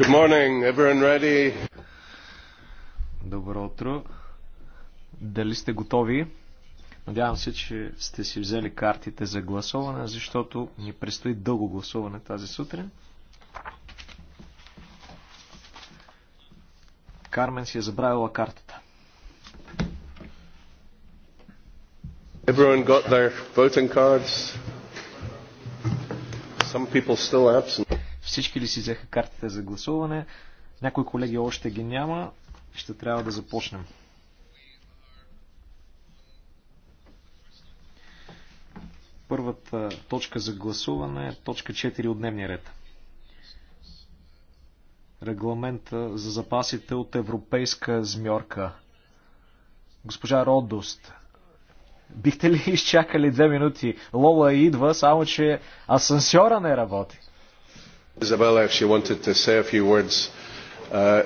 Good morning, everyone ready? Добро утро. Дали сте готови? Надявам се, че сте си взели картите за гласуване, защото ни предстои дълго гласуване тази сутрин. Кармен си е забравила картата. Everyone got their voting cards. Some people still absent. Всички ли си взеха картите за гласуване? Някои колеги още ги няма. Ще трябва да започнем. Първата точка за гласуване е точка 4 от дневния ред. Регламента за запасите от европейска змьорка. Госпожа Родост, бихте ли изчакали две минути? Лола идва, само че асансьора не работи. Изабела, if she wanted to say a few words, uh,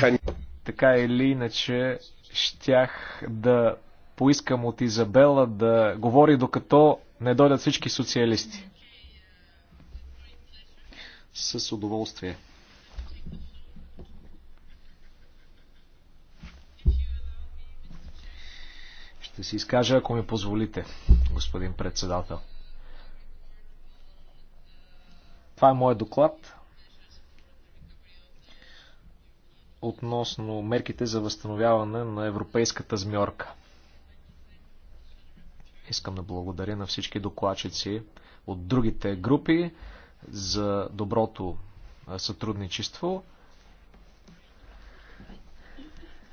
can... Така или иначе, щях да поискам от Изабела да говори докато не дойдат всички социалисти. С удоволствие. Ще си изкажа, ако ми позволите, господин председател. Това е моят доклад относно мерките за възстановяване на европейската змьорка. Искам да благодаря на всички докладчици от другите групи за доброто сътрудничество.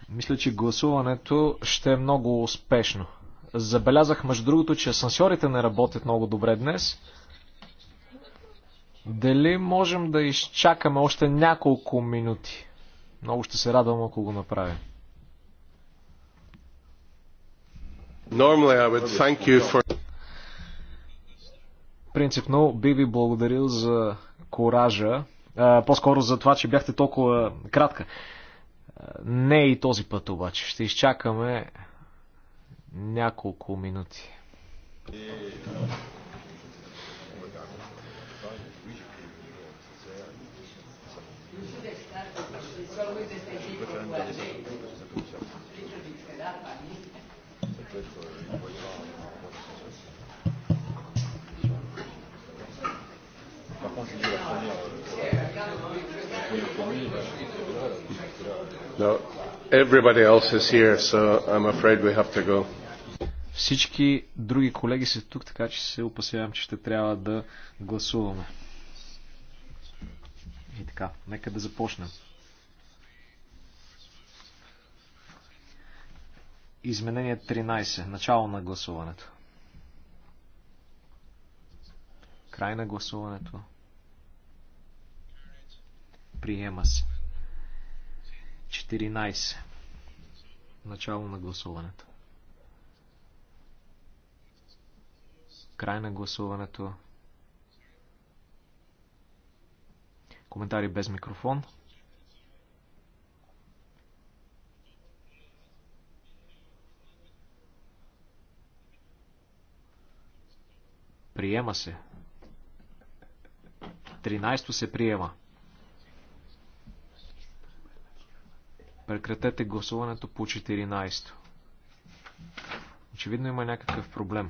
Мисля, че гласуването ще е много успешно. Забелязах, между другото, че асансьорите не работят много добре днес. Дали можем да изчакаме още няколко минути? Много ще се радвам, ако го направим. For... Принципно би ви благодарил за коража, по-скоро за това, че бяхте толкова кратка. Не и този път обаче. Ще изчакаме няколко минути. No, everybody else is here, so I'm afraid we have to go. Всички други колеги са тук, така че се опасявам, че ще трябва да гласуваме. И така, нека да започнем. Изменение 13. Начало на гласуването. Край на гласуването. Приема се. 14. Начало на гласуването. Край на гласуването. Коментари без микрофон. Приема се. 13 се приема. Прекратете гласуването по 14. Очевидно има някакъв проблем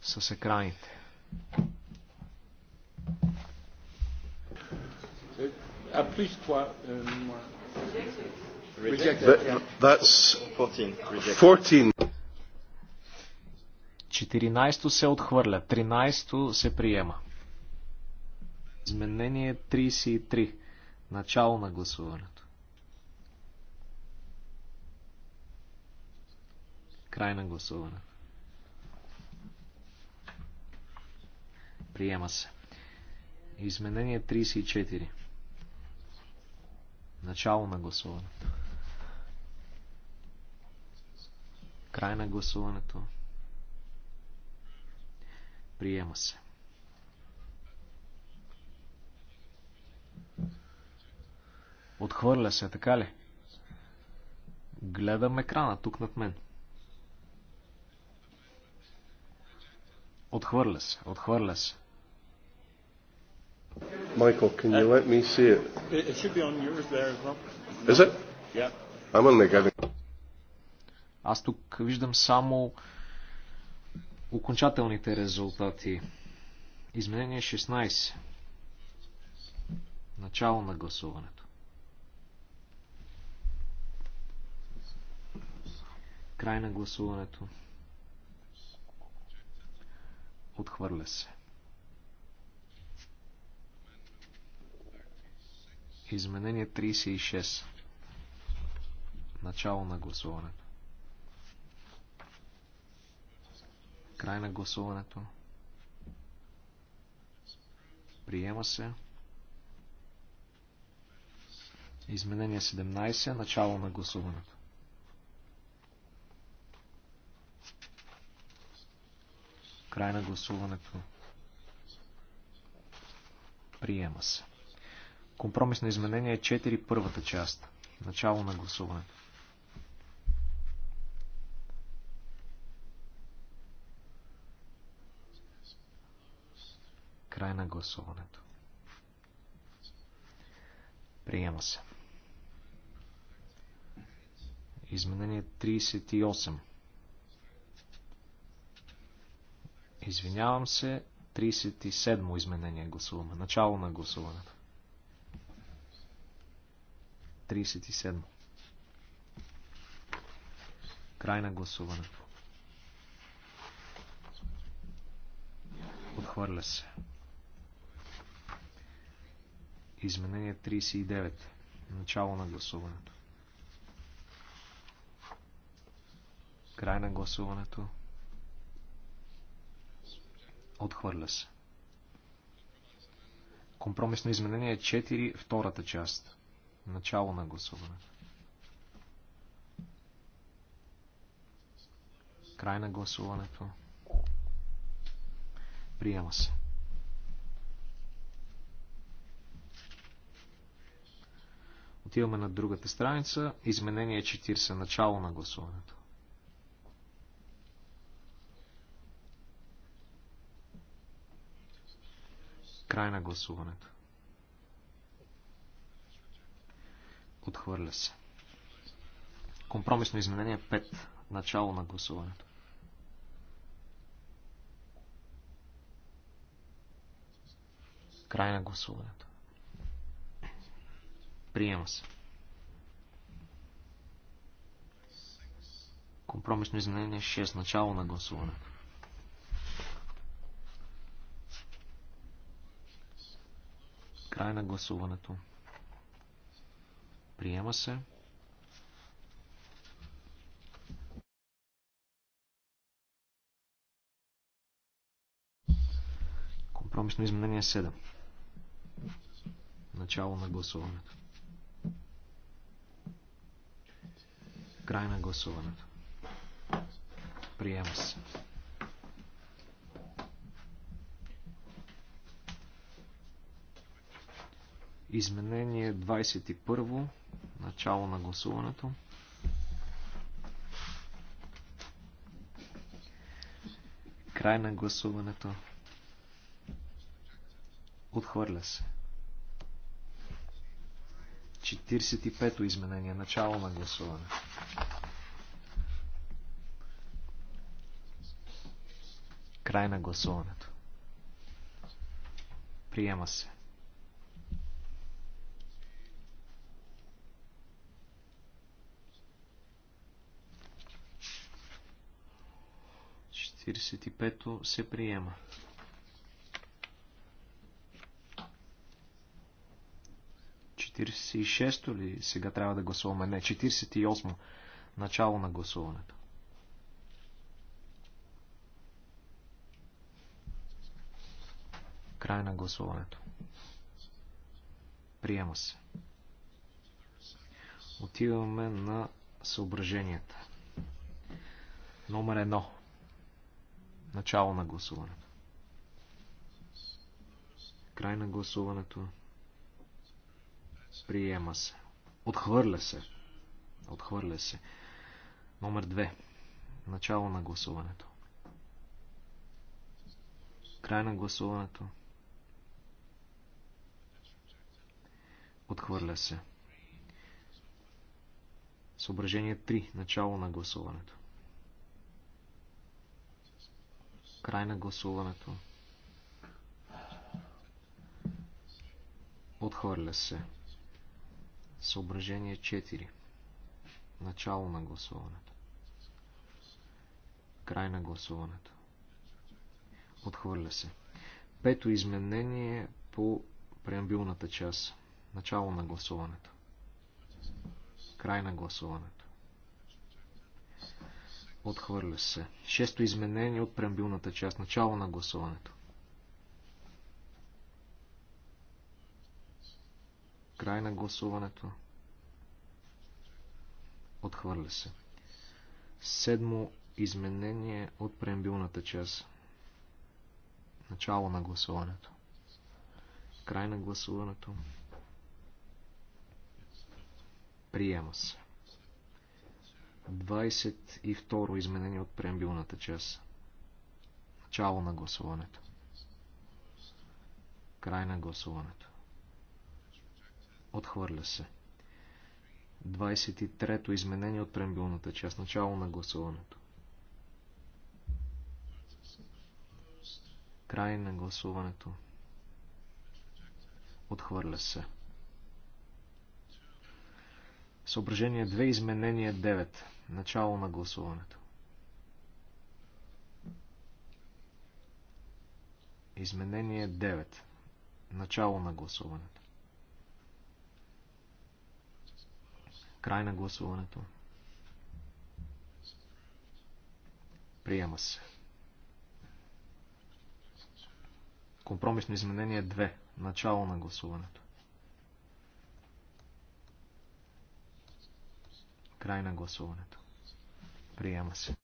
с екраните. Applique-toi, euh, moi. Rejected. 14. то се отхвърля, 13 то се приема. Изменение 33. Начало на гласуването. Край на гласуването. Приема се. Изменение 34. Начало на гласуването. Край на гласуването. Приема се. Отхвърля се, така ли? Гледам екрана тук над мен. Отхвърля се, отхвърля се. Майкъл, can you let me see it? It should be on yours there as well. Is it? Yeah. I'm only getting... Аз тук виждам само окончателните резултати. Изменение 16. Начало на гласуване. Край на гласуването. Отхвърля се. Изменение 36. Начало на гласуването. Край на гласуването. Приема се. Изменение 17. Начало на гласуването. Край на гласуването. Приема се. Компромисно изменение 4, е първата част. Начало на гласуването. Край на гласуването. Приема се. Изменение 38. Извинявам се, 37 изменение гласуваме. Начало на гласуването. 37. Край на гласуването. Отхвърля се. Изменение 39. Начало на гласуването. Край на гласуването. Отхвърля се. Компромисно изменение 4, втората част. Начало на гласуването. Край на гласуването. Приема се. Отиваме на другата страница. Изменение 40. Начало на гласуването. Край на гласуването. Отхвърля се. Компромисно изменение 5. Начало на гласуването. Край на гласуването. Приема се. Компромисно изменение 6. Начало на гласуването. Край на гласуването. Приема се. Компромисно изменение 7. Начало на гласуването. Край на гласуването. Приема се. Изменение 21. Начало на гласуването. Край на гласуването. Отхвърля се. 45-то изменение. Начало на гласуване. Край на гласуването. Приема се. 45-то се приема. Четиридесет шесто ли сега трябва да гласуваме? Не, 48 начало на гласуването. Край на гласуването. Приема се. Отиваме на съображенията. Номер едно. Начало на гласуването. Край на гласуването. Приема се. Отхвърля се. Отхвърля се. Номер 2. Начало на гласуването. Край на гласуването. Отхвърля се. Съображение 3. Начало на гласуването. Край на гласуването. Отхвърля се. Съображение 4. Начало на гласуването. Край на гласуването. Отхвърля се. Пето изменение по преамбилната част. Начало на гласуването. Край на гласуването. Отхвърля се. Шесто изменение от преамбилната част. Начало на гласуването. Край на гласуването. Отхвърля се. Седмо изменение от преамбилната част. Начало на гласуването. Край на гласуването. Приема се. 22 изменение от преамбилната част. Начало на гласуването. Край на гласуването. Отхвърля се. 23-то изменение от преамбилната част. Начало на гласуването. Край на гласуването. Отхвърля се. Съображение 2, изменение 9. Начало на гласуването. Изменение 9. Начало на гласуването. Край на гласуването. Приема се. Компромисно изменение 2. Начало на гласуването. Край на гласуването. Приема се.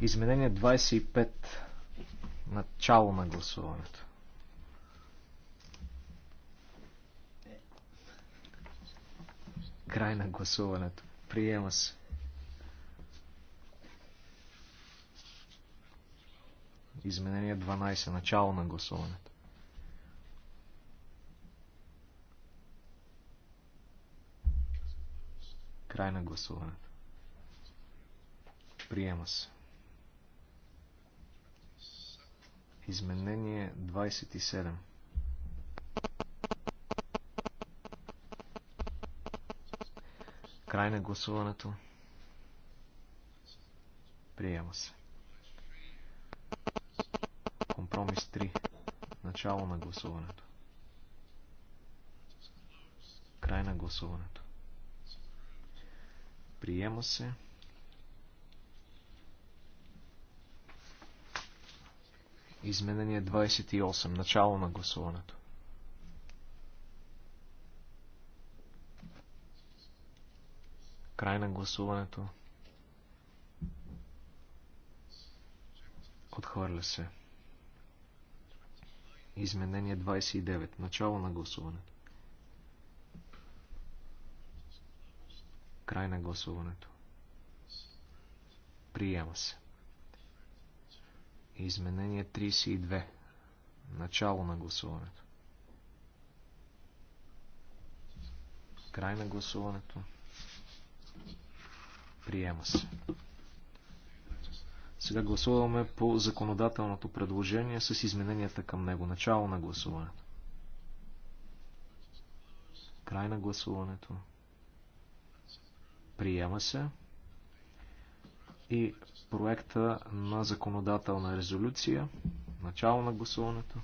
Изменение 25. Начало на гласуването. Край на гласуването. Приема се. Изменение 12. Начало на гласуването. Край на гласуването. Приема се. Изменение 27. Край на гласуването. Приема се. Компромис 3. Начало на гласуването. Край на гласуването. Приема се. Изменение 28. Начало на гласуването. Край на гласуването. Отхвърля се. Изменение 29. Начало на гласуването. Край на гласуването. Приема се. Изменение 32. Начало на гласуването. Край на гласуването. Приема се. Сега гласуваме по законодателното предложение с измененията към него. Начало на гласуването. Край на гласуването. Приема се. И проекта на законодателна резолюция. Начало на гласуването.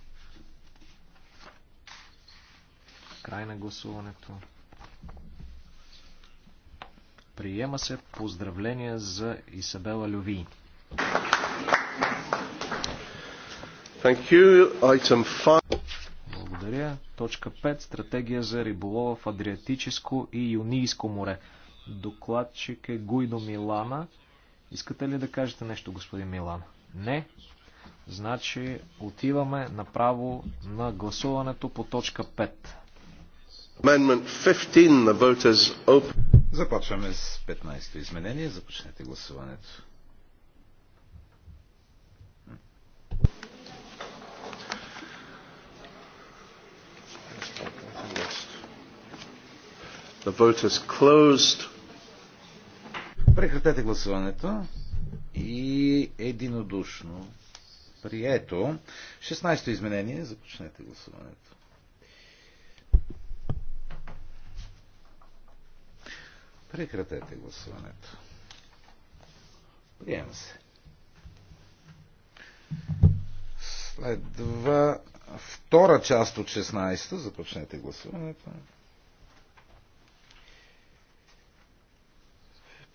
Край на гласуването. Приема се поздравление за Исабела Люви. Thank you. Item Благодаря. Точка 5. Стратегия за риболова в Адриатическо и Юнийско море. Докладчик е Гуйдо Милана. Искате ли да кажете нещо, господин Милан? Не. Значи отиваме направо на гласуването по точка 5. Започваме с 15-то изменение. Започнете гласуването. The vote is closed. Прекратете гласуването и единодушно прието. 16-то изменение. Започнете гласуването. Прекратете гласуването. Приема се. Следва втора част от 16-та. Започнете гласуването.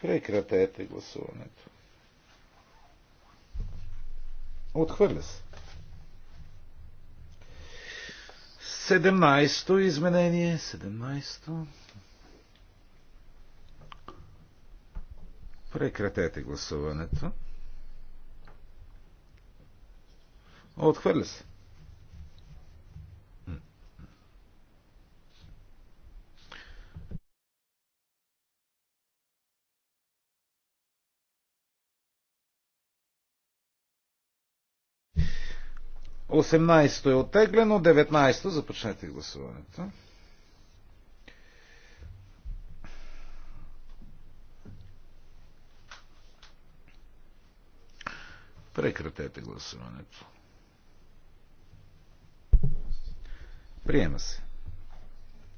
Прекратете гласуването. Отхвърля се. 17-то изменение. 17-то. Прекратете гласуването. Отхвърля се. 18-то е оттеглено, 19-то започнете гласуването. Прекратете гласуването. Приема се.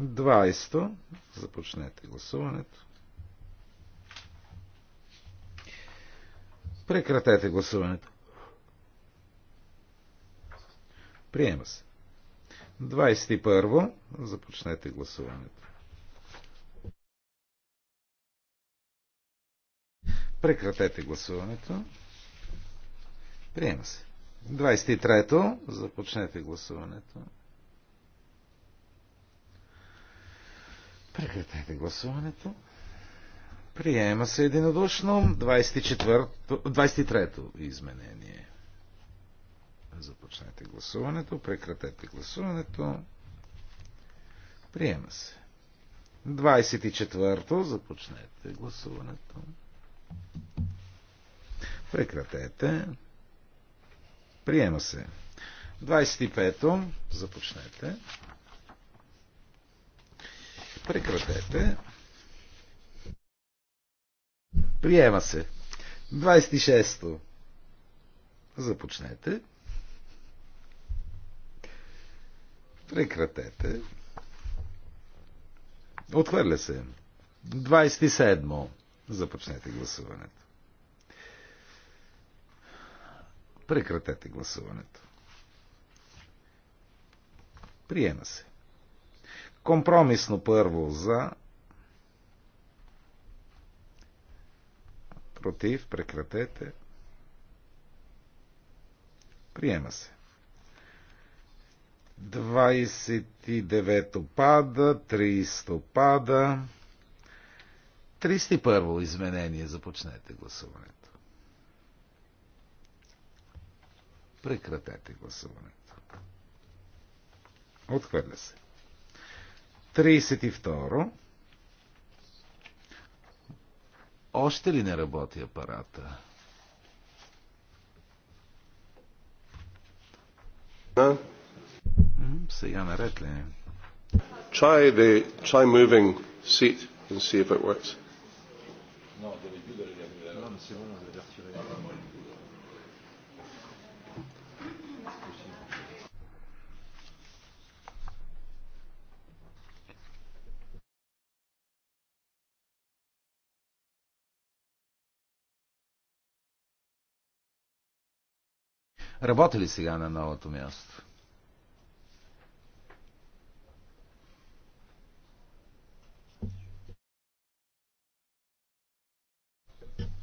20. то Започнете гласуването. Прекратете гласуването. Приема се. 21. Започнете гласуването. Прекратете гласуването. Приема се. 23-то. Започнете гласуването. Прекратете гласуването. Приема се единодушно 24-то, 23-то изменение. Започнете гласуването, прекратете гласуването. Приема се. 24-то. Започнете гласуването. Прекратете. Приема се. 25-то. Започнете. Прекратете. Приема се. 26-то. Започнете. Прекратете. Отхвърля се. 27. Започнете гласуването. Прекратете гласуването. Приема се. Компромисно първо за. Против. Прекратете. Приема се. 29 пада, 30 пада. 31 изменение. Започнете гласуването. Прекратете гласуването. Отхвърля се. 32. Още ли не работи апарата? Да. Сега наред ли? Try the, try moving seat and see if it works. Работи ли сега на новото място?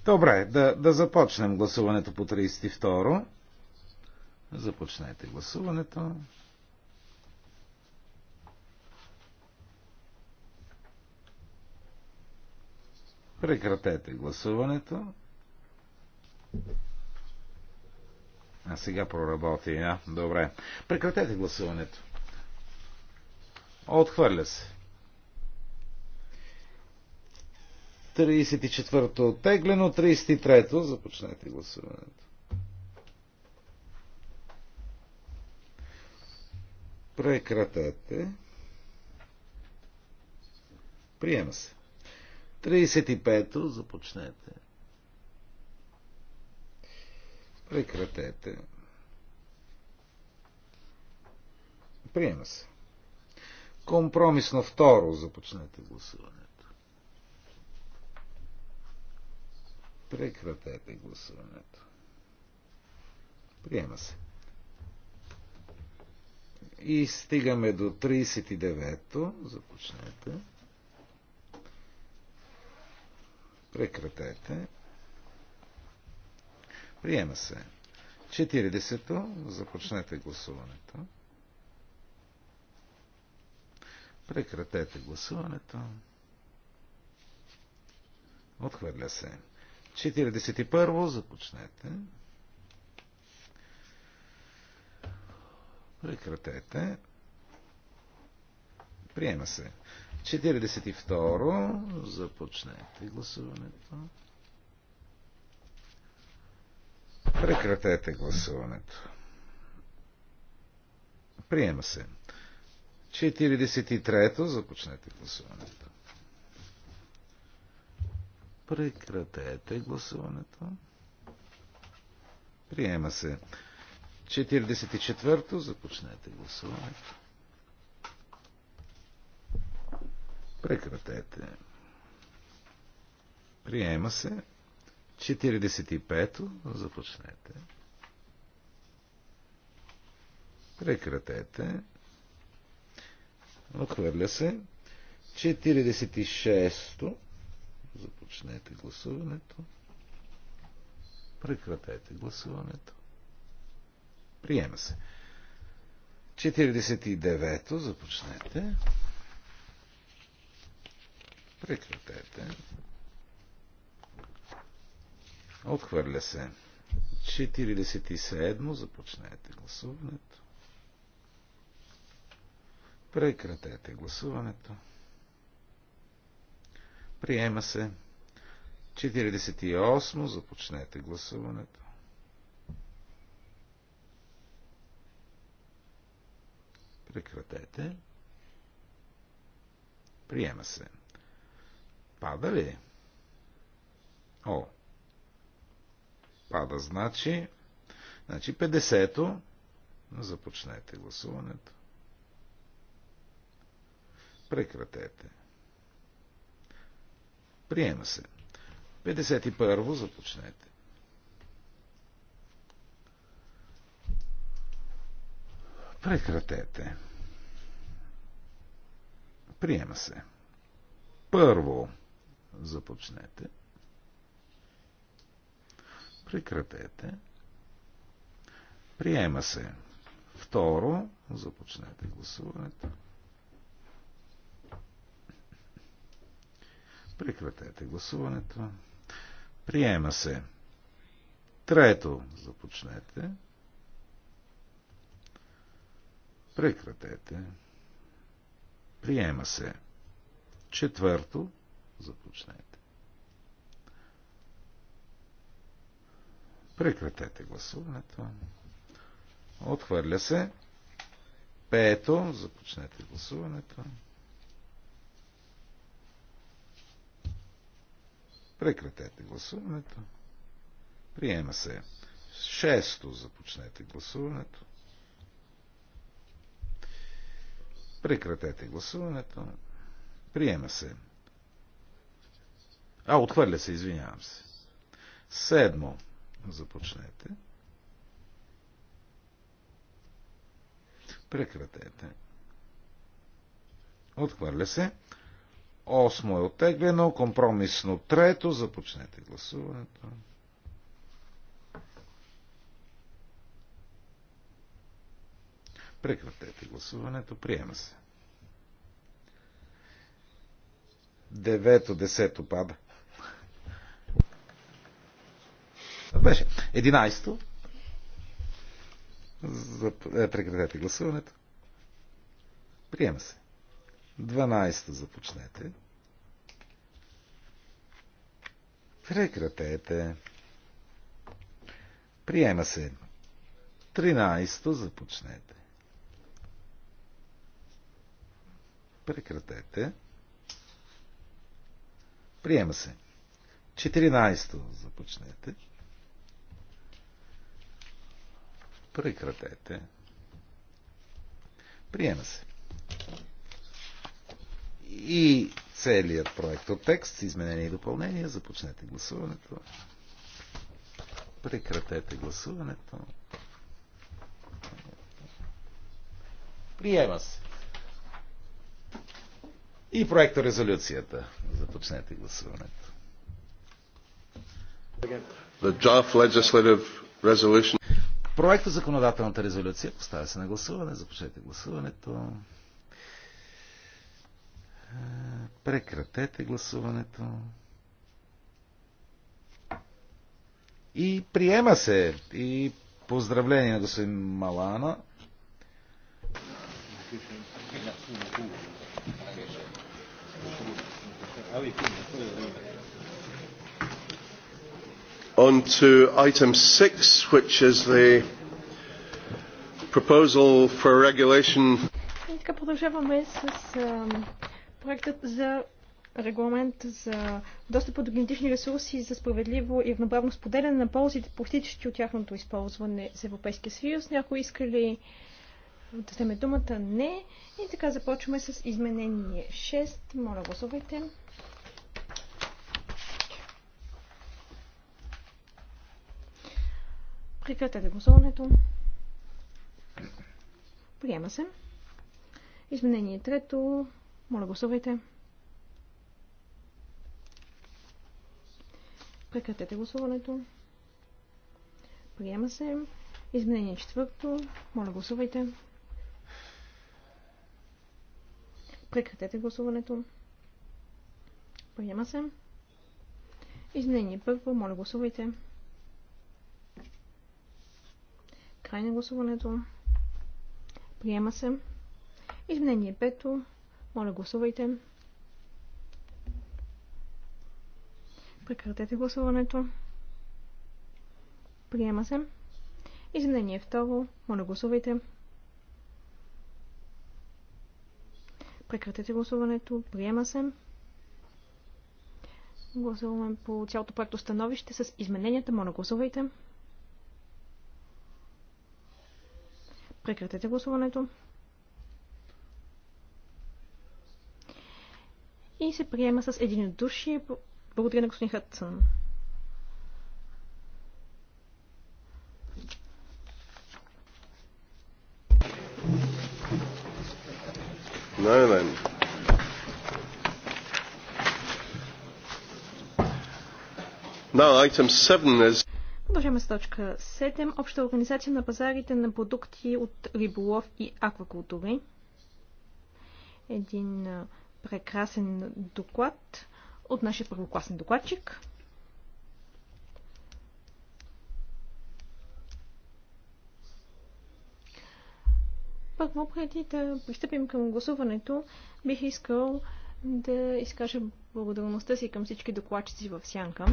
Добре, да, да започнем гласуването по 32. Започнете гласуването. Прекратете гласуването. А сега проработи, а? Добре. Прекратете гласуването. Отхвърля се. 34-то оттеглено, 33-то, започнете гласуването. Прекратете. Приема се. 35-то, започнете. Прекратете. Приема се. Компромисно второ започнете гласуване. Прекратете гласуването. Приема се. И стигаме до 39-то. Започнете. Прекратете. Приема се. 40-то. Започнете гласуването. Прекратете гласуването. Отхвърля се. 41. Започнете. Прекратете. Приема се. 42. Започнете гласуването. Прекратете гласуването. Приема се. 43-то. Започнете гласуването. Прекратете гласуването. Приема се. 44-то. Започнете гласуването. Прекратете. Приема се. 45-то. Започнете. Прекратете. Отхвърля се. 46-то. Започнете гласуването. Прекратете гласуването. Приема се. 49-то започнете. Прекратете. Отхвърля се. 47 започнете гласуването. Прекратете гласуването. Приема се. 48. Започнете гласуването. Прекратете. Приема се. Пада ли? О. Пада значи. Значи 50-то. Започнете гласуването. Прекратете. Приема се. 51. во Започнете. Прекратете. Приема се. Първо. Започнете. Прекратете. Приема се. Второ. Започнете гласуването. Прекратете гласуването. Приема се. Трето започнете. Прекратете. Приема се. Четвърто започнете. Прекратете гласуването. Отхвърля се. Пето започнете гласуването. Прекратете гласуването. Приема се. Шесто започнете гласуването. Прекратете гласуването. Приема се. А, отхвърля се, извинявам се. Седмо. Започнете. Прекратете. Отхвърля се. Осмо е отеглено, Компромисно трето. Започнете гласуването. Прекратете гласуването. Приема се. Девето, десето пада. Беше. Единайсто. Е, прекратете гласуването. Приема се. 12 започнете. Прекратете. Приема се. 13 започнете. Прекратете. Приема се. 14 започнете. Прекратете. Приема се и целият проект от текст с изменение и допълнение. Започнете гласуването. Прекратете гласуването. Приема се. И проекта резолюцията. Започнете гласуването. The draft legislative resolution. Проекта законодателната резолюция поставя се на гласуване. Започнете гласуването. Прекратете гласуването. И приема се. И поздравление на господин Малана. On to item six, which is the proposal for regulation. продължаваме с Проектът за регламент за достъпа до генетични ресурси за справедливо и равноправно споделяне на ползите, постичащи от тяхното използване за Европейския съюз. Някой иска ли да вземе думата? Не. И така започваме с изменение 6. Моля, гласувайте. Прекратете гласуването. Приема се. Изменение трето. Моля, гласувайте. Прекратете гласуването. Приема се. Изменение четвърто. Моля, гласувайте. Прекратете гласуването. Приема се. Изменение първо. Моля, гласувайте. Край на гласуването. Приема се. Изменение пето. Моля, гласувайте. Прекратете гласуването. Приема се. Изменение второ. Моля, гласувайте. Прекратете гласуването. Приема се. Гласуваме по цялото проекто становище с измененията. Моля, гласувайте. Прекратете гласуването. и се приема с единодушие. Благодаря на господин Хътсън. Now item 7 is Продължаваме с точка 7. Обща организация на пазарите на продукти от риболов и аквакултури. Един прекрасен доклад от нашия първокласен докладчик. Първо, преди да пристъпим към гласуването, бих искал да изкажа благодарността си към всички докладчици в Сянка.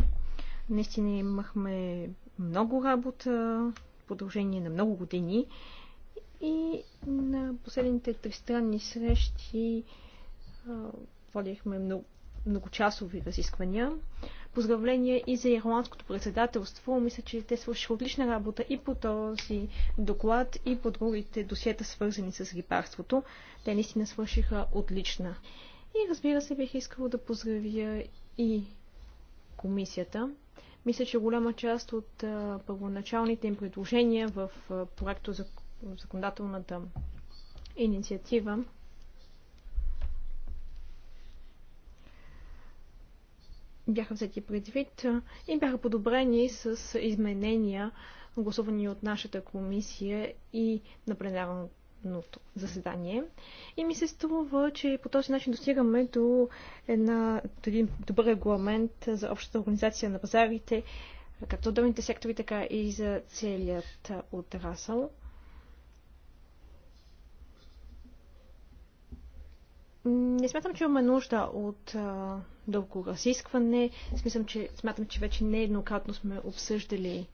Наистина имахме много работа, продължение на много години и на последните тристранни срещи водихме много, многочасови разисквания. Поздравления и за ирландското председателство. Мисля, че те свършиха отлична работа и по този доклад, и по другите досиета, свързани с рибарството. Те наистина свършиха отлична. И разбира се, бих искала да поздравя и комисията. Мисля, че голяма част от първоначалните им предложения в проекто за законодателната инициатива бяха взети предвид и бяха подобрени с изменения, гласувани от нашата комисия и на пленарното заседание. И ми се струва, че по този начин достигаме до, една, до един добър регламент за общата организация на пазарите, както отделните сектори, така и за целият отрасъл. Не смятам, че имаме нужда от а, дълго разискване. Смятам че, смятам, че вече нееднократно сме обсъждали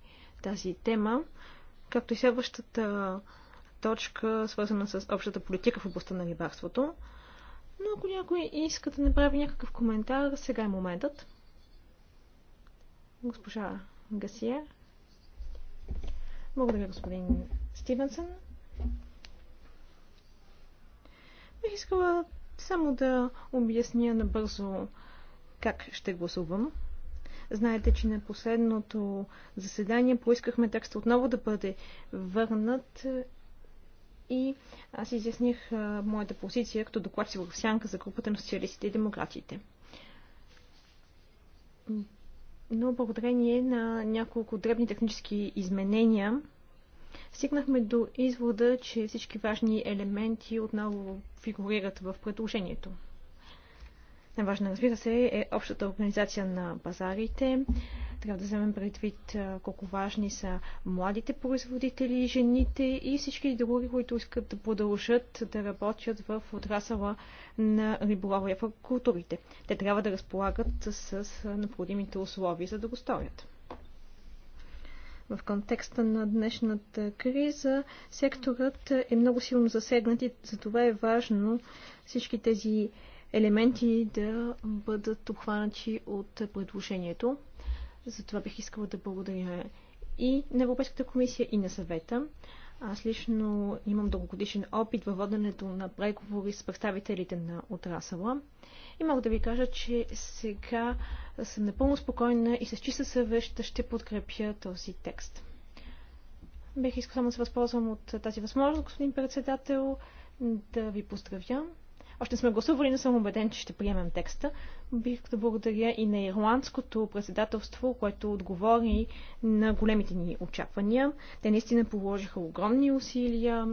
тази тема, както и следващата точка, свързана с общата политика в областта на рибарството. Но ако някой иска да направи някакъв коментар, сега е моментът. Госпожа Гасия. Благодаря, господин Стивенсън. Бих искала само да обясня набързо как ще гласувам. Знаете, че на последното заседание поискахме текста отново да бъде върнат и аз изясних моята позиция като докладчик в сянка за групата на социалистите и демократите. Но благодарение на няколко дребни технически изменения стигнахме до извода, че всички важни елементи отново фигурират в предложението. Най-важна, разбира се, е общата организация на пазарите. Трябва да вземем предвид колко важни са младите производители, жените и всички други, които искат да продължат да работят в отрасъла на риболовия и културите. Те трябва да разполагат с необходимите условия, за да го сторят. В контекста на днешната криза секторът е много силно засегнат и затова е важно всички тези елементи да бъдат обхванати от предложението. Затова бих искала да благодаря и на Европейската комисия, и на съвета. Аз лично имам дългогодишен опит във воденето на преговори с представителите на отрасъла. И мога да ви кажа, че сега съм напълно спокойна и с чиста съвеща ще подкрепя този текст. Бех искал само да се възползвам от тази възможност, господин председател, да ви поздравя още сме гласували, но съм убеден, че ще приемем текста. Бих да благодаря и на ирландското председателство, което отговори на големите ни очаквания. Те наистина положиха огромни усилия.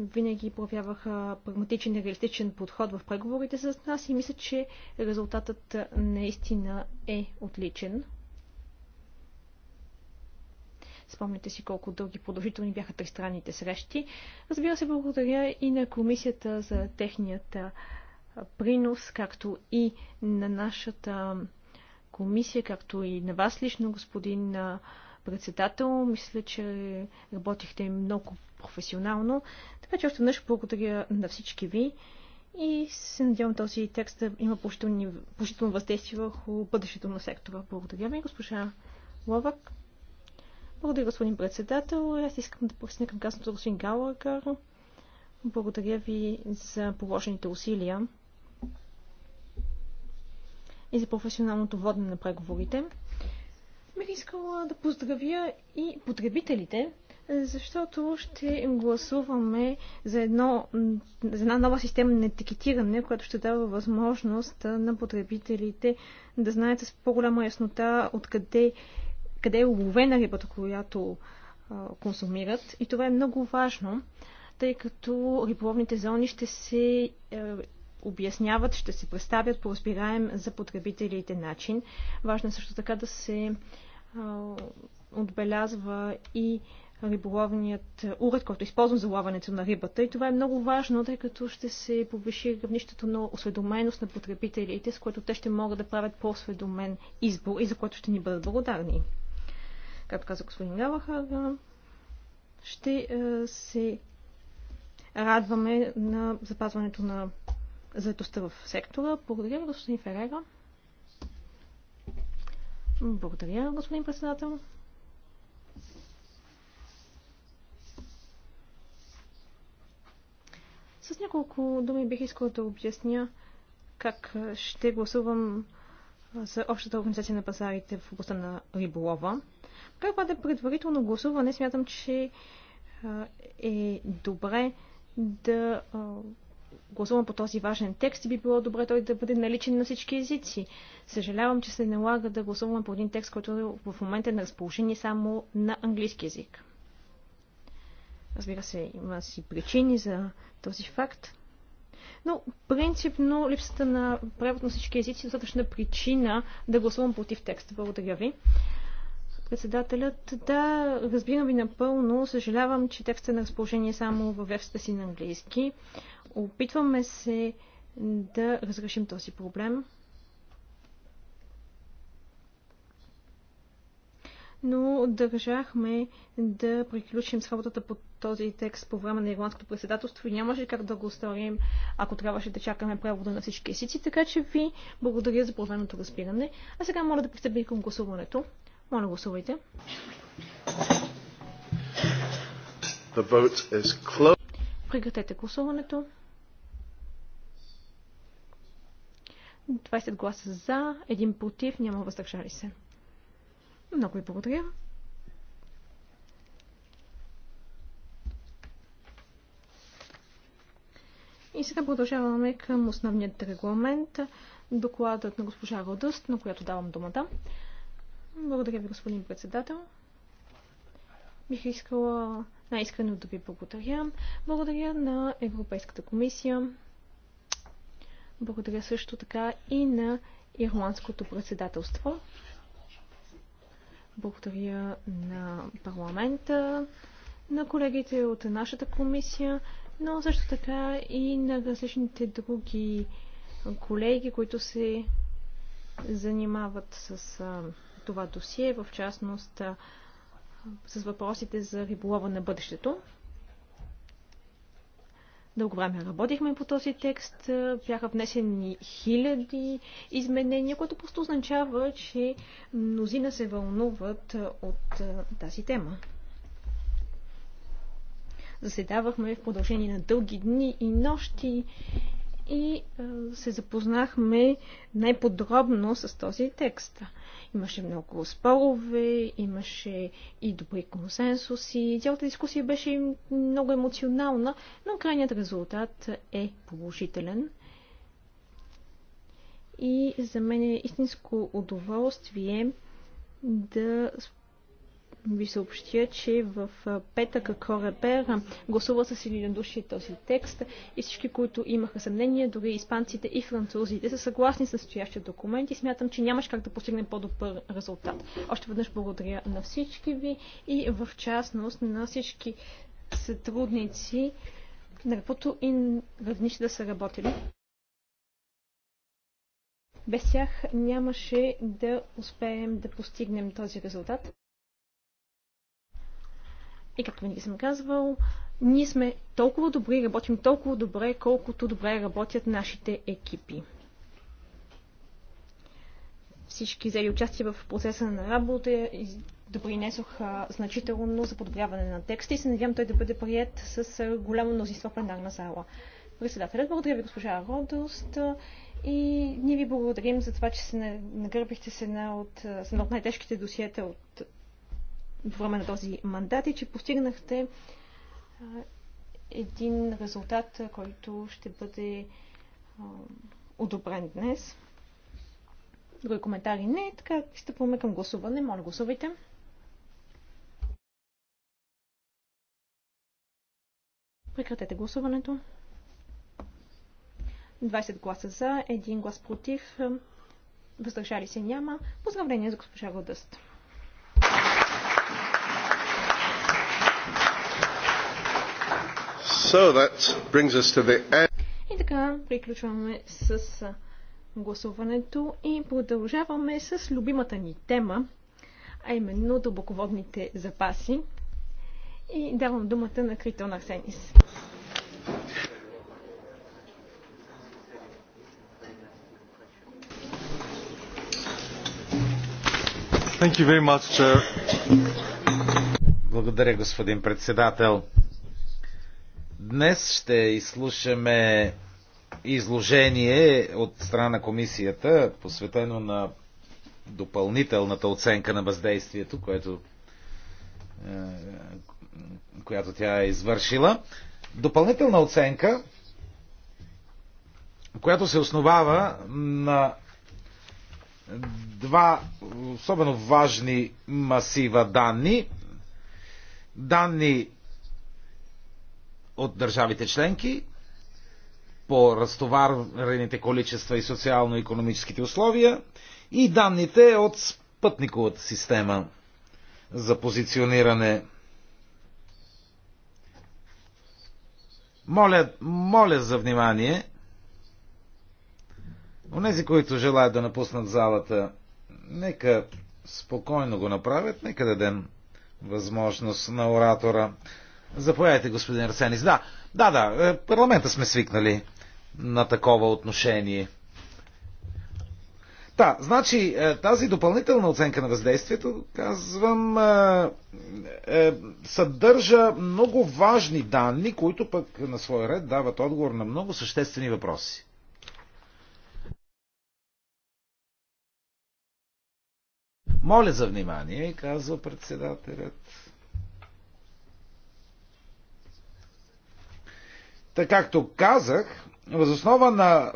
винаги проявяваха прагматичен и реалистичен подход в преговорите с нас и мисля, че резултатът наистина е отличен. Спомняте си колко дълги продължителни бяха тристранните срещи. Разбира се, благодаря и на комисията за техният принос, както и на нашата комисия, както и на вас лично, господин председател. Мисля, че работихте много професионално. Така че още веднъж благодаря на всички ви и се надявам този текст да има положително въздействие върху бъдещето на сектора. Благодаря ви, госпожа Ловак. Благодаря, господин председател. Аз искам да присъединя към казаното господин Галагър. Благодаря ви за положените усилия и за професионалното водене на преговорите. Бих искала да поздравя и потребителите, защото ще гласуваме за, едно, за една нова система на етикетиране, която ще дава възможност на потребителите да знаят с по-голяма яснота откъде къде е уловена рибата, която консумират. И това е много важно, тъй като риболовните зони ще се е, обясняват, ще се представят по разбираем за потребителите начин. Важно е също така да се отбелязва и риболовният уред, който е използван за лаването на рибата. И това е много важно, тъй като ще се повиши равнището на осведоменост на потребителите, с което те ще могат да правят по-осведомен избор и за което ще ни бъдат благодарни както каза господин Галахар, ще е, се радваме на запазването на заедостта в сектора. Благодаря господин Ферера. Благодаря, господин председател. С няколко думи бих искала да обясня как ще гласувам за общата организация на пазарите в областта на риболова. Как да е предварително гласуване, смятам, че е добре да гласувам по този важен текст и би било добре той да бъде наличен на всички езици. Съжалявам, че се налага да гласуваме по един текст, който в момента е на разположение само на английски язик. Разбира се, има си причини за този факт. Но принципно липсата на превод на всички езици е достатъчна причина да гласувам против текста. Благодаря ви. Председателят, да, разбирам ви напълно. Съжалявам, че текстът е на разположение само във версията си на английски. Опитваме се да разрешим този проблем. но държахме да приключим с работата по този текст по време на ирландското председателство и нямаше как да го сторим, ако трябваше да чакаме превода на всички езици, така че ви благодаря за проявеното разбиране. А сега моля да пристъпим към гласуването. Моля, гласувайте. The vote is closed. Прекратете гласуването. 20 гласа за, 1 против, няма въздържали се. Много ви благодаря. И сега продължаваме към основният регламент, докладът на госпожа Родъст, на която давам думата. Благодаря ви, господин председател. Бих искала най-искрено да ви благодаря. Благодаря на Европейската комисия. Благодаря също така и на Ирландското председателство. Благодаря на парламента, на колегите от нашата комисия, но също така и на различните други колеги, които се занимават с това досие, в частност с въпросите за риболова на бъдещето. Дълго време работихме по този текст, бяха внесени хиляди изменения, което просто означава, че мнозина се вълнуват от тази тема. Заседавахме в продължение на дълги дни и нощи и е, се запознахме най-подробно с този текст. Имаше много спорове, имаше и добри консенсуси. Цялата дискусия беше много емоционална, но крайният резултат е положителен. И за мен е истинско удоволствие да ви съобщя, че в петък Корепер гласува с единодушие този текст и всички, които имаха съмнение, дори испанците и французите, са съгласни с настоящия документ и смятам, че нямаш как да постигнем по-добър резултат. Още веднъж благодаря на всички ви и в частност на всички сътрудници, на каквото и равнище да са работили. Без тях нямаше да успеем да постигнем този резултат. И както винаги съм казвал, ние сме толкова добри, работим толкова добре, колкото добре работят нашите екипи. Всички взели участие в процеса на работа и допринесоха значително за подобряване на текста и се надявам той да бъде прият с голямо мнозинство в пленарна зала. Председателят, благодаря ви, госпожа Родост. И ние ви благодарим за това, че се нагърбихте се на, от, от най-тежките досиета от по време на този мандат и че постигнахте един резултат, който ще бъде одобрен днес. Други коментари не, така пристъпваме към гласуване. Моля, гласувайте. Прекратете гласуването. 20 гласа за, 1 глас против, въздържали се няма. Поздравление за госпожа Годъст. So и така приключваме с гласуването и продължаваме с любимата ни тема, а именно дълбоководните запаси. И давам думата на Критон Арсенис. Much, Благодаря, господин председател. Днес ще изслушаме изложение от страна на комисията, посветено на допълнителната оценка на въздействието, което, е, която тя е извършила. Допълнителна оценка, която се основава на два особено важни масива данни. Данни от държавите членки по разтоварените количества и социално-економическите условия и данните от спътниковата система за позициониране. Моля, моля за внимание. Онези, които желаят да напуснат залата, нека спокойно го направят, нека дадем възможност на оратора. Заповядайте, господин Арсенис. Да, да, да, е, парламента сме свикнали на такова отношение. Да, значи е, тази допълнителна оценка на въздействието, казвам, е, съдържа много важни данни, които пък на своя ред дават отговор на много съществени въпроси. Моля за внимание, казва председателят. Така както казах, възоснова на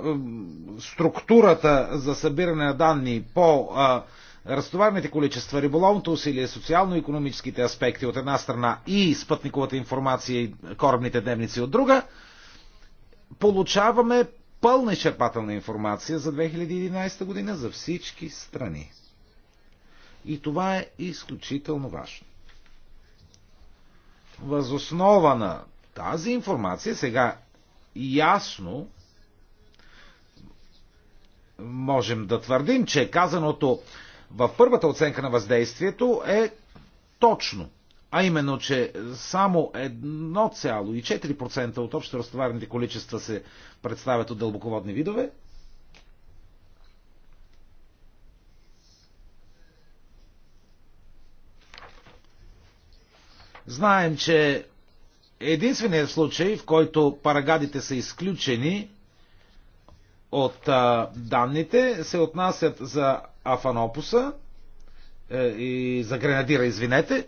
структурата за събиране на данни по а, разтоварните количества, риболовното усилие, социално-економическите аспекти от една страна и спътниковата информация и корабните дневници от друга, получаваме пълна изчерпателна информация за 2011 година за всички страни. И това е изключително важно. Възоснова на тази информация сега ясно можем да твърдим, че казаното в първата оценка на въздействието е точно. А именно, че само 1,4% от общо разтоварените количества се представят от дълбоководни видове. Знаем, че Единственият случай, в който парагадите са изключени от а, данните, се отнасят за Афанопуса е, и за Гренадира, извинете,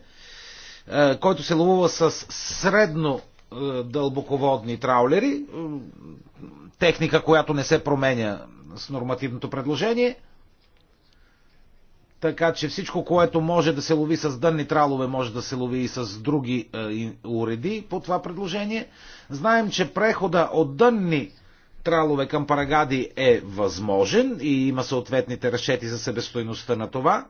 е, който се ловува с средно е, дълбоководни траулери, е, техника, която не се променя с нормативното предложение – така че всичко, което може да се лови с дънни тралове, може да се лови и с други е, уреди по това предложение. Знаем, че прехода от дънни тралове към парагади е възможен и има съответните разчети за себестойността на това.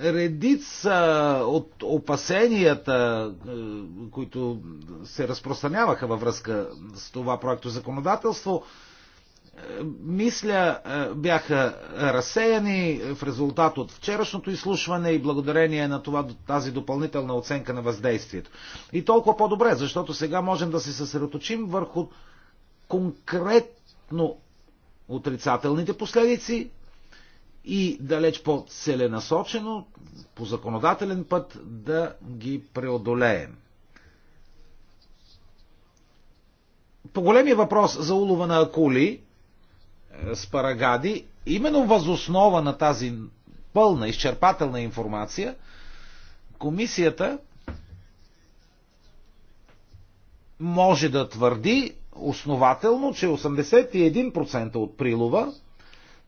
Редица от опасенията, е, които се разпространяваха във връзка с това проекто законодателство, мисля, е, бяха разсеяни в резултат от вчерашното изслушване и благодарение на това, тази допълнителна оценка на въздействието. И толкова по-добре, защото сега можем да се съсредоточим върху конкретно отрицателните последици и далеч по-целенасочено, по законодателен път да ги преодолеем. По големия въпрос за улова на акули, Спарагади, именно възоснова на тази пълна, изчерпателна информация, комисията може да твърди основателно, че 81% от прилова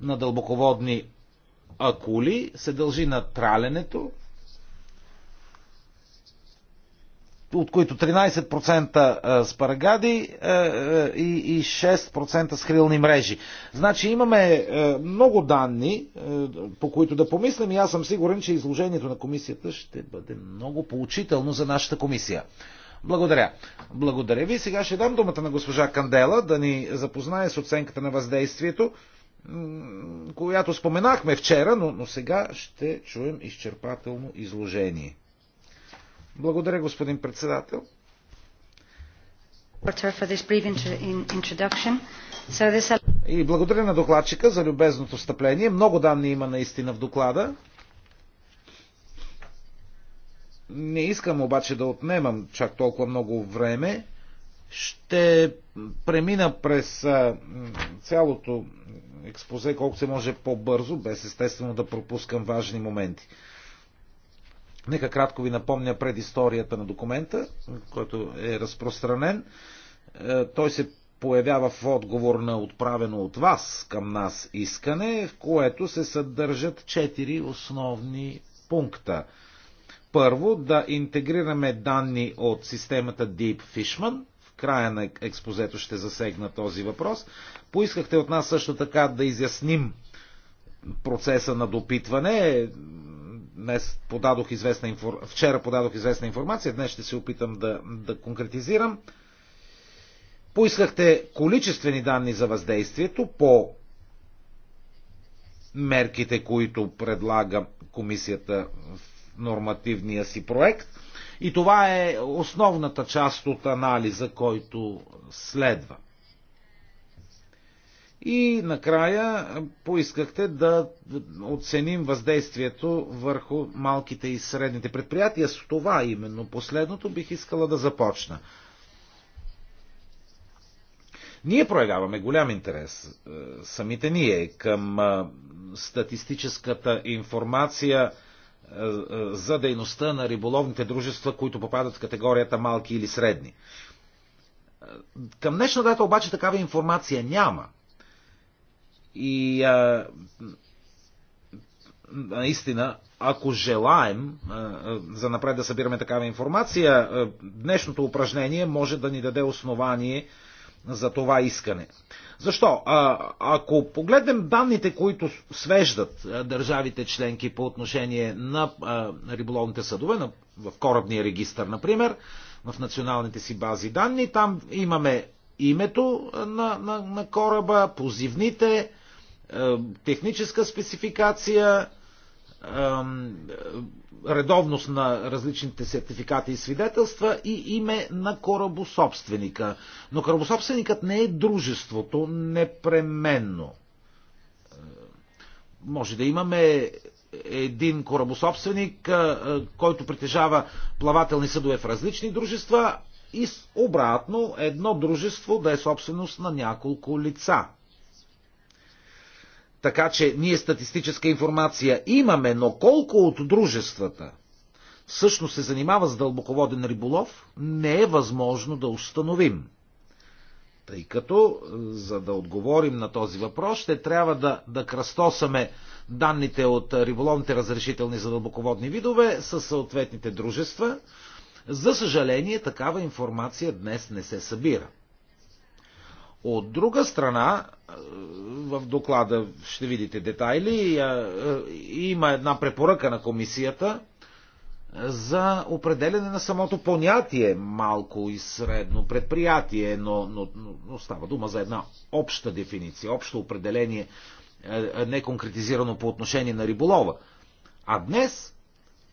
на дълбоководни акули се дължи на траленето, от които 13% с парагади и 6% с хрилни мрежи. Значи имаме много данни, по които да помислим и аз съм сигурен, че изложението на комисията ще бъде много поучително за нашата комисия. Благодаря. Благодаря ви. Сега ще дам думата на госпожа Кандела да ни запознае с оценката на въздействието, която споменахме вчера, но сега ще чуем изчерпателно изложение. Благодаря, господин председател. И благодаря на докладчика за любезното встъпление. Много данни има наистина в доклада. Не искам обаче да отнемам чак толкова много време. Ще премина през цялото експозе колкото се може по-бързо, без естествено да пропускам важни моменти. Нека кратко ви напомня предисторията на документа, който е разпространен. Е, той се появява в отговор на отправено от вас към нас искане, в което се съдържат четири основни пункта. Първо, да интегрираме данни от системата Deep Fishman. В края на експозето ще засегна този въпрос. Поискахте от нас също така да изясним процеса на допитване, Днес подадох известна инфор... Вчера подадох известна информация, днес ще се опитам да, да конкретизирам. Поискахте количествени данни за въздействието по мерките, които предлага комисията в нормативния си проект. И това е основната част от анализа, който следва. И накрая поискахте да оценим въздействието върху малките и средните предприятия. С това именно последното бих искала да започна. Ние проявяваме голям интерес, е, самите ние, към е, статистическата информация е, за дейността на риболовните дружества, които попадат в категорията малки или средни. Към днешна дата обаче такава информация няма – и а, наистина, ако желаем за напред да събираме такава информация, днешното упражнение може да ни даде основание за това искане. Защо? А, ако погледнем данните, които свеждат държавите членки по отношение на а, риболовните съдове, на, в корабния регистр, например, в националните си бази данни, там имаме името на, на, на кораба, позивните, е, техническа спецификация, е, редовност на различните сертификати и свидетелства и име на корабособственика. Но корабособственикът не е дружеството непременно. Е, може да имаме един корабособственик, който притежава плавателни съдове в различни дружества, и обратно едно дружество да е собственост на няколко лица. Така че ние статистическа информация имаме, но колко от дружествата всъщност се занимава с дълбоководен риболов, не е възможно да установим. Тъй като, е, за да отговорим на този въпрос, ще трябва да, да кръстосаме данните от риболовните разрешителни за дълбоководни видове с съответните дружества, за съжаление, такава информация днес не се събира. От друга страна, е, в доклада ще видите детайли, е, е, има една препоръка на комисията за определене на самото понятие малко и средно предприятие, но, но, но става дума за една обща дефиниция, общо определение, не конкретизирано по отношение на риболова. А днес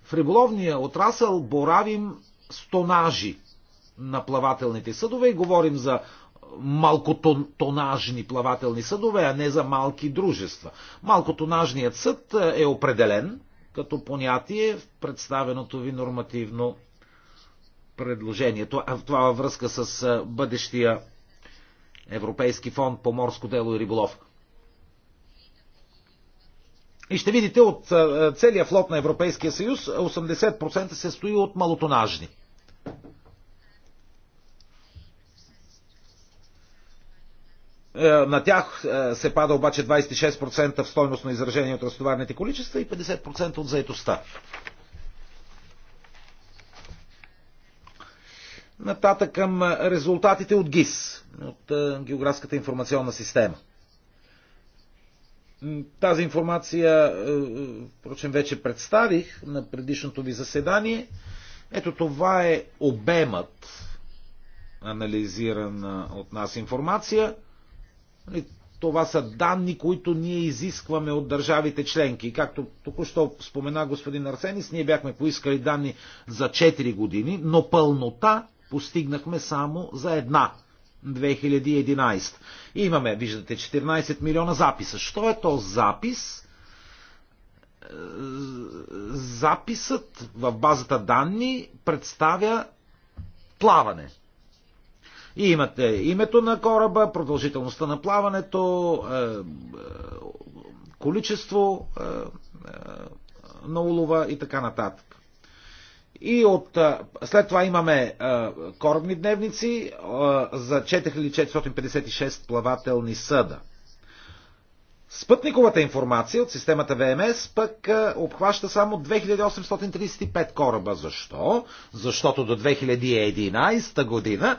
в риболовния отрасъл боравим стонажи на плавателните съдове и говорим за малкотонажни плавателни съдове, а не за малки дружества. Малкотонажният съд е определен като понятие в представеното ви нормативно предложение. Това във връзка с бъдещия Европейски фонд по морско дело и риболов. И ще видите от целия флот на Европейския съюз 80% се стои от малотонажни Е, на тях е, се пада обаче 26% в на изражение от разтоварните количества и 50% от заетостта. Нататък към е, резултатите от ГИС, от географската информационна система. Тази информация, впрочем, вече представих на предишното ви заседание. Ето това е обемът анализирана от нас информация. Нали, това са данни, които ние изискваме от държавите членки. Както току-що спомена господин Арсенис, ние бяхме поискали данни за 4 години, но пълнота постигнахме само за една 2011. И имаме, виждате, 14 милиона записа. Що е то запис? Записът в базата данни представя плаване. И имате името на кораба, продължителността на плаването, е, е, количество е, на улова и така нататък. И от, след това имаме корабни дневници за 4456 плавателни съда. Спътниковата информация от системата ВМС пък обхваща само 2835 кораба. Защо? Защото до 2011 година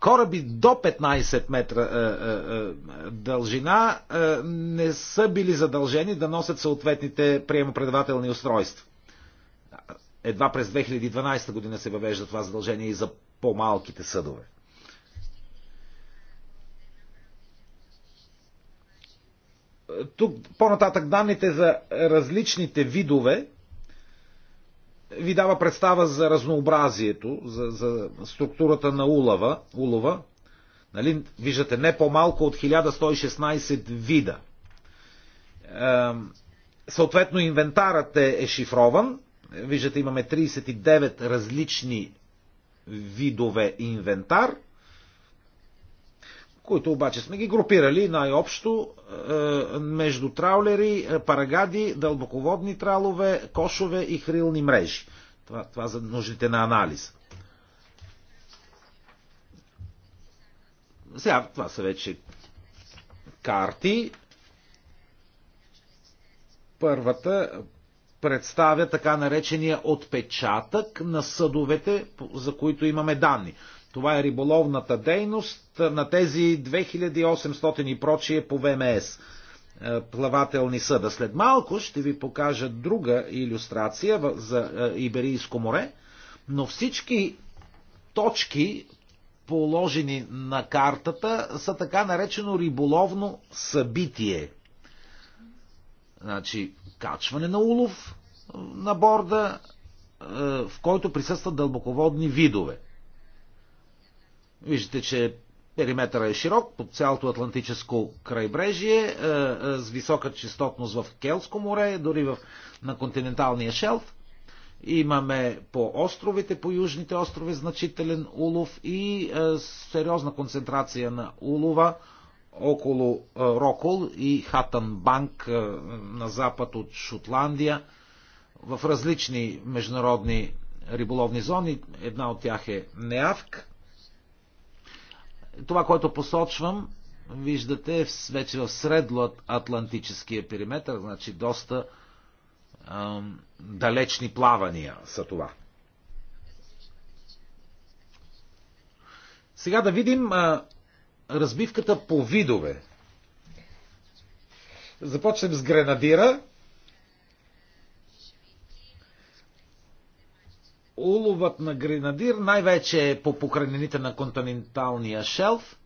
Кораби до 15 метра е, е, е, дължина е, не са били задължени да носят съответните приемопредавателни устройства. Едва през 2012 година се въвежда това задължение и за по-малките съдове. Тук по-нататък данните за различните видове ви дава представа за разнообразието, за, за структурата на улова, улова. Нали, виждате, не по-малко от 1116 вида. Е, съответно, инвентарът е, е шифрован. Виждате, имаме 39 различни видове инвентар – които обаче сме ги групирали най-общо е, между траулери, е, парагади, дълбоководни тралове, кошове и хрилни мрежи. Това, това за нуждите на анализ. Сега това са вече карти. Първата представя така наречения отпечатък на съдовете, за които имаме данни. Това е риболовната дейност на тези 2800 и прочие по ВМС е, плавателни съда. След малко ще ви покажа друга иллюстрация за е, Иберийско море, но всички точки, положени на картата, са така наречено риболовно събитие. Значи, качване на улов на борда, е, в който присъстват дълбоководни видове. Виждате, че периметъра е широк по цялото Атлантическо крайбрежие, е, е, с висока частотност в Келско море, дори в, на континенталния шелф. Имаме по островите, по южните острови значителен улов и е, сериозна концентрация на улова около е, Рокол и Хатанбанк е, на запад от Шотландия в различни международни риболовни зони. Една от тях е Неавк. Това, което посочвам, виждате е вече в средноатлантическия периметр, значи доста далечни плавания са това. Сега да видим а, разбивката по видове. Започнем с Гренадира. уловът на гренадир най-вече е по покрайнините на континенталния шелф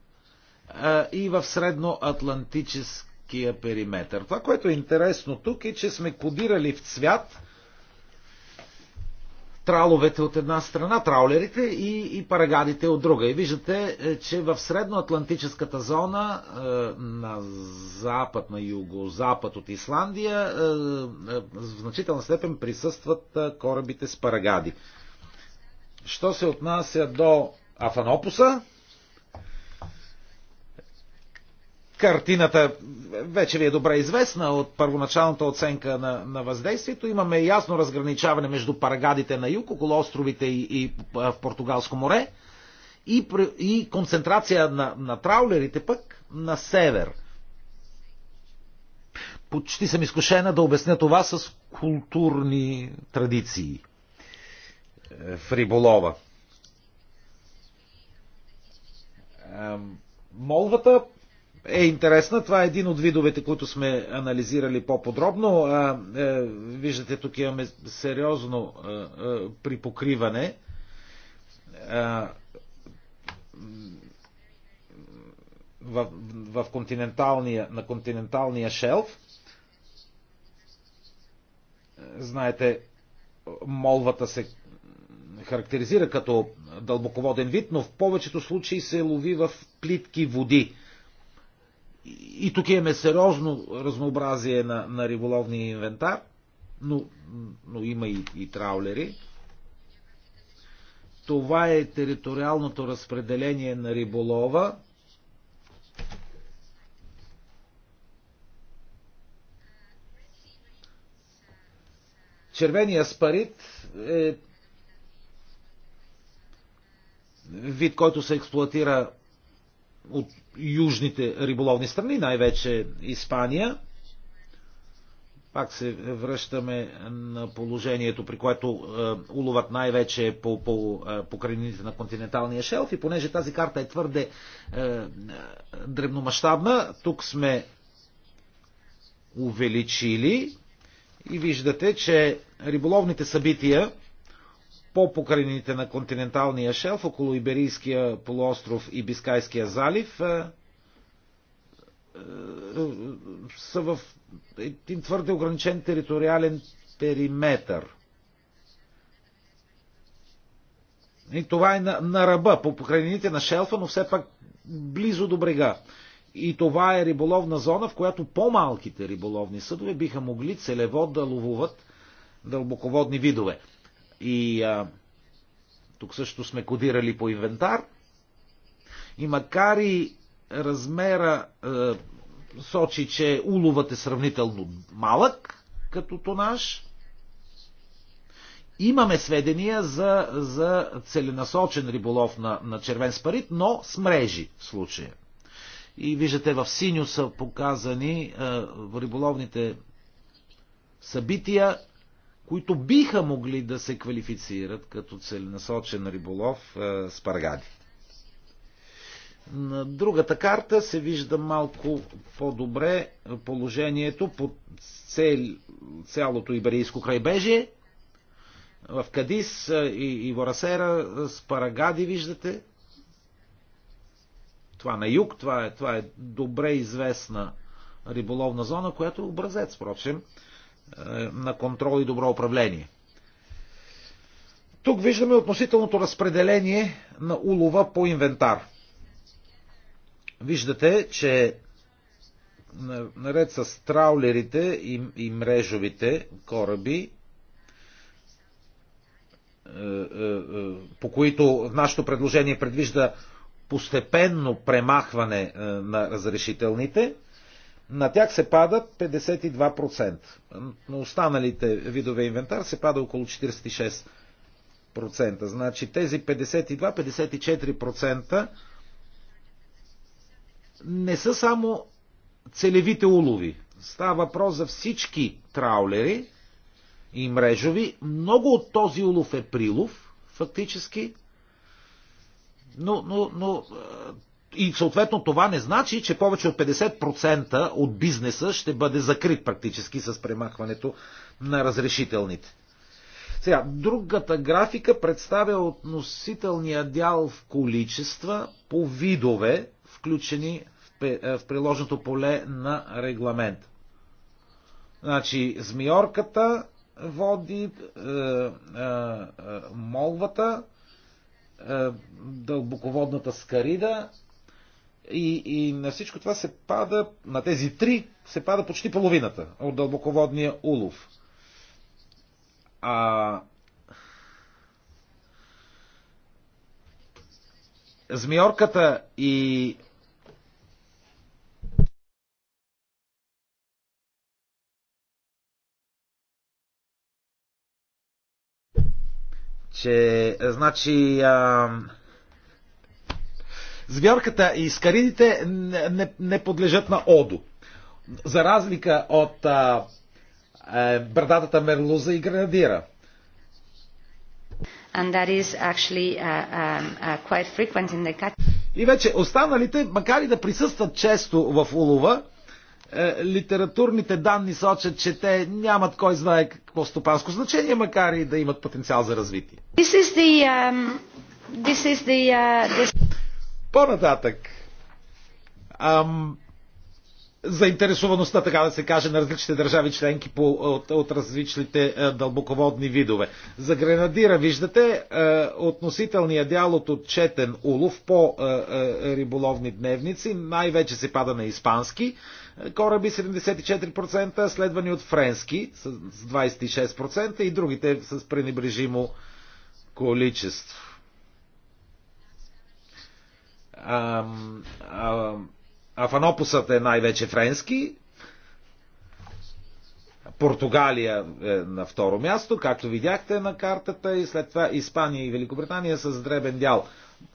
и в средноатлантическия периметр. Това, което е интересно тук е, че сме кодирали в цвят траловете от една страна, траулерите и, и парагадите от друга. И виждате, е, че в средноатлантическата зона е, на запад, на юго-запад от Исландия, е, е, в значителна степен присъстват е, корабите с парагади. Що се отнася до Афанопуса, картината вече ви е добре известна от първоначалната оценка на, на въздействието. Имаме ясно разграничаване между парагадите на юг, около островите и, и в Португалско море, и, и концентрация на, на траулерите пък на север. Почти съм изкушена да обясня това с културни традиции в риболова. Молвата е интересна. Това е един от видовете, които сме анализирали по-подробно. Е, виждате, тук имаме сериозно е, е, припокриване. В, в континенталния, на континенталния шелф. Знаете, молвата се характеризира като дълбоководен вид, но в повечето случаи се лови в плитки води. И тук имаме сериозно разнообразие на, на риболовния инвентар, но, но има и, и траулери. Това е териториалното разпределение на риболова. Червения спарит е вид, който се експлуатира от южните риболовни страни, най-вече Испания. Пак се връщаме на положението, при което е, уловът най-вече е по, по, е, по крайнините на континенталния шелф и понеже тази карта е твърде е, дребномащабна, тук сме увеличили и виждате, че риболовните събития по покрайнините на континенталния шелф, около Иберийския полуостров и Бискайския залив, е, е, са в един твърде ограничен териториален периметър. И това е на, на ръба, по покрайнините на шелфа, но все пак близо до брега. И това е риболовна зона, в която по-малките риболовни съдове биха могли целево да ловуват дълбоководни видове. И а, тук също сме кодирали по инвентар. И макар и размера а, сочи, че уловът е сравнително малък като тонаж, имаме сведения за, за целенасочен риболов на, на червен спарит, но с мрежи в случая. И виждате в синьо са показани в риболовните събития които биха могли да се квалифицират като целенасочен риболов е, с паргади. На другата карта се вижда малко по-добре положението по цел, цялото иберийско крайбежие. В Кадис е, и, и Ворасера е, с парагади виждате. Това на юг, това е, това е добре известна риболовна зона, която е образец, впрочем, е, на контрол и добро управление. Тук виждаме относителното разпределение на улова по инвентар. Виждате, че наред с траулерите и, мрежовите кораби, е, е, по които нашето предложение предвижда постепенно премахване на разрешителните, на тях се пада 52%. На останалите видове инвентар се пада около 46%. Значи тези 52-54% не са само целевите улови. Става въпрос за всички траулери и мрежови. Много от този улов е прилов, фактически. Но, но, но и съответно това не значи, че повече от 50% от бизнеса ще бъде закрит практически с премахването на разрешителните. Сега, другата графика представя относителния дял в количества по видове, включени в е, приложното поле на регламент. Значи, змиорката води, е, е, е молвата, е, дълбоководната скарида и, и на всичко това се пада, на тези три се пада почти половината от дълбоководния улов. А змиорката и че значи а, Звярката и скаридите не, не подлежат на ОДО. За разлика от а, а, е, брадатата мерлуза и гранадира. And that is actually uh, uh, uh quite frequent in the И вече останалите, макар и да присъстват често в улова, е, литературните данни сочат, че те нямат кой знае какво стопанско значение, макар и да имат потенциал за развитие. This is the, um, this is the, uh, this... По-нататък. Ам, заинтересоваността, така да се каже, на различните държави членки по, от, от различните а, е, дълбоководни видове. За Гренадира, виждате, а, е, относителният дял от отчетен улов по а, е, а, риболовни дневници най-вече се пада на испански кораби 74%, следвани от френски с 26% и другите с пренебрежимо количество. Афанопусът е най-вече френски. Португалия е на второ място, както видяхте на картата, и след това Испания и Великобритания с дребен дял.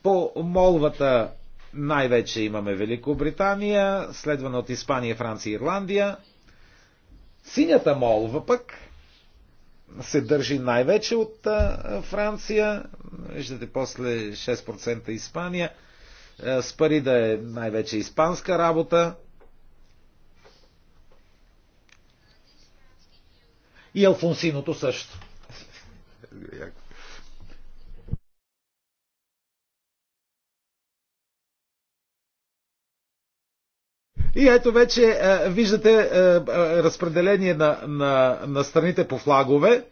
По молвата най-вече имаме Великобритания, следвана от Испания, Франция и Ирландия. Синята молва пък се държи най-вече от Франция, виждате после 6% Испания, е, с пари да е най-вече испанска работа. И Алфонсиното също. И ето вече е, виждате е, разпределение на, на, на страните по флагове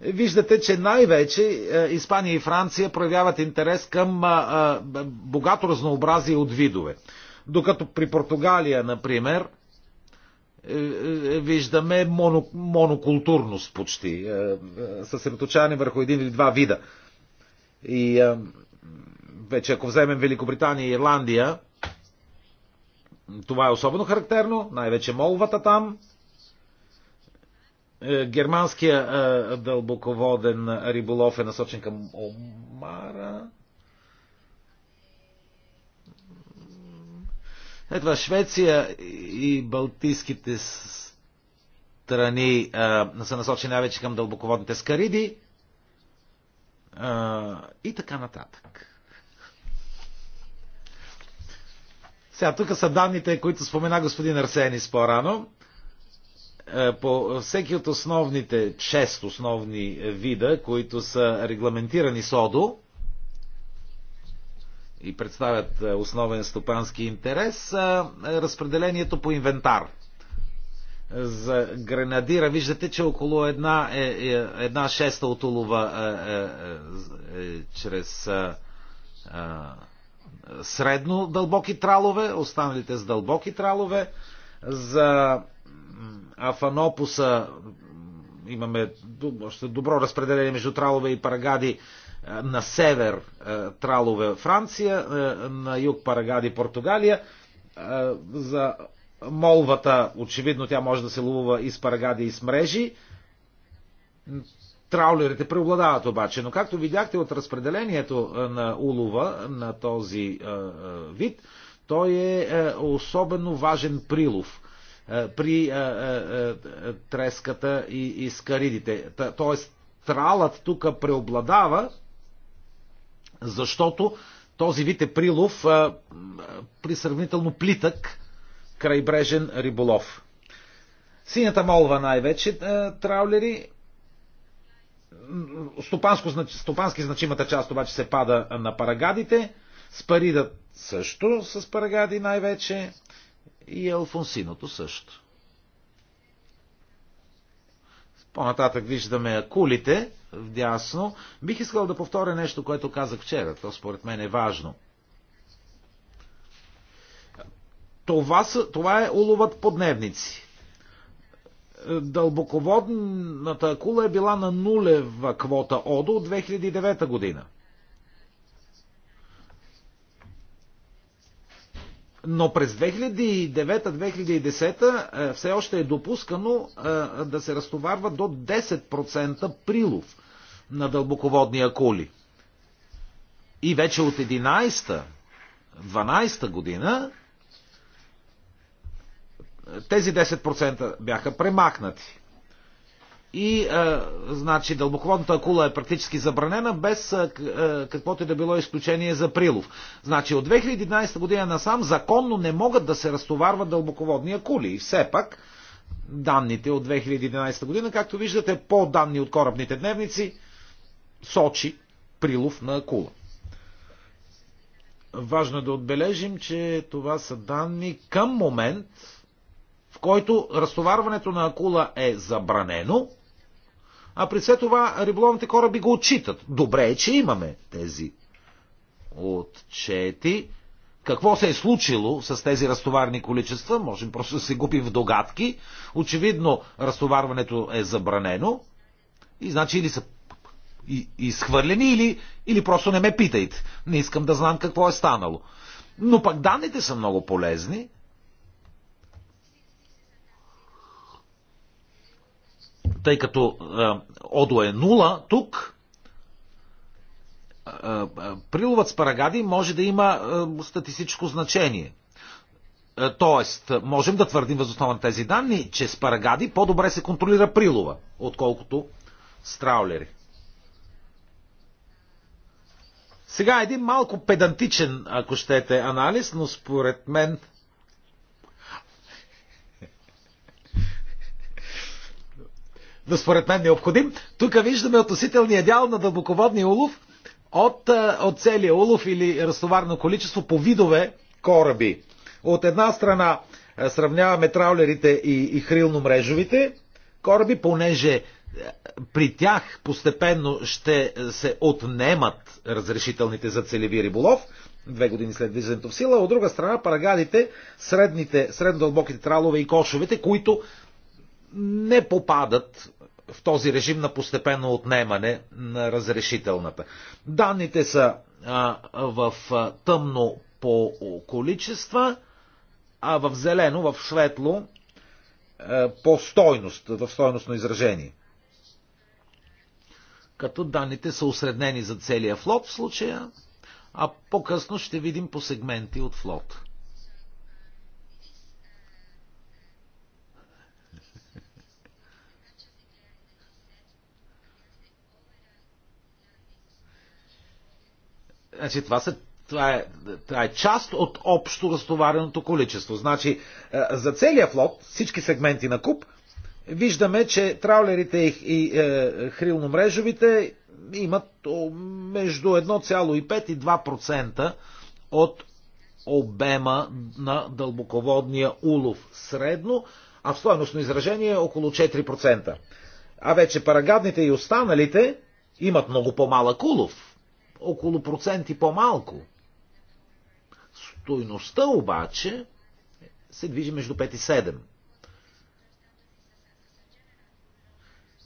виждате, че най-вече е, Испания и Франция проявяват интерес към е, е, богато разнообразие от видове. Докато при Португалия, например, виждаме моно, монокултурност почти, съсредоточаване върху един или два вида. И вече ако вземем Великобритания и Ирландия, това е особено характерно, най-вече молвата там, е, германския е, дълбоководен риболов е насочен към Омара. Ето Швеция и Балтийските страни а, е, са насочени най-вече към дълбоководните скариди а, и така нататък. Сега тук са данните, които спомена господин Арсенис по-рано. Е, по всеки от основните, 6 основни вида, които са регламентирани с ОДО и представят е, основен стопански интерес, е, разпределението по инвентар. За гренадира виждате, че около една, една шеста от улова е, е, е, чрез е, е, средно дълбоки тралове, останалите с дълбоки тралове. За Афанопуса имаме още добро разпределение между тралове и парагади е, на север е, тралове Франция, е, на юг парагади Португалия. За молвата, очевидно, тя може да се ловува и с парагади, и с мрежи. Траулерите преобладават обаче, но както видяхте от разпределението на улова на този вид, той е особено важен прилов – е, при е, е, треската и, и скаридите. Тоест, тралът тук преобладава, защото този вид е прилов при сравнително плитък крайбрежен риболов. Синята молва най-вече траулери. Стопанско, значи, стопански значимата част обаче се пада на парагадите. Спарида също с парагади най-вече и Алфонсиното също. По-нататък виждаме кулите вдясно. Бих искал да повторя нещо, което казах вчера. То според мен е важно. Това, са, това е уловът по дневници. Дълбоководната акула е била на нулева квота ОДО от 2009 година. Но през 2009-2010 е, все още е допускано е, да се разтоварва до 10% прилов на дълбоководни акули. И вече от 11-12 година е, тези 10% бяха премахнати и а, е, значи дълбоководната акула е практически забранена без а, е, е, каквото и да било изключение за прилов. Значи от 2011 година насам законно не могат да се разтоварват дълбоководни акули и все пак данните от 2011 година, както виждате, по данни от корабните дневници, сочи прилов на акула. Важно е да отбележим, че това са данни към момент, в който разтоварването на акула е забранено а при все това риболовните кораби го отчитат. Добре е, че имаме тези отчети. Какво се е случило с тези разтоварни количества? Можем просто да се губим в догадки. Очевидно, разтоварването е забранено. И значи или са изхвърлени, или, или просто не ме питайте. Не искам да знам какво е станало. Но пък данните са много полезни, тъй като ОДО е нула, тук приловът с парагади може да има статистическо значение. Тоест, можем да твърдим възоснова на тези данни, че с парагади по-добре се контролира прилова, отколкото с траулери. Сега един малко педантичен, ако щете, анализ, но според мен но според мен необходим. Тук виждаме относителния дял на дълбоководния улов от, от целия улов или разтоварно количество по видове кораби. От една страна сравняваме траулерите и, и хрилно-мрежовите кораби, понеже при тях постепенно ще се отнемат разрешителните за целеви риболов, две години след влизането в сила. От друга страна, парагадите, средните, дълбоките тралове и кошовете, които не попадат в този режим на постепенно отнемане на разрешителната. Данните са в тъмно по количества, а в зелено, в светло по стойност, в стойностно изражение. Като данните са осреднени за целия флот в случая, а по-късно ще видим по сегменти от флота. Значи, това, са, това, е, това е част от общо разтовареното количество. Значи, е, за целия флот, всички сегменти на куп, виждаме, че траулерите и, и е, хрилномрежовите имат между 1,5 и 2% от обема на дълбоководния улов средно, а в стоеностно изражение е около 4%. А вече парагадните и останалите имат много по-малък улов около проценти по-малко. Стойността обаче се движи между 5 и 7.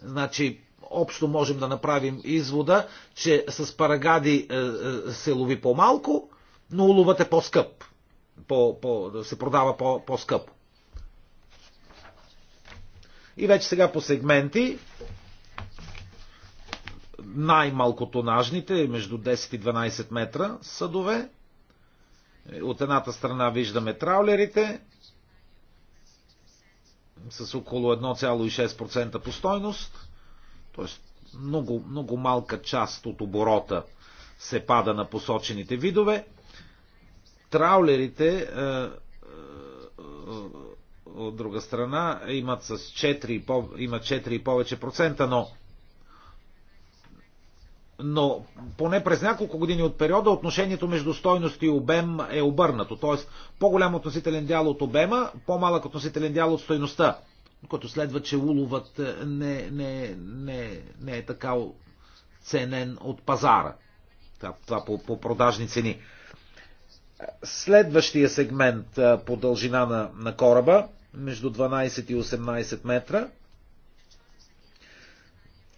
Значи, общо можем да направим извода, че с парагади е, е, се лови по-малко, но уловът е по-скъп. По, по, се продава по, по-скъпо. И вече сега по сегменти най-малкотонажните, между 10 и 12 метра съдове. От едната страна виждаме траулерите с около 1,6% по стойност, т.е. Много, много малка част от оборота се пада на посочените видове. Траулерите е, е, е, от друга страна имат с 4, имат 4 и повече процента, но но поне през няколко години от периода отношението между стойност и обем е обърнато. Т.е. по-голям относителен дял от обема, по-малък относителен дял от стойността. Което следва, че уловът е, не, не, не, не е така ценен от пазара. Това, това по, по продажни цени. Следващия сегмент е, по дължина на, на кораба, между 12 и 18 метра,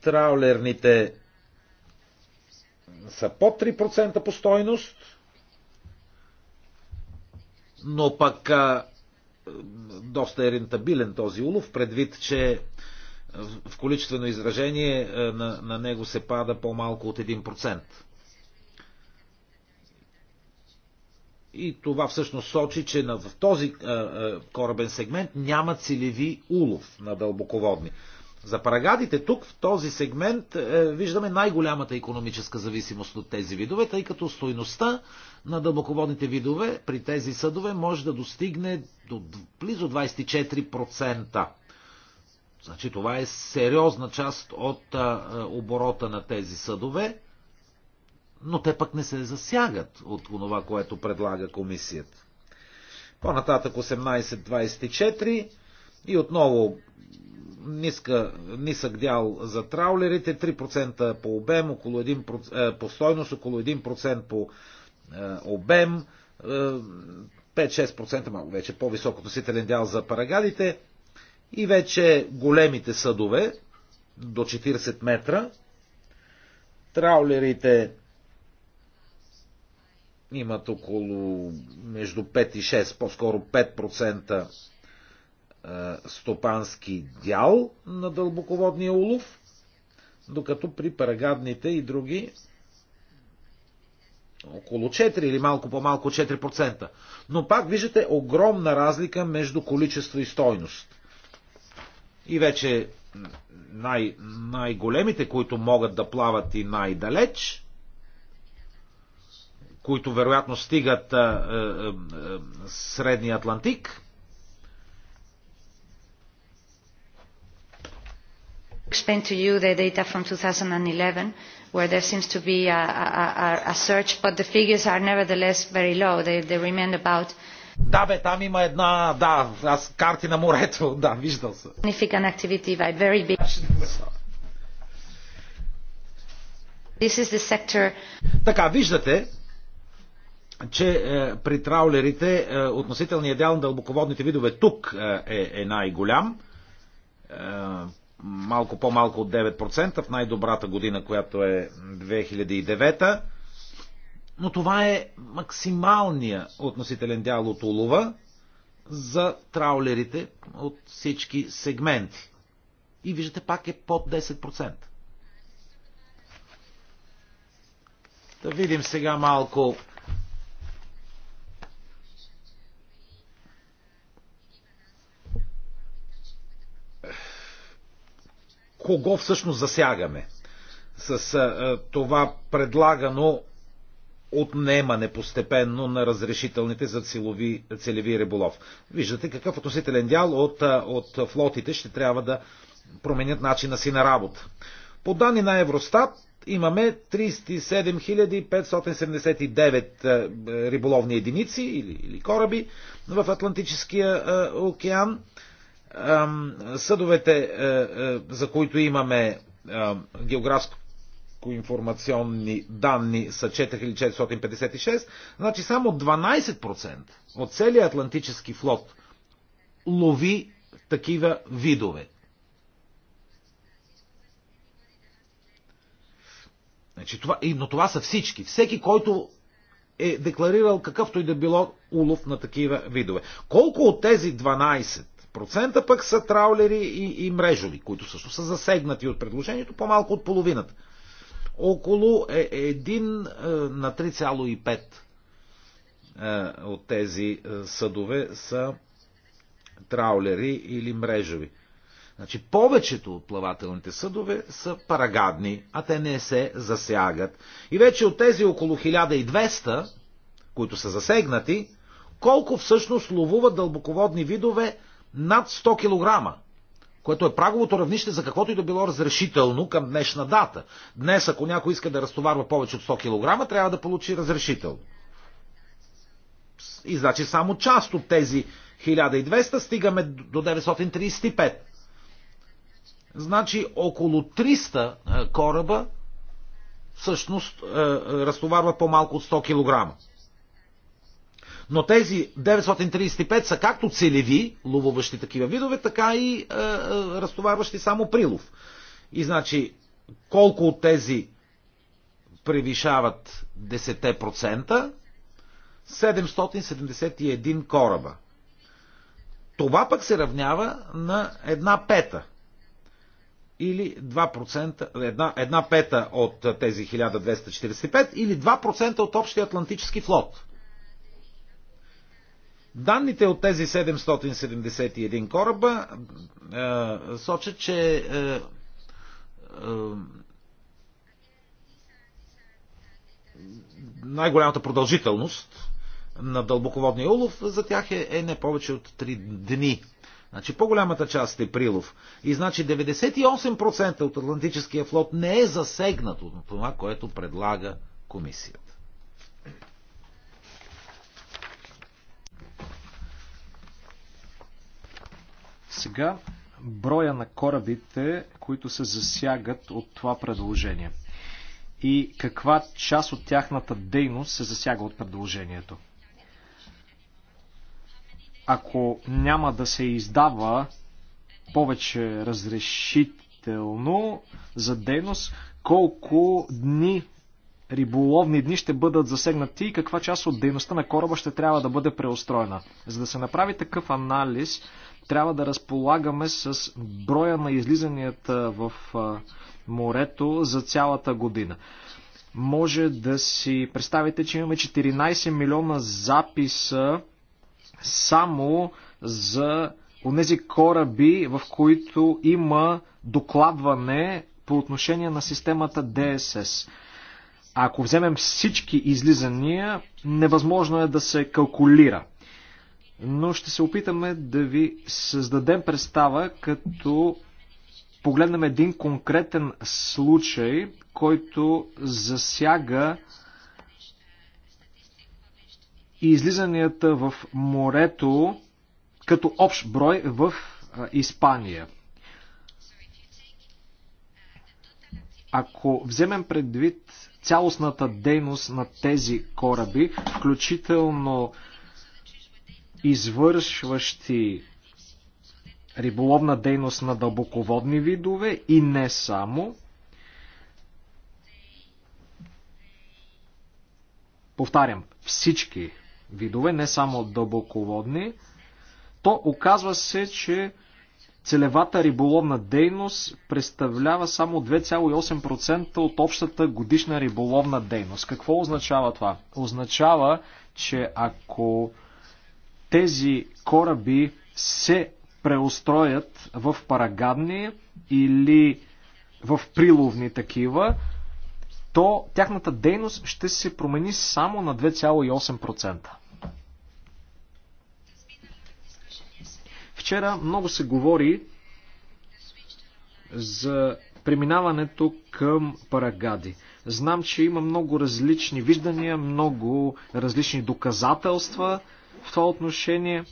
траулерните са под 3% по стойност, но пък а, доста е рентабилен този улов, предвид, че в количествено изражение на, на него се пада по-малко от 1%. И това всъщност сочи, че в този корабен сегмент няма целеви улов на дълбоководни. За парагадите тук, в този сегмент, е, виждаме най-голямата економическа зависимост от тези видове, тъй като стойността на дълбоководните видове при тези съдове може да достигне до близо 24%. Значи това е сериозна част от оборота на тези съдове, но те пък не се засягат от това, което предлага комисията. По-нататък 18-24%. И отново ниска, нисък дял за траулерите, 3% по обем, около 1%, е, по стойност, около 1% по е, обем, 5-6% е, малко вече по-висок относителен дял за парагадите и вече големите съдове до 40 метра. Траулерите имат около между 5 и 6, по-скоро 5% е, стопански дял на дълбоководния улов, докато при парагадните и други около 4 или малко по-малко 4%. Но пак виждате огромна разлика между количество и стойност. И вече най- най-големите, които могат да плават и най-далеч, които вероятно стигат а, а, а, Средния Атлантик, explain to you the data from 2011, where there seems to be a, a, a search, but the figures are nevertheless very low. They, they remain about да, бе, там има една, да, аз карти на морето, да, виждал съм. Significant activity by very big... This is the sector... Така, виждате, че е, при траулерите е, относителният дял на дълбоководните видове тук е, е най-голям. Е, малко по-малко от 9% в най-добрата година, която е 2009. Но това е максималния относителен дял от улова за траулерите от всички сегменти. И виждате, пак е под 10%. Да видим сега малко кого всъщност засягаме с а, това предлагано отнемане постепенно на разрешителните за целови, целеви риболов. Виждате какъв относителен дял от, от флотите ще трябва да променят начина си на работа. По данни на Евростат имаме 37 579 риболовни единици или, или кораби в Атлантическия океан Съдовете, е, е, за които имаме е, географско информационни данни са 4456, значи само 12% от целия Атлантически флот лови такива видове. Значи, това, но това са всички. Всеки, който е декларирал какъвто и да било улов на такива видове. Колко от тези 12 Процента пък са траулери и, и мрежови, които също са засегнати от предложението, по-малко от половината. Около 1 е е, на 3,5 е, от тези съдове са траулери или мрежови. Значи повечето от плавателните съдове са парагадни, а те не се засягат. И вече от тези около 1200, които са засегнати, колко всъщност ловуват дълбоководни видове над 100 кг, което е праговото равнище за каквото и да било разрешително към днешна дата. Днес, ако някой иска да разтоварва повече от 100 кг, трябва да получи разрешително. И значи само част от тези 1200 стигаме до 935. Значи около 300 е, кораба всъщност е, е, разтоварва по-малко от 100 кг. Но тези 935 са както целеви, ловуващи такива видове, така и е, е, разтоварващи само прилов. И значи, колко от тези превишават 10%? 771 кораба. Това пък се равнява на една пета. Или 2%, една, една пета от тези 1245, или 2% от общия Атлантически флот. Данните от тези 771 кораба е, сочат, че е, е, най-голямата продължителност на дълбоководния улов за тях е, е не повече от 3 дни. Значи по-голямата част е прилов. И значи 98% от Атлантическия флот не е засегнат от това, което предлага комисията. Сега броя на корабите, които се засягат от това предложение и каква част от тяхната дейност се засяга от предложението. Ако няма да се издава повече разрешително за дейност, колко дни риболовни дни ще бъдат засегнати и каква част от дейността на кораба ще трябва да бъде преустроена. За да се направи такъв анализ, трябва да разполагаме с броя на излизанията в морето за цялата година. Може да си представите, че имаме 14 милиона записа само за тези кораби, в които има докладване по отношение на системата DSS. ако вземем всички излизания, невъзможно е да се калкулира но ще се опитаме да ви създадем представа, като погледнем един конкретен случай, който засяга и излизанията в морето като общ брой в Испания. Ако вземем предвид цялостната дейност на тези кораби, включително извършващи риболовна дейност на дълбоководни видове и не само. Повтарям, всички видове, не само дълбоководни, то оказва се, че целевата риболовна дейност представлява само 2,8% от общата годишна риболовна дейност. Какво означава това? Означава, че ако тези кораби се преустроят в парагадни или в приловни такива, то тяхната дейност ще се промени само на 2,8%. Вчера много се говори за преминаването към парагади. Знам, че има много различни виждания, много различни доказателства, в това отношение.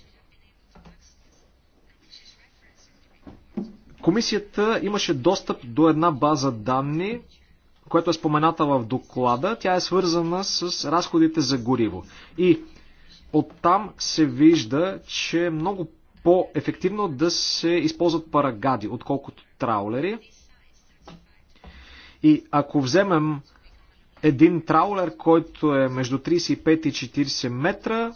Комисията имаше достъп до една база данни, която е спомената в доклада. Тя е свързана с разходите за гориво. И оттам се вижда, че е много по-ефективно да се използват парагади, отколкото траулери. И ако вземем един траулер, който е между 35 и 40 метра,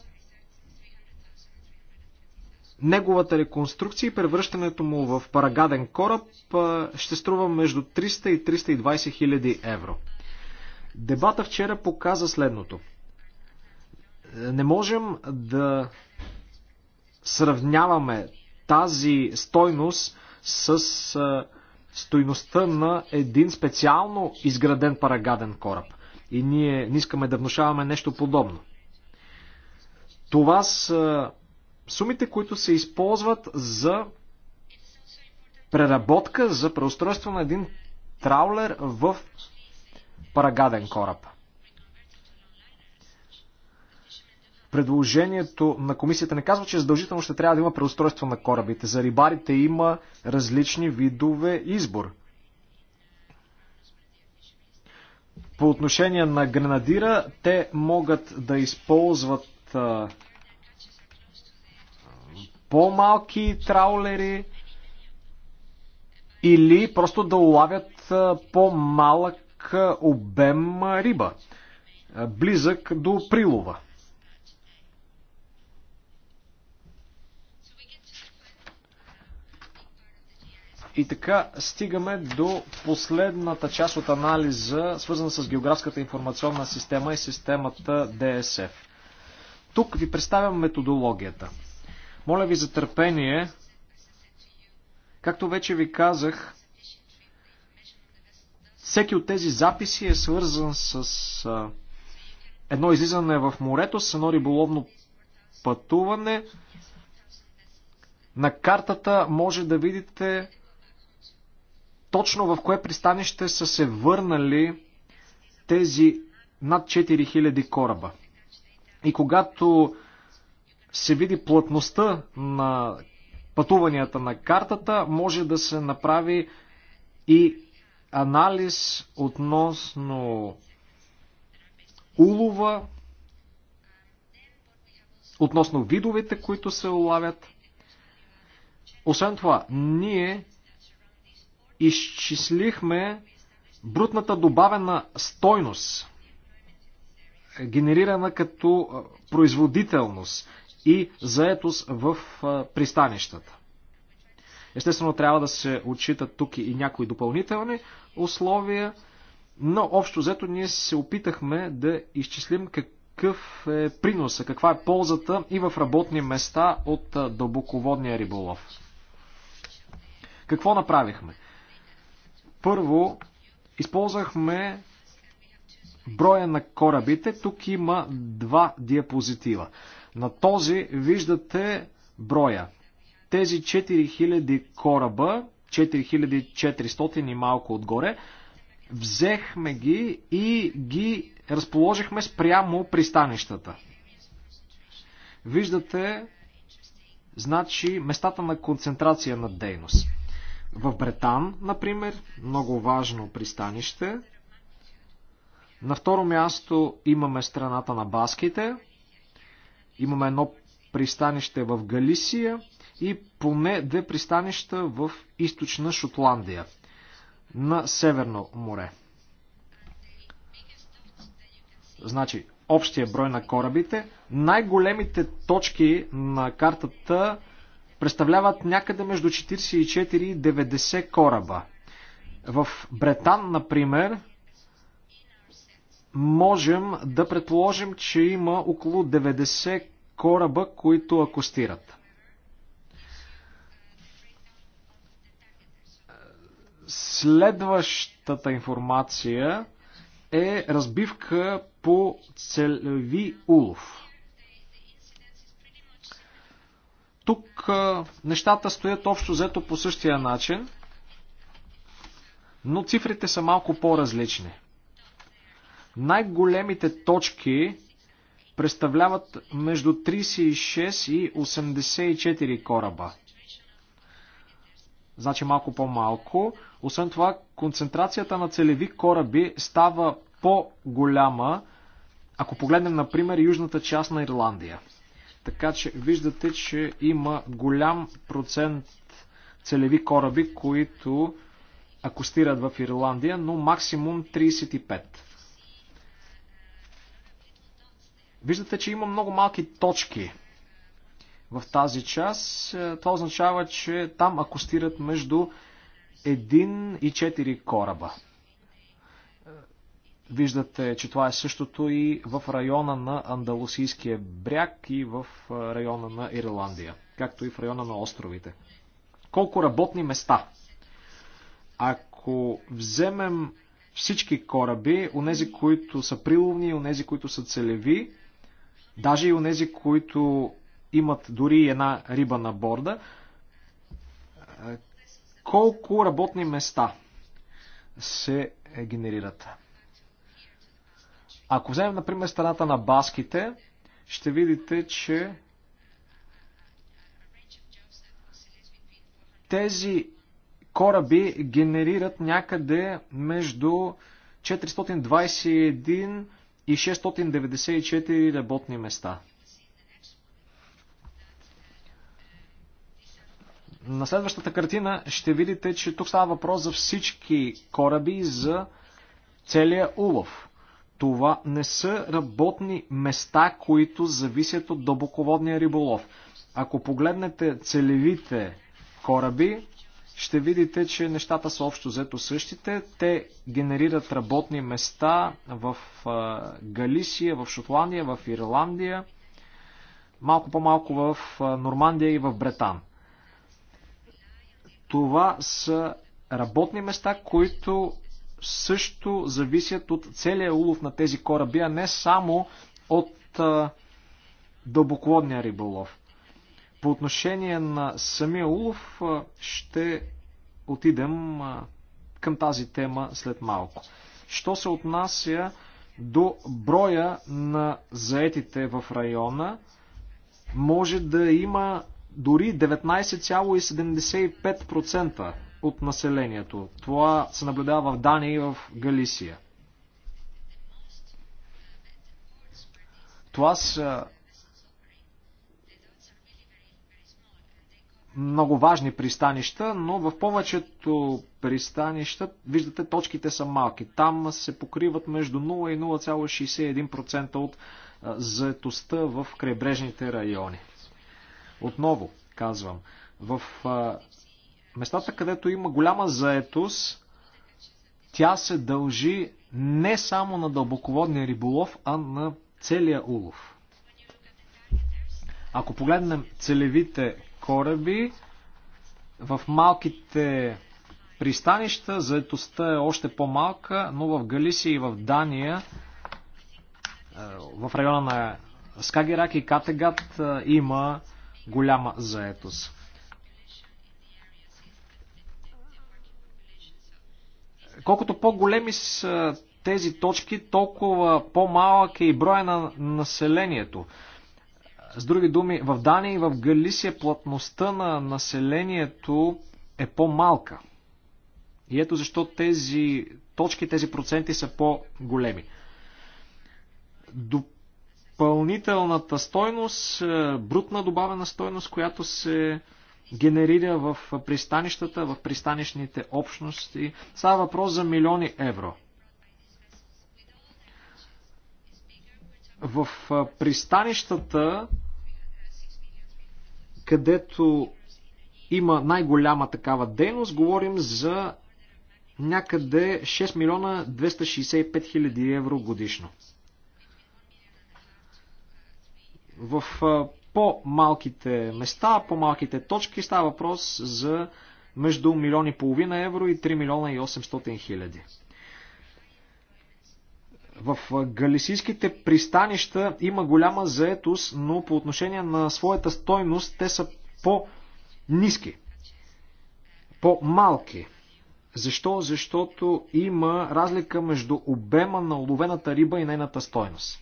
неговата реконструкция и превръщането му в парагаден кораб ще струва между 300 и 320 хиляди евро. Дебата вчера показа следното. Не можем да сравняваме тази стойност с стойността на един специално изграден парагаден кораб. И ние не искаме да внушаваме нещо подобно. Това са сумите, които се използват за преработка, за преустройство на един траулер в парагаден кораб. Предложението на комисията не казва, че задължително ще трябва да има преустройство на корабите. За рибарите има различни видове избор. По отношение на гренадира, те могат да използват по-малки траулери или просто да улавят по-малък обем риба, близък до прилова. И така стигаме до последната част от анализа, свързана с географската информационна система и системата DSF. Тук ви представям методологията. Моля ви за търпение. Както вече ви казах, всеки от тези записи е свързан с а, едно излизане в морето, с едно риболовно пътуване. На картата може да видите точно в кое пристанище са се върнали тези над 4000 кораба. И когато се види плътността на пътуванията на картата, може да се направи и анализ относно улова, относно видовете, които се улавят. Освен това, ние изчислихме брутната добавена стойност, генерирана като производителност и заетост в пристанищата. Естествено, трябва да се отчитат тук и някои допълнителни условия, но общо взето ние се опитахме да изчислим какъв е приноса, каква е ползата и в работни места от дълбоководния риболов. Какво направихме? Първо, използвахме броя на корабите. Тук има два диапозитива. На този виждате броя. Тези 4000 кораба, 4400 и малко отгоре, взехме ги и ги разположихме спрямо пристанищата. Виждате, значи, местата на концентрация на дейност. В Бретан, например, много важно пристанище. На второ място имаме страната на баските – Имаме едно пристанище в Галисия и поне две пристанища в източна Шотландия, на Северно море. Значи, общия брой на корабите, най-големите точки на картата представляват някъде между 44 и 90 кораба. В Бретан, например, можем да предположим, че има около 90 кораба, които акостират. Следващата информация е разбивка по целеви улов. Тук нещата стоят общо взето по същия начин, но цифрите са малко по-различни. Най-големите точки представляват между 36 и 84 кораба. Значи малко по-малко. Освен това, концентрацията на целеви кораби става по-голяма, ако погледнем, например, южната част на Ирландия. Така че виждате, че има голям процент целеви кораби, които акустират в Ирландия, но максимум 35. Виждате, че има много малки точки в тази част. Е, това означава, че там акустират между 1 и 4 кораба. Е, виждате, че това е същото и в района на Андалусийския бряг и в е, района на Ирландия, както и в района на островите. Колко работни места? Ако вземем всички кораби, нези, които са приловни и нези, които са целеви, Даже и у нези, които имат дори една риба на борда. Е, колко работни места се генерират? Ако вземем, например, страната на баските, ще видите, че тези кораби генерират някъде между 421 и 694 работни места. На следващата картина ще видите, че тук става въпрос за всички кораби, за целия улов. Това не са работни места, които зависят от дълбоководния риболов. Ако погледнете целевите кораби, ще видите, че нещата са общо взето същите. Те генерират работни места в Галисия, в Шотландия, в Ирландия, малко по-малко в Нормандия и в Бретан. Това са работни места, които също зависят от целия улов на тези кораби, а не само от дълбоководния риболов. По отношение на самия улов ще отидем към тази тема след малко. Що се отнася до броя на заетите в района, може да има дори 19,75% от населението. Това се наблюдава в Дания и в Галисия. Това са много важни пристанища, но в повечето пристанища, виждате, точките са малки. Там се покриват между 0 и 0,61% от заетостта в крайбрежните райони. Отново, казвам, в местата, където има голяма заетост, тя се дължи не само на дълбоководния риболов, а на целия улов. Ако погледнем целевите кораби. В малките пристанища заетостта е още по-малка, но в Галисия и в Дания, е, в района на Скагерак и Категат е, има голяма заетост. Колкото по-големи са тези точки, толкова по-малък е и броя на населението. С други думи, в Дания и в Галисия плътността на населението е по-малка. И ето защо тези точки, тези проценти са по-големи. Допълнителната стойност, е, брутна добавена стойност, която се генерира в пристанищата, в пристанищните общности, става въпрос за милиони евро. В е, пристанищата където има най-голяма такава дейност, говорим за някъде 6 милиона 265 хиляди евро годишно. В по-малките места, по-малките точки става въпрос за между милиони половина евро и 3 милиона и 800 хиляди. В галисийските пристанища има голяма заетост, но по отношение на своята стойност те са по-низки, по-малки. Защо? Защото има разлика между обема на уловената риба и нейната стойност.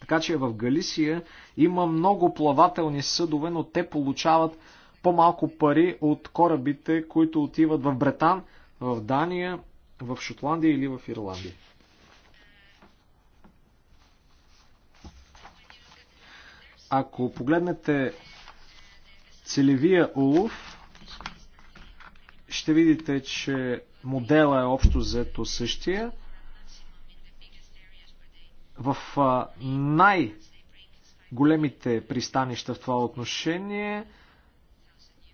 Така че в Галисия има много плавателни съдове, но те получават по-малко пари от корабите, които отиват в Бретан, в Дания, в Шотландия или в Ирландия. Ако погледнете целевия улов, ще видите, че модела е общо взето същия. В най-големите пристанища в това отношение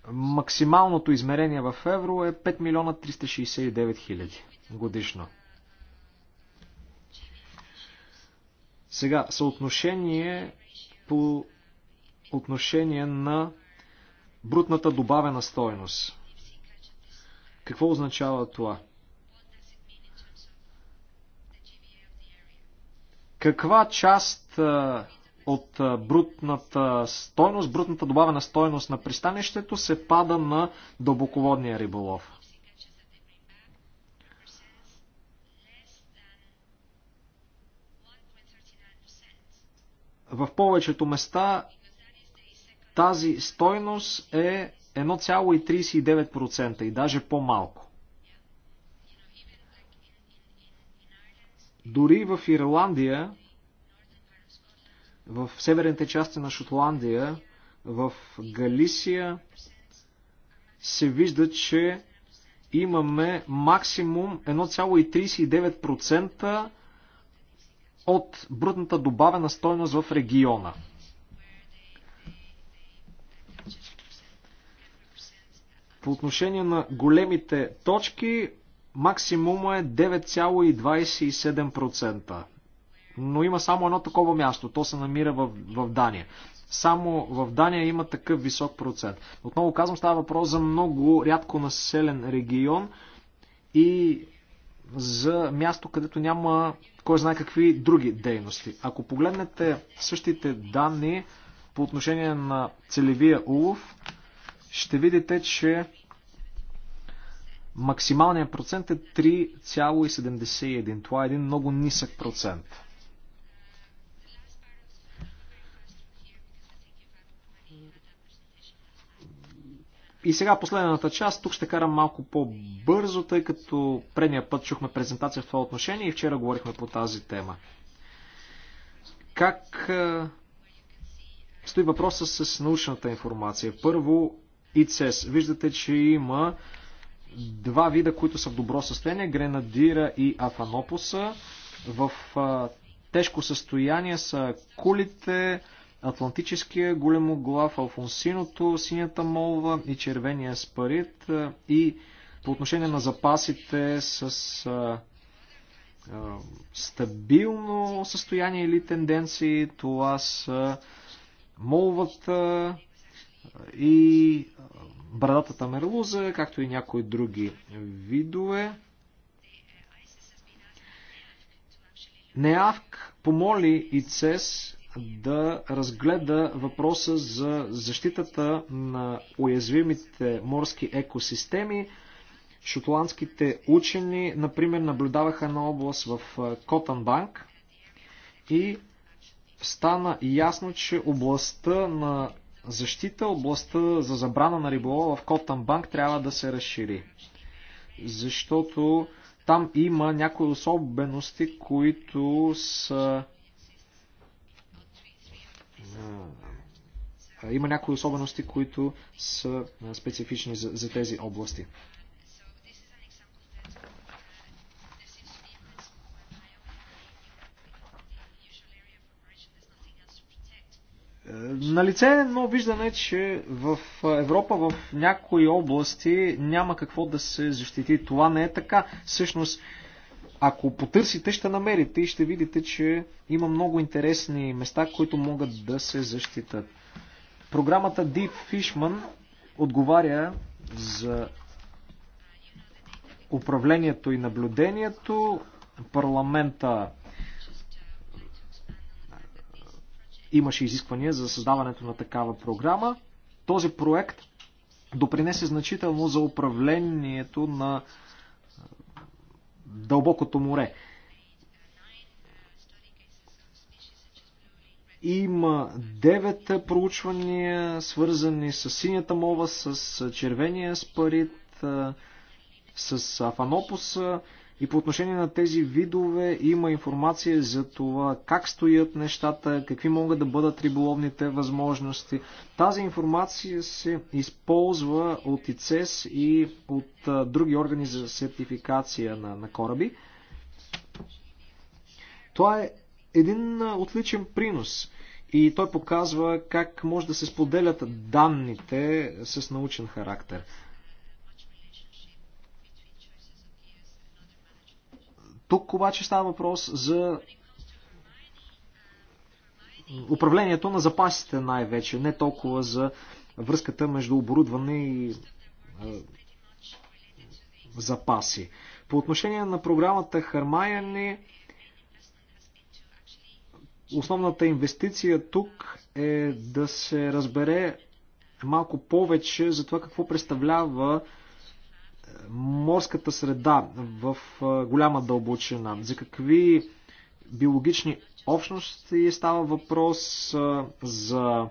максималното измерение в евро е 5 милиона 369 хиляди годишно. Сега, съотношение по отношение на брутната добавена стоеност. Какво означава това? Каква част от брутната стойност, брутната добавена стойност на пристанището се пада на дълбоководния риболов? в повечето места тази стойност е 1,39% и даже по-малко. Дори в Ирландия, в северните части на Шотландия, в Галисия се вижда, че имаме максимум 1,39% от брутната добавена стойност в региона. По отношение на големите точки, максимума е 9,27%. Но има само едно такова място. То се намира в, в Дания. Само в Дания има такъв висок процент. Отново казвам, става въпрос за много рядко населен регион и за място, където няма кой знае какви други дейности. Ако погледнете същите данни по отношение на целевия улов, ще видите, че максималният процент е 3,71. Това е един много нисък процент. И сега последната част, тук ще карам малко по-бързо, тъй като предния път чухме презентация в това отношение и вчера говорихме по тази тема. Как стои въпроса с научната информация? Първо, ИЦЕС. Виждате, че има два вида, които са в добро състояние, Гренадира и Афанопоса. В тежко състояние са кулите, Атлантическия, Големоглав, Алфонсиното, Синята молва и Червения спарит и по отношение на запасите с а, а, стабилно състояние или тенденции, това са молвата и брадатата мерлуза, както и някои други видове. Неавк помоли и ЦЕС да разгледа въпроса за защитата на уязвимите морски екосистеми. Шотландските учени, например, наблюдаваха на област в Котанбанк и стана ясно, че областта на защита, областта за забрана на риболова в Котанбанк трябва да се разшири. Защото там има някои особености, които са има някои особености, които са специфични за, за тези области. На лице е едно виждане, че в Европа в някои области няма какво да се защити. Това не е така. Всъщност ако потърсите, ще намерите и ще видите, че има много интересни места, които могат да се защитат. Програмата Deep Fishman отговаря за управлението и наблюдението. Парламента имаше изисквания за създаването на такава програма. Този проект допринесе значително за управлението на дълбокото море. Има девет проучвания, свързани с синята мова, с червения спарит, с афанопуса. И по отношение на тези видове има информация за това как стоят нещата, какви могат да бъдат риболовните възможности. Тази информация се използва от ИЦЕС и от други органи за сертификация на, на кораби. Това е един отличен принос и той показва как може да се споделят данните с научен характер. Тук обаче става въпрос за управлението на запасите най-вече, не толкова за връзката между оборудване и запаси. По отношение на програмата Хармаяне, основната инвестиция тук е да се разбере малко повече за това какво представлява морската среда в голяма дълбочина, за какви биологични общности става въпрос, за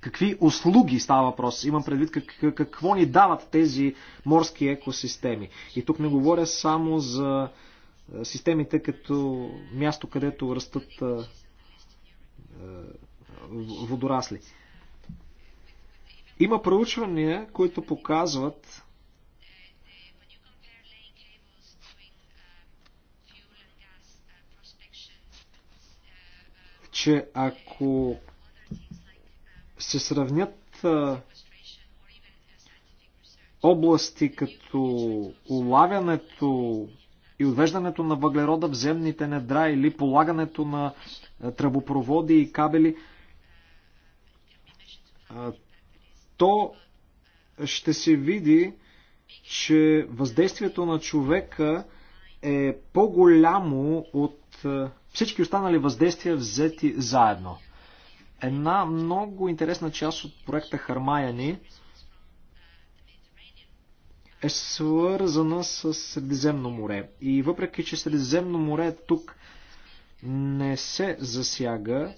какви услуги става въпрос. Имам предвид как, какво ни дават тези морски екосистеми. И тук не говоря само за системите като място, където растат водорасли. Има проучвания, които показват, че ако се сравнят области като улавянето и отвеждането на въглерода в земните недра или полагането на тръбопроводи и кабели, то ще се види, че въздействието на човека е по-голямо от е, всички останали въздействия взети заедно. Една много интересна част от проекта Хармаяни е свързана с Средиземно море. И въпреки, че Средиземно море тук не се засяга,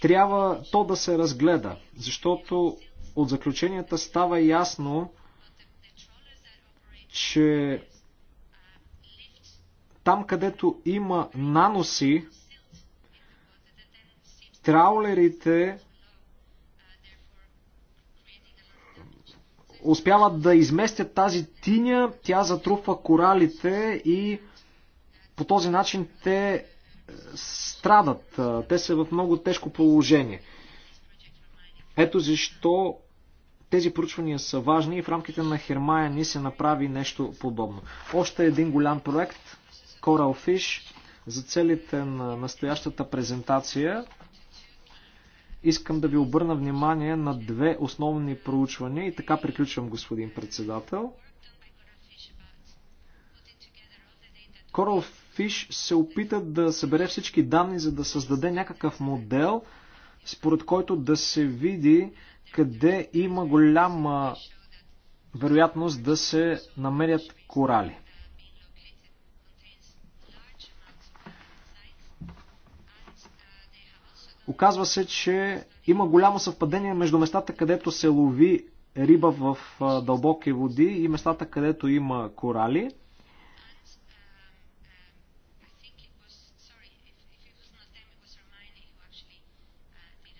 трябва то да се разгледа, защото от заключенията става ясно, че там, където има наноси, траулерите успяват да изместят тази тиня, тя затрупва коралите и по този начин те страдат. Те са в много тежко положение. Ето защо тези проучвания са важни и в рамките на Хермая ни се направи нещо подобно. Още един голям проект Coral Fish за целите на настоящата презентация искам да ви обърна внимание на две основни проучвания и така приключвам, господин председател. Coral Fish се опита да събере всички данни, за да създаде някакъв модел, според който да се види къде има голяма вероятност да се намерят корали. Оказва се, че има голямо съвпадение между местата, където се лови риба в дълбоки води и местата, където има корали –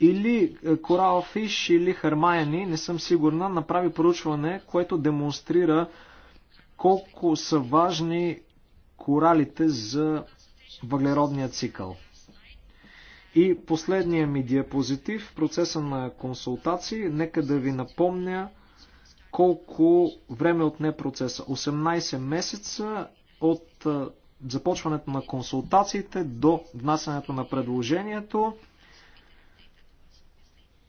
Или е, Корал Фиш, или хармаяни, не съм сигурна, направи проучване, което демонстрира колко са важни коралите за въглеродния цикъл. И последния ми диапозитив, в процеса на консултации, нека да ви напомня колко време отне процеса. 18 месеца от е, започването на консултациите до внасянето на предложението.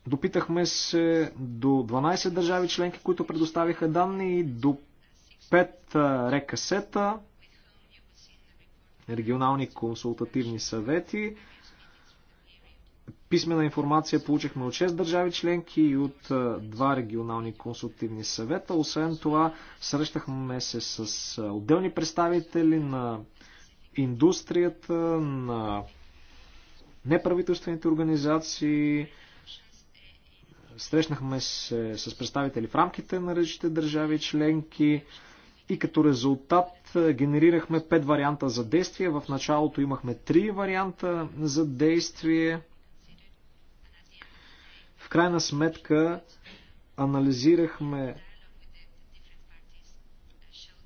Допитахме се до 12 държави членки, които предоставиха данни и до 5 рекасета, регионални консултативни съвети. Писмена информация получихме от 6 държави членки и от 2 регионални консултативни съвета. Освен това, срещахме се с отделни представители на индустрията, на неправителствените организации, Срещнахме се с представители в рамките на различните държави членки и като резултат е, генерирахме 5 варианта за действие. В началото имахме 3 варианта за действие. В крайна сметка анализирахме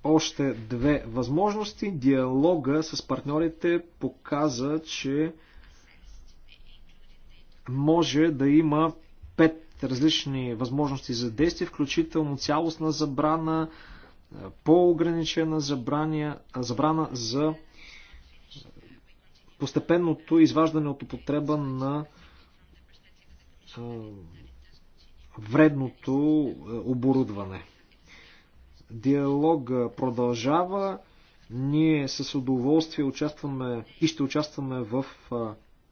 още две възможности. Диалога с партньорите показа, че може да има пет различни възможности за действие, включително цялостна забрана, по-ограничена забрана, забрана за постепенното изваждане от употреба на вредното оборудване. Диалог продължава. Ние с удоволствие участваме и ще участваме в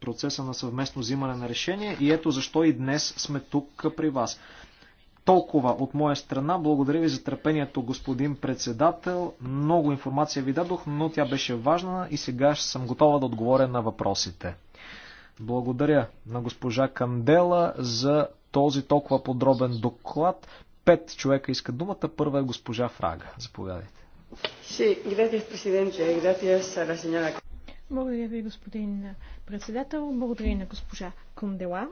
процеса на съвместно взимане на решение и ето защо и днес сме тук при вас. Толкова от моя страна. Благодаря ви за търпението, господин председател. Много информация ви дадох, но тя беше важна и сега съм готова да отговоря на въпросите. Благодаря на госпожа Кандела за този толкова подробен доклад. Пет човека искат думата. Първа е госпожа Фрага. Заповядайте. Благодаря ви, господин председател. Благодаря на госпожа Кундела.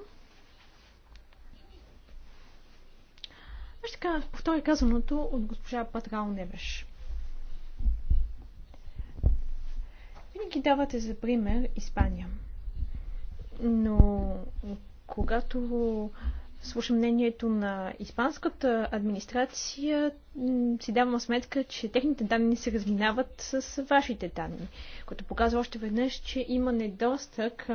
Ще повторя казаното от госпожа Патрал Невеш. Винаги давате за пример Испания. Но когато слушам мнението на испанската администрация, си давам сметка, че техните данни се разминават с вашите данни, което показва още веднъж, че има недостък,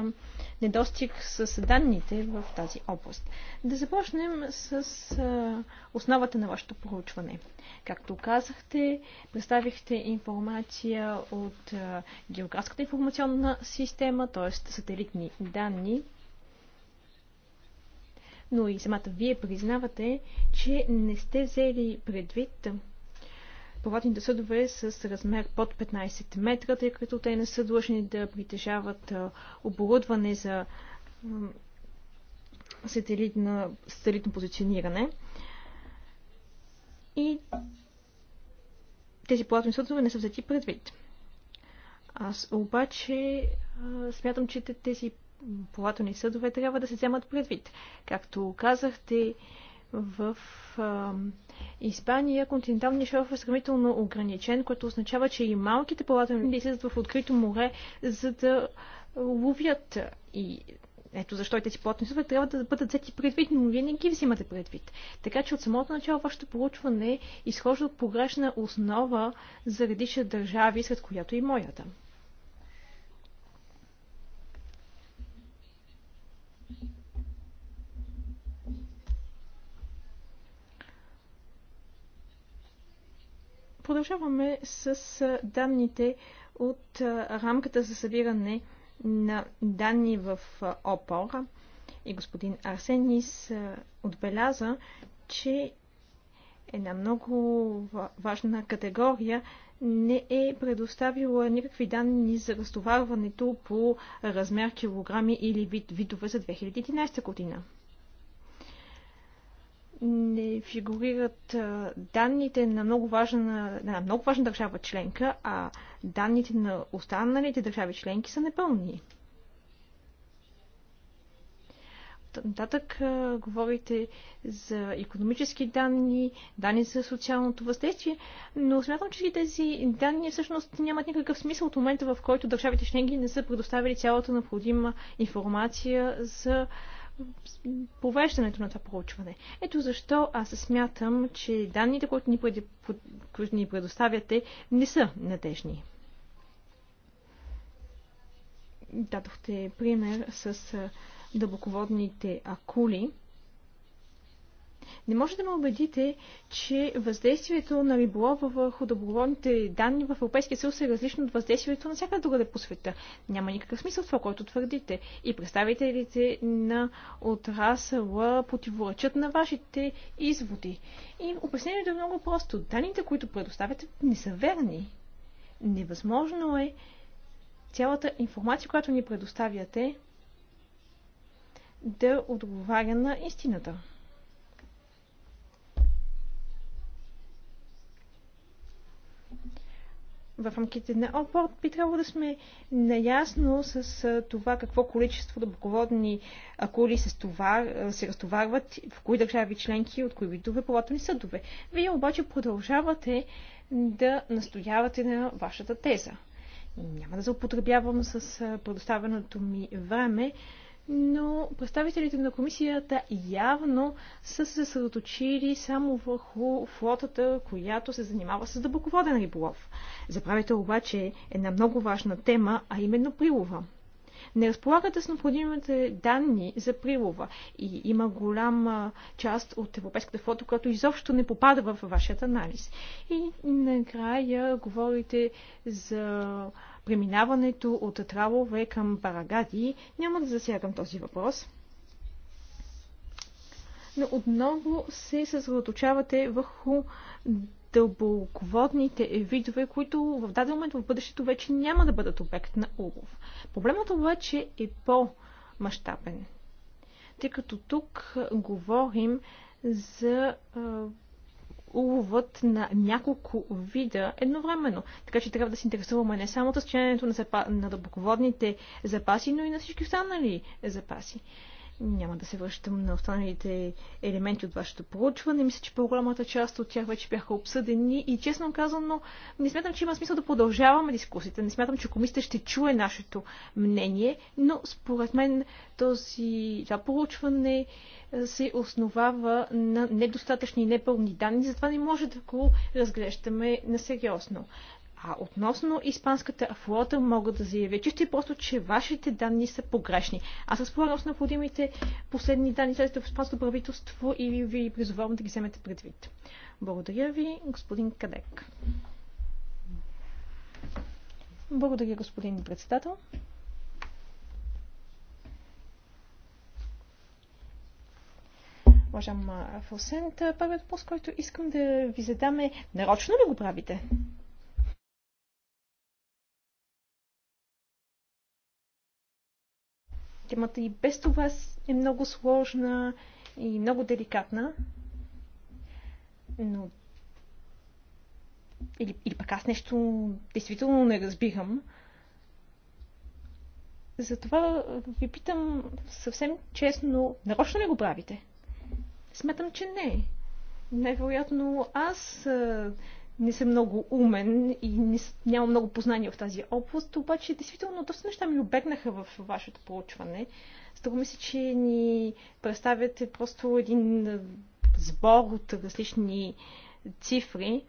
недостиг с данните в тази област. Да започнем с основата на вашето проучване. Както казахте, представихте информация от географската информационна система, т.е. сателитни данни, но и самата вие признавате, че не сте взели предвид плавателните съдове с размер под 15 метра, тъй като те не са длъжни да притежават оборудване за сателитно, сателитно позициониране. И тези платни съдове не са взети предвид. Аз обаче а, смятам, че тези плавателни съдове трябва да се вземат предвид. Както казахте, в а, Испания континенталният шелф е сравнително ограничен, което означава, че и малките плавателни излизат в открито море, за да ловят. И ето защо и тези плотни съдове трябва да бъдат взети предвид, но вие не ги взимате предвид. Така че от самото начало вашето проучване изхожда от погрешна основа за редиша държави, след която и моята. Продължаваме с данните от рамката за събиране на данни в Опора, И господин Арсенис отбеляза, че една много важна категория не е предоставила никакви данни за разтоварването по размер килограми или вид, видове за 2011 година не фигурират данните на много, важна, на много важна държава членка, а данните на останалите държави членки са непълни. Нататък говорите за економически данни, данни за социалното въздействие, но смятам, че тези данни всъщност нямат никакъв смисъл от момента, в който държавите членки не са предоставили цялата необходима информация за провеждането на това проучване. Ето защо аз смятам, че данните, които ни, преди, които ни предоставяте, не са надежни. Дадохте пример с дълбоководните акули. Не може да ме убедите, че въздействието на риболова върху доброволните данни в Европейския съюз е различно от въздействието на всяка другаде по света. Няма никакъв смисъл това, което твърдите. И представителите на отрасъла противоречат на вашите изводи. И обяснението е много просто. Данните, които предоставяте, не са верни. Невъзможно е цялата информация, която ни предоставяте, да отговаря на истината. в рамките на Опорт би трябвало да сме наясно с това какво количество дъбоководни акули се, стовар, се разтоварват, в кои държави членки, от кои видове плавателни съдове. Вие обаче продължавате да настоявате на вашата теза. Няма да заупотребявам с предоставеното ми време, но представителите на комисията явно са се съсредоточили само върху флотата, която се занимава с дъбоководен риболов. Забравяте обаче една много важна тема, а именно прилова. Не разполагате с необходимите данни за прилова и има голяма част от европейската флота, която изобщо не попада в вашият анализ. И накрая говорите за преминаването от тралове към барагади. Няма да засягам този въпрос. Но отново се съсредоточавате върху дълбоководните видове, които в даден момент в бъдещето вече няма да бъдат обект на улов. Проблемът обаче е по-масштабен, тъй като тук говорим за уловът на няколко вида едновременно. Така че трябва да се интересуваме не само от състоянието на, запа... на дълбоководните запаси, но и на всички останали запаси. Няма да се връщам на останалите елементи от вашето проучване. Мисля, че по-голямата част от тях вече бяха обсъдени и честно казано не смятам, че има смисъл да продължаваме дискусията. Не смятам, че комисията ще чуе нашето мнение, но според мен този, това проучване се основава на недостатъчни и непълни данни, затова не може да го разглеждаме на сериозно. А относно испанската флота мога да заявя чисто и просто, че вашите данни са погрешни. Аз разполагам с необходимите последни данни след в испанското правителство и ви призовавам да ги вземете предвид. Благодаря ви, господин Кадек. Благодаря, господин председател. Уважам Фосент, първият въпрос, който искам да ви задаме, нарочно ли го правите? Темата и без това е много сложна и много деликатна. Но. Или, или пък аз нещо действително не разбирам. Затова ви питам съвсем честно, нарочно ли го правите? Смятам, че не. Най-вероятно аз не съм много умен и не, нямам много познания в тази област, обаче действително доста неща ми обегнаха в вашето проучване. Стога ми се, че ни представяте просто един сбор от различни цифри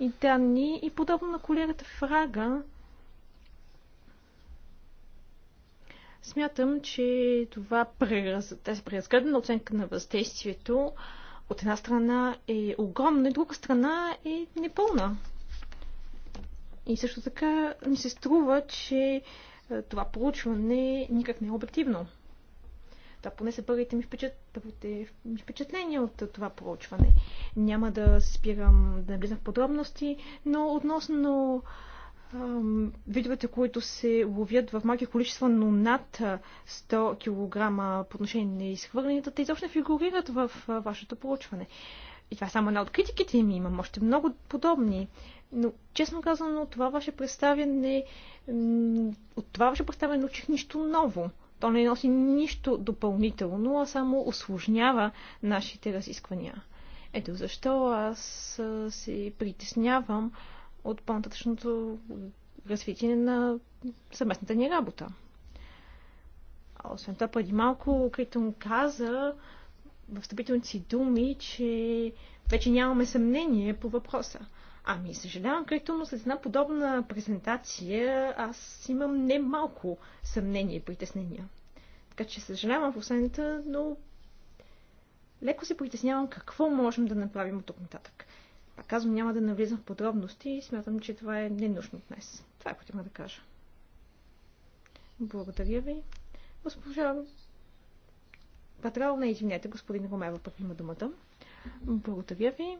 и данни и подобно на колегата Фрага, смятам, че това прераз... тази оценка на въздействието от една страна е огромна, и друга страна е непълна. И също така ми се струва, че е, това проучване никак не е обективно. Да, поне са първите ми, впечат... първите ми впечатления от това проучване. Няма да спирам да влизам в подробности, но относно видовете, които се ловят в малки количества, но над 100 кг по отношение на изхвърленията, те изобщо не фигурират в вашето проучване. И това е само една от критиките ми. Имам още много подобни. Но, честно казано, това ваше представяне, от това ваше представяне научих нищо ново. То не носи нищо допълнително, а само осложнява нашите разисквания. Ето защо аз се притеснявам от по-нататъчното развитие на съместната ни работа. Освен това, преди малко Критон каза в встъпителните си думи, че вече нямаме съмнение по въпроса. Ами, съжалявам, крито, но след една подобна презентация аз имам немалко съмнение и притеснения. Така че съжалявам в оценката, но леко се притеснявам какво можем да направим от тук нататък. Пак казвам, няма да навлизам в подробности и смятам, че това е ненужно днес. Това е което има да кажа. Благодаря ви. Госпожа Патрална, извинете, господин Ромева пък има думата. Благодаря ви.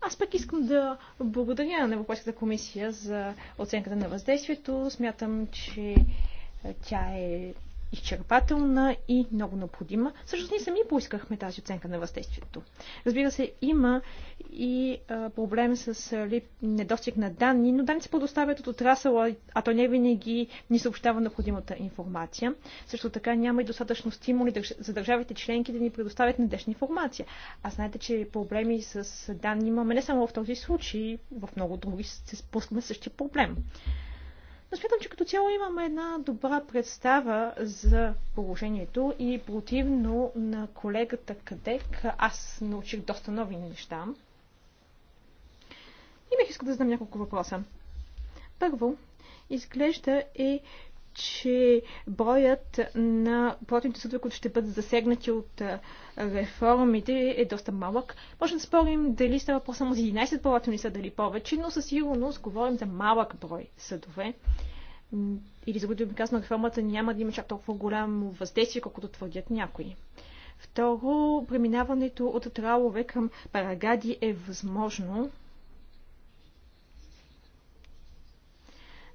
Аз пък искам да благодаря на Европейската комисия за оценката на въздействието. Смятам, че тя е изчерпателна и много необходима. Всъщност ние сами поискахме тази оценка на въздействието. Разбира се, има и а, проблем с а, ли, недостиг на данни, но данни се предоставят от отрасъла, а то не винаги ни съобщава необходимата информация. Също така няма и достатъчно стимули за държавите членки да ни предоставят надежна информация. А знаете, че проблеми с данни имаме не само в този случай, в много други се спускаме същия проблем. Но смятам, че като цяло имаме една добра представа за положението и противно на колегата Кадек, аз научих доста нови неща. И бих искал да задам няколко въпроса. Първо, изглежда е че броят на платните съдове, които ще бъдат засегнати от реформите е доста малък. Може да спорим дали става въпрос само за 11 платни съда или повече, но със сигурност говорим за малък брой съдове. Или за които казано, реформата няма да има чак толкова голямо въздействие, колкото твърдят някои. Второ, преминаването от тралове към парагади е възможно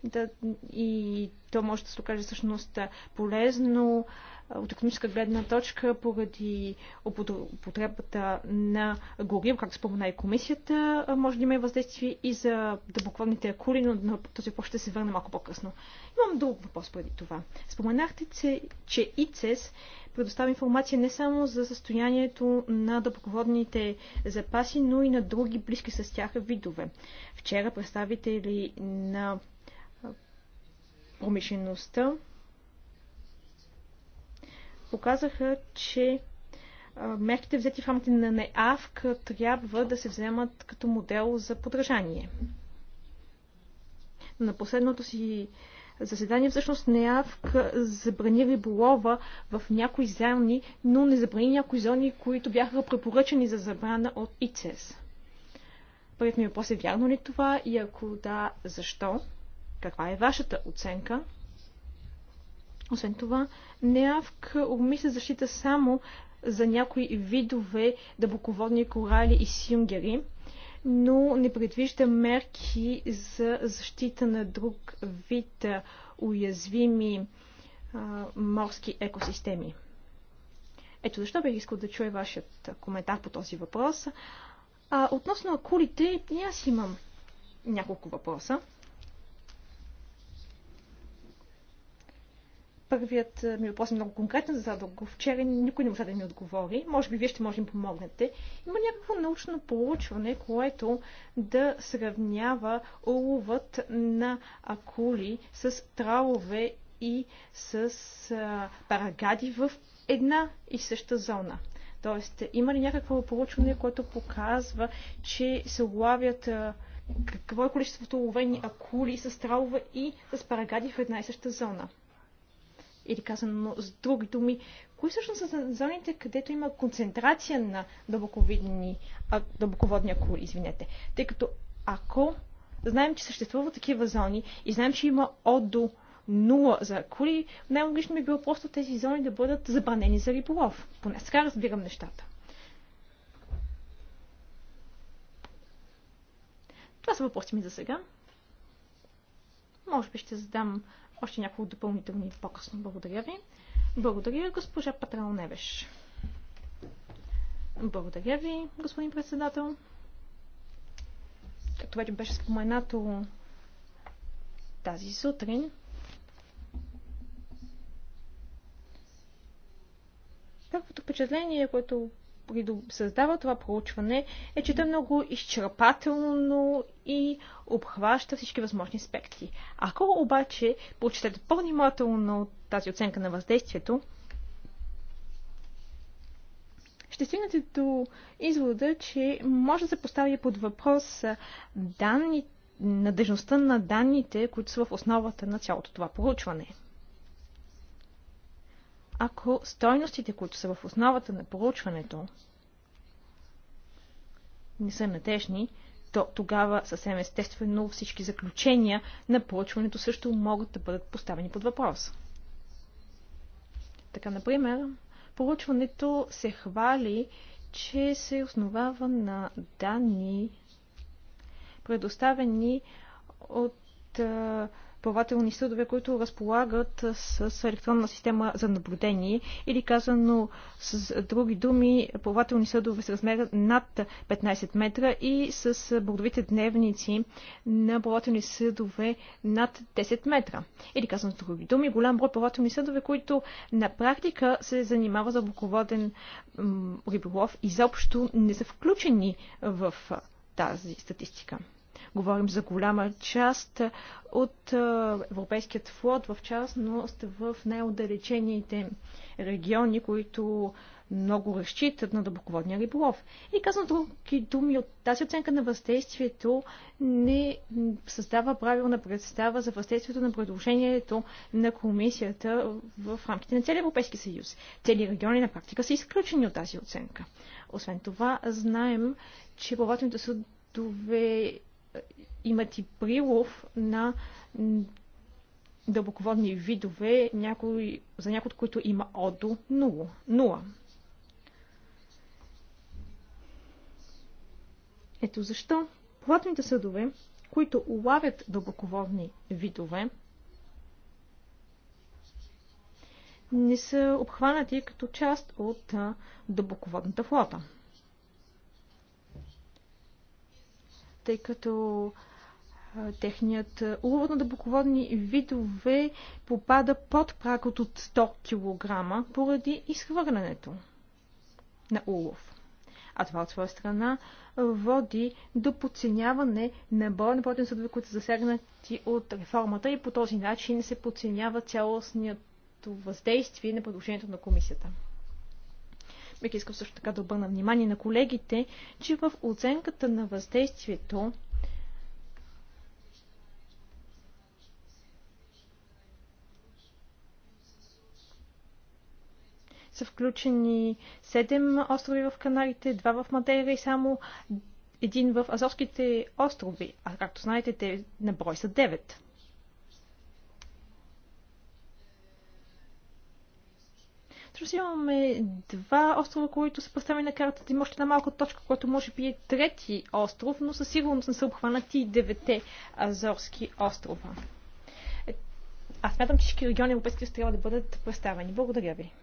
да, и то може да се окаже всъщност полезно от економическа гледна точка поради употребата на гориво, както спомена и комисията, може да има и въздействие и за дъбоклонните акули, но на този въпрос ще се върне малко по-късно. Имам друг въпрос преди това. Споменахте, че ИЦЕС предоставя информация не само за състоянието на дъбоководните запаси, но и на други близки с тях видове. Вчера представители на промишлеността показаха, че мерките взети в рамките на НЕАВК трябва да се вземат като модел за подражание. На последното си заседание всъщност НЕАВК забрани риболова в някои зони, но не забрани някои зони, които бяха препоръчани за забрана от ИЦЕС. Първият ми въпрос е вярно ли това и ако да, защо? Каква е вашата оценка? Освен това, НЕАВК обмисля защита само за някои видове дъбоководни корали и сюнгери, но не предвижда мерки за защита на друг вид уязвими а, морски екосистеми. Ето защо бих искал да чуя вашият коментар по този въпрос. А, относно акулите, и аз имам няколко въпроса. Първият ми въпрос е много конкретен, зададох го вчера никой не може да ми отговори. Може би вие ще може да им помогнете. Има някакво научно проучване, което да сравнява уловът на акули с тралове и с а, парагади в една и съща зона. Тоест, има ли някакво проучване, което показва, че се улавят а, какво е количеството уловени акули с тралове и с парагади в една и съща зона? Или казано с други думи, кои всъщност са зоните, където има концентрация на дълбоководни, а, дълбоководни акули, извинете. Тъй като ако знаем, че съществуват такива зони и знаем, че има от до 0 за акули, най-логично би било просто тези зони да бъдат забранени за риболов. Поне сега разбирам нещата. Това са въпроси ми за сега. Може би ще задам още няколко допълнителни по-късно. Благодаря ви. Благодаря, госпожа Патрал Невеш. Благодаря ви, господин председател. Както вече беше споменато тази сутрин, първото впечатление, което създава това проучване е, че то е много изчерпателно и обхваща всички възможни аспекти. Ако обаче прочетете по-внимателно тази оценка на въздействието, ще стигнете до извода, че може да се постави под въпрос данни, надежността на данните, които са в основата на цялото това проучване ако стойностите, които са в основата на проучването, не са надежни, то тогава съвсем естествено всички заключения на проучването също могат да бъдат поставени под въпрос. Така, например, проучването се хвали, че се основава на данни, предоставени от а, плавателни съдове, които разполагат с електронна система за наблюдение или казано с други думи, плавателни съдове с размер над 15 метра и с бордовите дневници на плавателни съдове над 10 метра. Или казано с други думи, голям брой плавателни съдове, които на практика се занимава за боководен риболов, изобщо не са включени в тази статистика. Говорим за голяма част от европейският флот, в частност в най-отдалечените региони, които много разчитат на дълбоководния риболов. И казвам други думи, от тази оценка на въздействието не създава правилна представа за въздействието на предложението на комисията в рамките на целия Европейски съюз. Цели региони на практика са изключени от тази оценка. Освен това, знаем, че плавателните съдове имат и прилов на дълбоководни видове, някои, за някои от които има ОДО 0. Ето защо платните съдове, които улавят дълбоководни видове, не са обхванати като част от дълбоководната флота. тъй като техният улов на дъбоководни видове попада под прак от 100 кг поради изхвърлянето на улов. А това от своя страна води до подценяване на броя на платни съдове, които са засегнати от реформата и по този начин се подценява цялостното въздействие на предложението на комисията. Бих искал също така да обърна внимание на колегите, че в оценката на въздействието са включени 7 острови в Канарите, 2 в Мадейра и само един в Азовските острови. А както знаете, те на брой са 9. Всъщност имаме два острова, които са представени на картата. Има още една малка точка, която може би е трети остров, но със сигурност не са обхванати и девете Азорски острова. Е, аз смятам, че всички региони Европейския трябва да бъдат представени. Благодаря ви.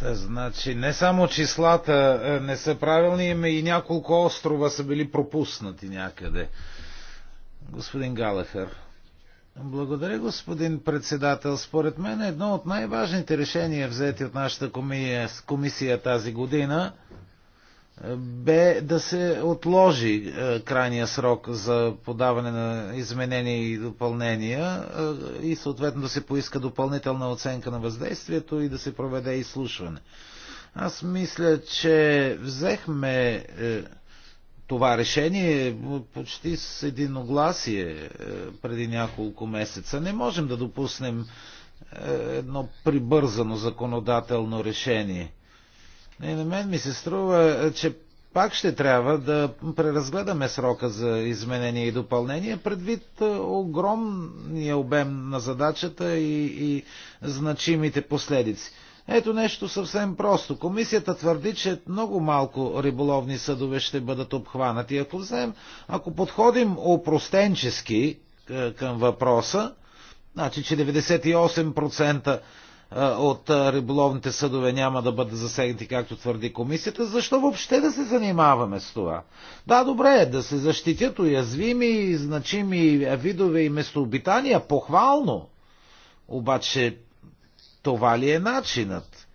Та, значи, не само числата е, не са правилни, ами и няколко острова са били пропуснати някъде. Господин Галахър. Благодаря, господин председател. Според мен едно от най-важните решения, взети от нашата комисия тази година, бе да се отложи е, крайния срок за подаване на изменения и допълнения е, и съответно да се поиска допълнителна оценка на въздействието и да се проведе изслушване. Аз мисля, че взехме е, това решение е почти с единогласие е, преди няколко месеца. Не можем да допуснем е, едно прибързано законодателно решение. И на мен ми се струва, че пак ще трябва да преразгледаме срока за изменение и допълнение, предвид огромния обем на задачата и, и значимите последици. Ето нещо съвсем просто. Комисията твърди, че много малко риболовни съдове ще бъдат обхванати. Ако, взем, ако подходим опростенчески е, към въпроса, значи, че 98% е, от е, риболовните съдове няма да бъдат засегнати, както твърди комисията, защо въобще да се занимаваме с това? Да, добре е да се защитят уязвими, значими видове и местообитания, похвално. Обаче това ли е начинът?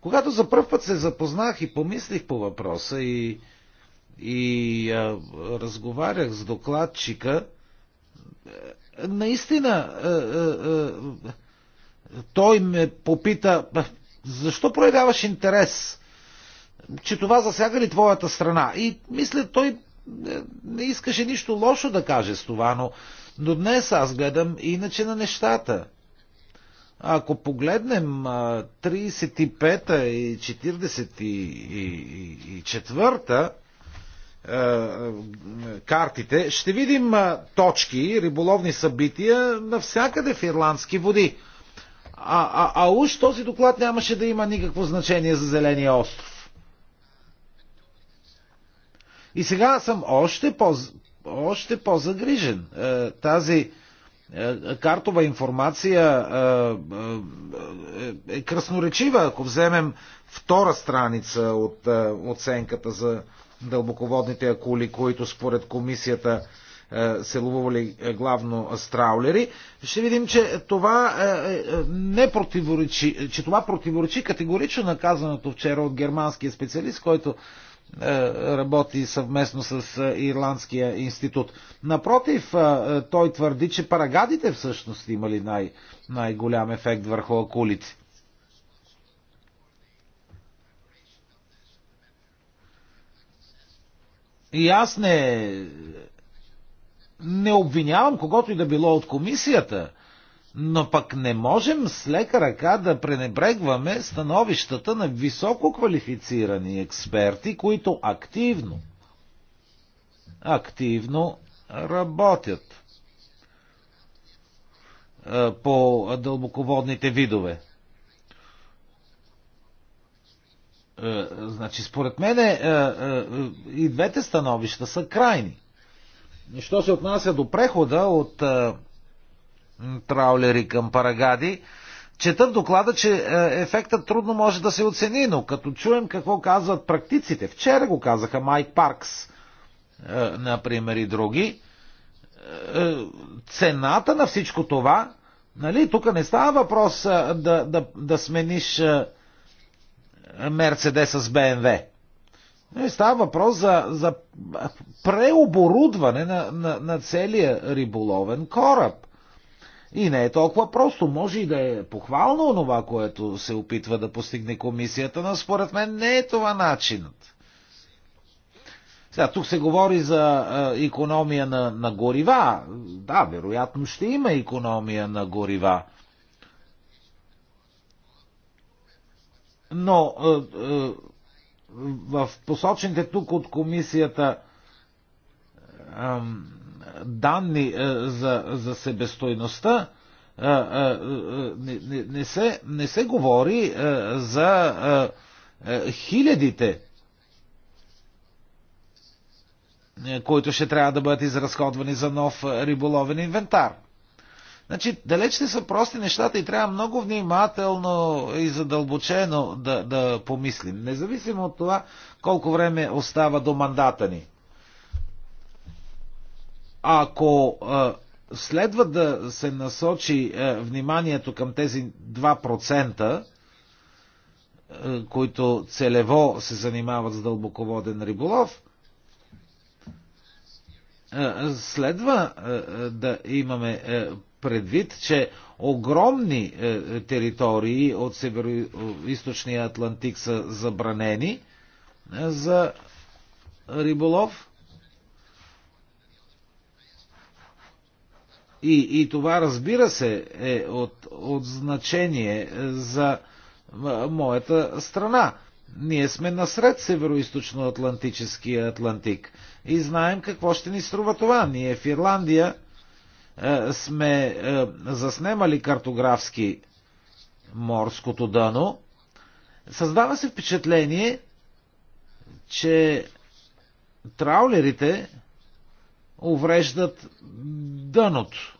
Когато за първ път се запознах и помислих по въпроса и, и а, разговарях с докладчика, е, наистина а, а, а, той ме попита, защо проявяваш интерес? Че това засяга ли твоята страна? И мисля, той е, не искаше нищо лошо да каже с това, но, но днес аз гледам иначе на нещата. Ако погледнем 35-та и 44-та картите, ще видим точки, риболовни събития навсякъде в ирландски води. А, а, а уж този доклад нямаше да има никакво значение за Зеления остров. И сега съм още, по, още по-загрижен. Е, тази е, е, картова информация е, е красноречива. Ако вземем втора страница от оценката за дълбоководните акули, които според комисията се ловували главно страулери, ще видим, че това не противоречи, че това противоречи категорично наказаното вчера от германския специалист, който е, работи съвместно с е, Ирландския институт. Напротив, е, той твърди, че парагадите всъщност имали най- най-голям ефект върху акулици. И аз не, не обвинявам когото и да било от комисията но пък не можем с лека ръка да пренебрегваме становищата на високо квалифицирани експерти, които активно, активно работят е, по дълбоководните видове. Е, значи, според мен е, и двете становища са крайни. Що се отнася до прехода от траулери към Парагади. Чета в доклада, че е, ефектът трудно може да се оцени, но като чуем какво казват практиците, вчера го казаха Майк Паркс, е, например, и други, е, цената на всичко това, нали, тук не става въпрос да, да, да смениш Мерцедес с БМВ. Става въпрос за, за преоборудване на, на, на целия риболовен кораб. И не е толкова просто. Може и да е похвално онова, което се опитва да постигне комисията, но според мен не е това начинът. Сега, тук се говори за е, економия на, на горива. Да, вероятно ще има економия на горива. Но е, е, в посочените тук от комисията данни е, за, за себестойността, е, е, не, не, не, се, не се говори за хилядите, които ще трябва да бъдат изразходвани за нов риболовен инвентар. Значи, далеч не са прости нещата и трябва много внимателно и задълбочено да, да помислим. Независимо от това колко време остава до мандата ни. Ако следва да се насочи вниманието към тези 2%, които целево се занимават с дълбоководен риболов, следва да имаме предвид, че огромни територии от Северо-Источния Атлантик са забранени за риболов – И, и това, разбира се, е от, от значение за е, моята страна. Ние сме насред североисточно атлантическия Атлантик и знаем какво ще ни струва това. Ние в Ирландия е, сме е, заснемали картографски морското дъно. Създава се впечатление, че траулерите увреждат дъното.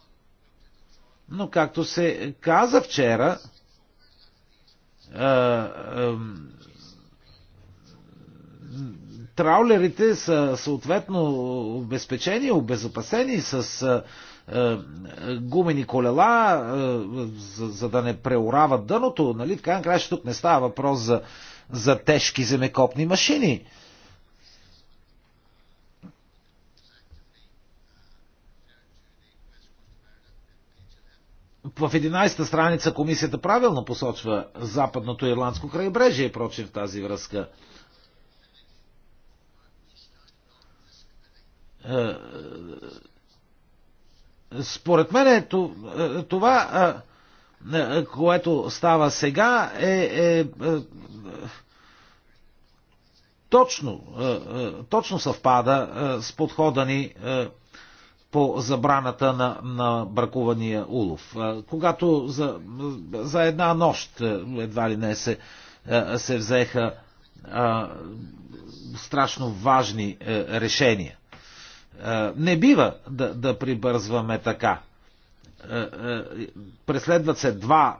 Но както се каза вчера, е, траулерите са съответно обезпечени, обезопасени с е, е, гумени колела, за, да не преорават дъното. Нали? В край тук не става въпрос за, за тежки земекопни машини. в 11-та страница комисията правилно посочва Западното ирландско крайбрежие, прочим в тази връзка. Е, е, според мен е това, което става сега, е, е, точно, точно съвпада с подхода ни по забраната на, на бракувания улов. Когато за, за една нощ е, едва ли не се, е, се взеха а, страшно важни а, е, решения. А, не бива да, да прибързваме така. А, а, преследват се два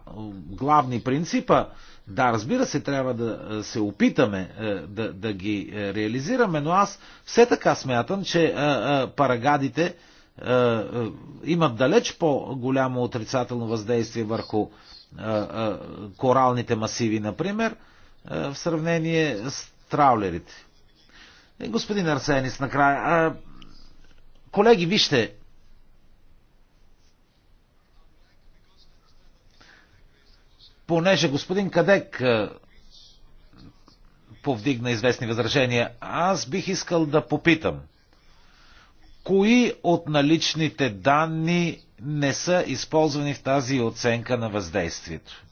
главни принципа. Да, разбира се, трябва да се опитаме да, да ги реализираме, но аз все така смятам, че а, а, парагадите а, е, е, имат далеч по-голямо отрицателно въздействие върху е, коралните масиви, например, в сравнение с траулерите. Господин Арсенис, накрая. Колеги, вижте, понеже господин Кадек повдигна известни възражения, аз бих искал да попитам – кои от наличните данни не са използвани в тази оценка на въздействието.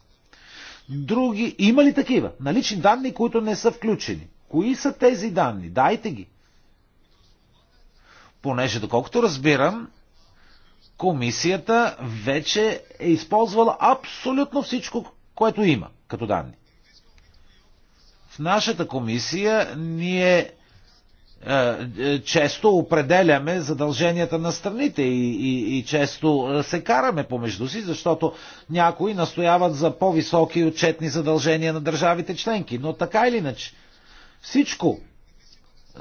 Други, има ли такива? Налични данни, които не са включени. Кои са тези данни? Дайте ги. Понеже, доколкото разбирам, комисията вече е използвала абсолютно всичко, което има като данни. В нашата комисия ние е, е, често определяме задълженията на страните и, и, и често е, се караме помежду си, защото някои настояват за по-високи отчетни задължения на държавите членки. Но така или иначе, всичко,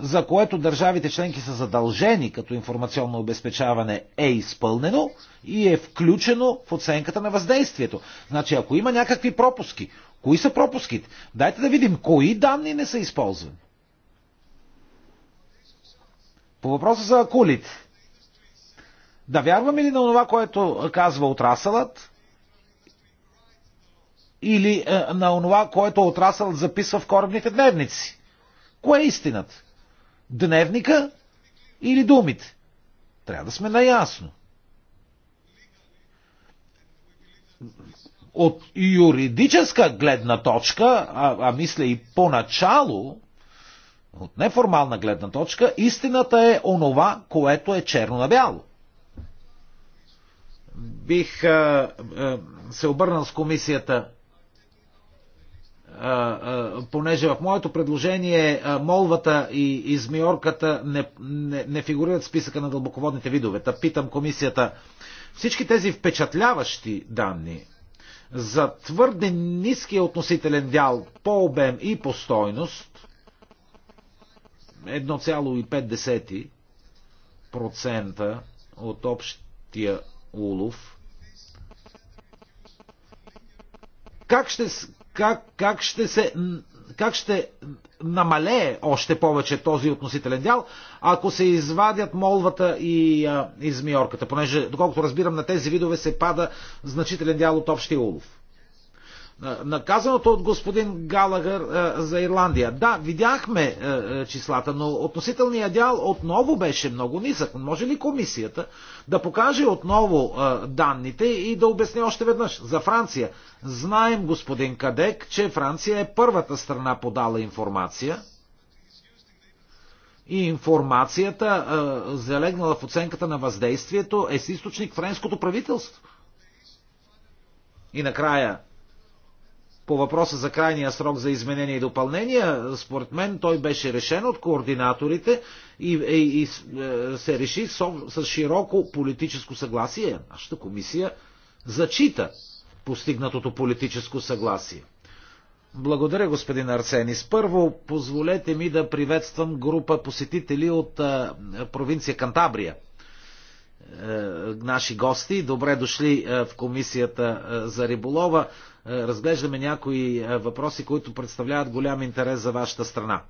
за което държавите членки са задължени като информационно обезпечаване, е изпълнено и е включено в оценката на въздействието. Значи, ако има някакви пропуски, кои са пропуските? Дайте да видим кои данни не са използвани. По въпроса за акулите. Да вярваме ли на това, което казва отрасълът, или е, на онова, което отрасълът записва в корабните дневници? Кое е истината? Дневника или думите? Трябва да сме наясно. От юридическа гледна точка, а, а мисля и поначало, от неформална гледна точка, истината е онова, което е черно на бяло. Бих а, а, се обърнал с комисията, а, а, понеже в моето предложение а, молвата и измиорката не, не, не фигурират в списъка на дълбоководните видове. Та питам комисията, всички тези впечатляващи данни, за твърде ниския относителен дял по обем и по стойност, 1,5% от общия улов. Как ще, как, как ще се как ще намалее още повече този относителен дял, ако се извадят молвата и а, измиорката, понеже, доколкото разбирам, на тези видове се пада значителен дял от общия улов. Е, наказаното от господин Галагър е, за Ирландия. Да, видяхме е, числата, но относителният дял отново беше много нисък. Може ли комисията да покаже отново данните и да обясни още веднъж за Франция? Знаем, господин Кадек, че Франция е първата страна подала информация. И информацията, залегнала в оценката на въздействието, е с източник френското правителство. И накрая, по въпроса за крайния срок за изменение и допълнение, според мен той беше решен от координаторите и, е, и, и е, се реши с, с широко политическо съгласие. Нашата комисия зачита постигнатото политическо съгласие. Благодаря, господин Арсенис. Първо, позволете ми да приветствам група посетители от а, е, провинция Кантабрия. Е, наши гости, добре дошли в комисията за риболова. Е, разглеждаме някои е, въпроси, които представляват голям интерес за вашата страна.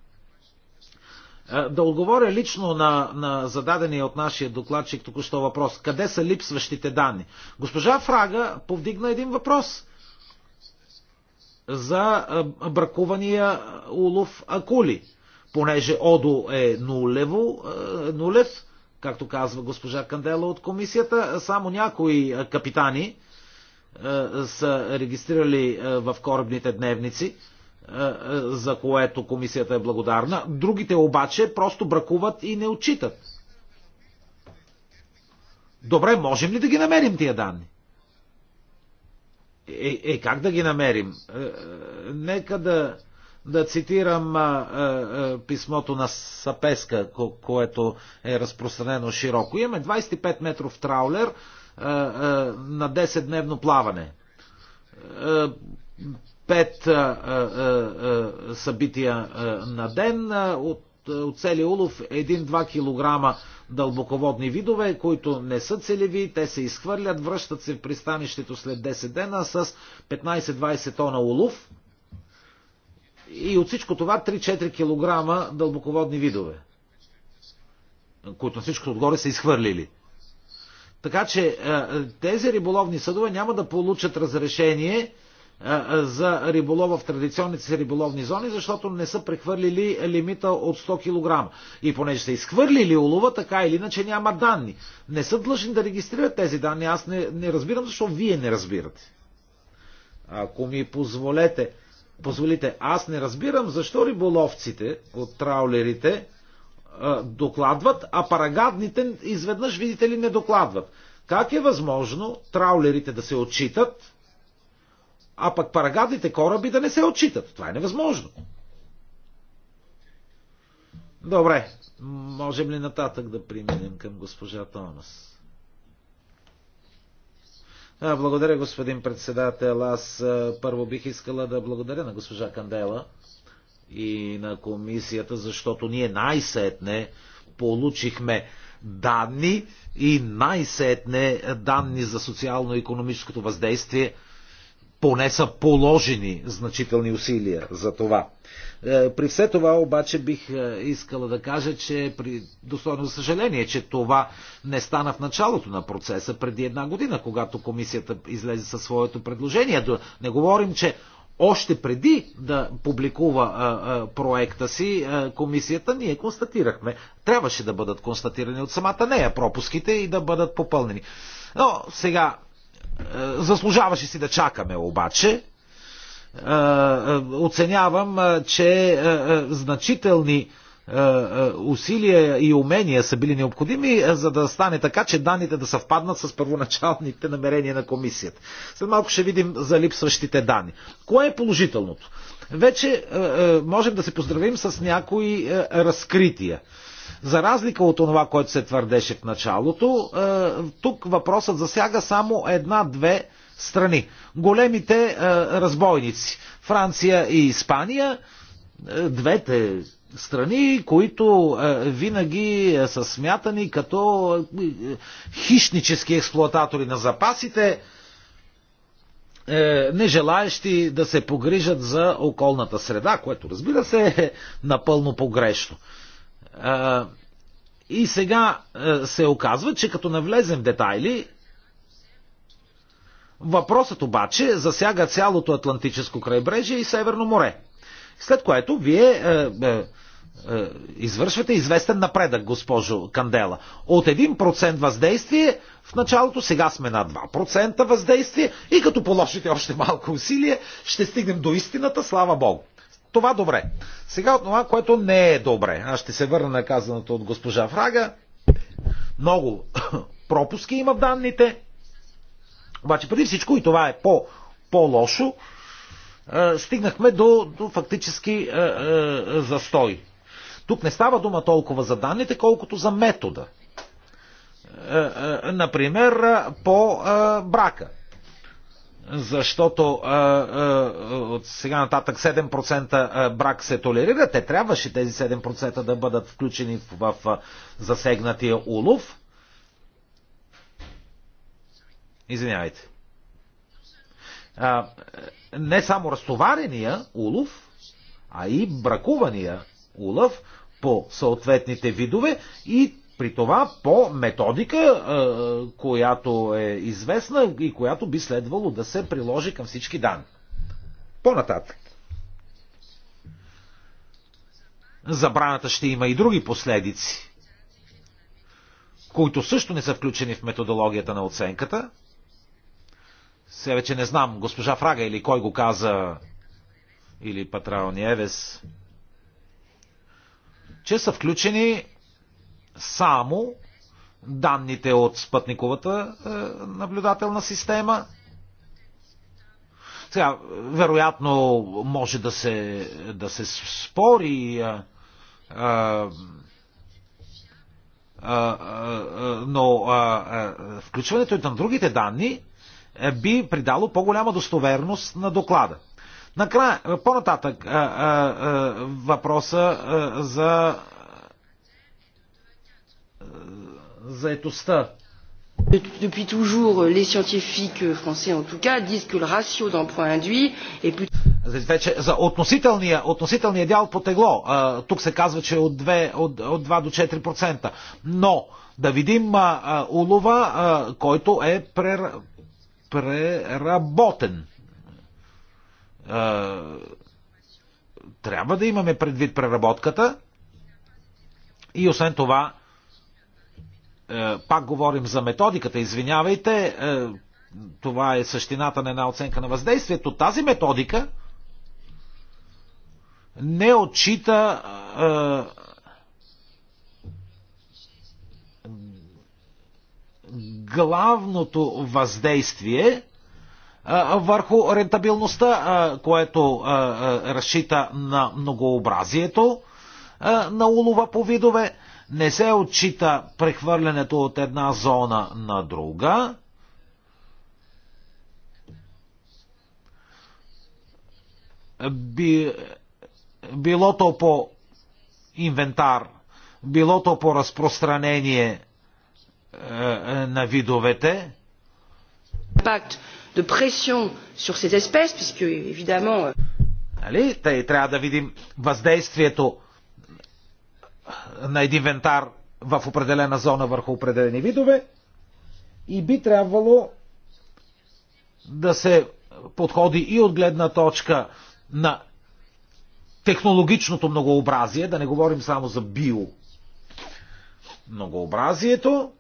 Е, да отговоря лично на, на зададения от нашия докладчик току-що въпрос. Къде са липсващите данни? Госпожа Фрага повдигна един въпрос за бракувания улов акули. Понеже ОДО е нулево, нулев, както казва госпожа Кандела от комисията, само някои капитани е, са регистрирали е, в корабните дневници, е, за което комисията е благодарна. Другите обаче просто бракуват и не отчитат. Добре, можем ли да ги намерим тия данни? Е, е как да ги намерим? Е, е, нека да, да цитирам е, е, писмото на Сапеска, ко- което е разпространено широко. Имаме 25 метров траулер, на 10-дневно плаване. Пет събития на ден от, от цели улов 1-2 кг дълбоководни видове, които не са целеви, те се изхвърлят, връщат се в пристанището след 10 дена с 15-20 тона улов и от всичко това 3-4 кг дълбоководни видове, които на всичко отгоре са изхвърлили. Така че е, е, тези риболовни съдове няма да получат разрешение е, за риболова в традиционните си риболовни зони, защото не са прехвърлили лимита от 100 кг. И понеже са изхвърлили улова, така или иначе няма данни. Не са длъжни да регистрират тези данни. Аз не, не разбирам, защо вие не разбирате. Ако ми позволете, позволите, аз не разбирам защо риболовците от траулерите докладват, а парагадните изведнъж, видите ли, не докладват. Как е възможно траулерите да се отчитат, а пък парагадните кораби да не се отчитат? Това е невъзможно. Добре, можем ли нататък да приминем към госпожа Томас? Благодаря, господин председател. Аз първо бих искала да благодаря на госпожа Кандела и на комисията, защото ние най-сетне получихме данни и най-сетне данни за социално-економическото въздействие поне са положени значителни усилия за това. Е, при все това обаче бих е, искала да кажа, че при достойно съжаление, че това не стана в началото на процеса преди една година, когато комисията излезе със своето предложение. Не говорим, че още преди да публикува а, а, проекта си, а, комисията ние констатирахме. Трябваше да бъдат констатирани от самата нея пропуските и да бъдат попълнени. Но сега, а, заслужаваше си да чакаме обаче. А, а, оценявам, а, че а, а, значителни а, е, е, усилия и умения са били необходими, е, за да стане така, че данните да съвпаднат с първоначалните намерения на комисията. След малко ще видим за липсващите данни. Кое е положителното? Вече можем да се поздравим с някои разкрития. За разлика от това, което се твърдеше в началото, тук въпросът засяга само една-две страни. Големите разбойници Франция и Испания, двете страни, които е, винаги е, са смятани като е, хищнически експлуататори на запасите, не желаещи да се погрижат за околната среда, което разбира се е напълно погрешно. И сега се оказва, че като навлезем в детайли, въпросът обаче засяга цялото Атлантическо крайбрежие и Северно море. След което вие е, е, е, извършвате известен напредък, госпожо Кандела. От 1% въздействие в началото, сега сме на 2% въздействие и като положите още малко усилие, ще стигнем до истината, слава Богу. Това добре. Сега от това, което не е добре. Аз ще се върна на казаното от госпожа Фрага. Много пропуски има в данните. Обаче преди всичко и това е по, по-лошо стигнахме до, до фактически застой. Тук не става дума толкова за данните, колкото за метода. Например, по брака защото от сега нататък 7% брак се толерира. Те трябваше тези 7% да бъдат включени в, засегнатия улов. Извинявайте не само разтоварения улов, а и бракувания улов по съответните видове и при това по методика, е, която е известна и която би следвало да се приложи към всички данни. По-нататък. Забраната ще има и други последици, които също не са включени в методологията на оценката – сега вече не знам, госпожа Фрага или кой го каза, или Патраони Ниевес, че са включени само данните от спътниковата е, наблюдателна система. Сега, вероятно, може да се, да се спори. Е, е, е, е но е, включването на другите данни е, би придало по-голяма достоверност на доклада. Накрая, е, по-нататък, е, въпроса за заетостта. Depuis toujours, les scientifiques français en tout cas disent que le ratio d'emploi induit est plus... Значи, вече за относителния, относителния дял по тегло. тук се казва, че от 2, от, от 2 до 4%. Но да видим а, а, улова, а, който е прер, преработен. Трябва да имаме предвид преработката и освен това пак говорим за методиката, извинявайте, това е същината на една оценка на въздействието. Тази методика не отчита главното въздействие върху рентабилността, което разчита на многообразието на улова по видове, не се отчита прехвърлянето от една зона на друга. Би, билото по инвентар, билото по разпространение е, е, на видовете. Пакт de pression sur ces espèces, puisque évidemment. Euh, нали? Тъй, трябва да видим въздействието на един вентар в определена зона върху определени видове и би трябвало да се подходи и от гледна точка на технологичното многообразие, да не говорим само за био многообразието,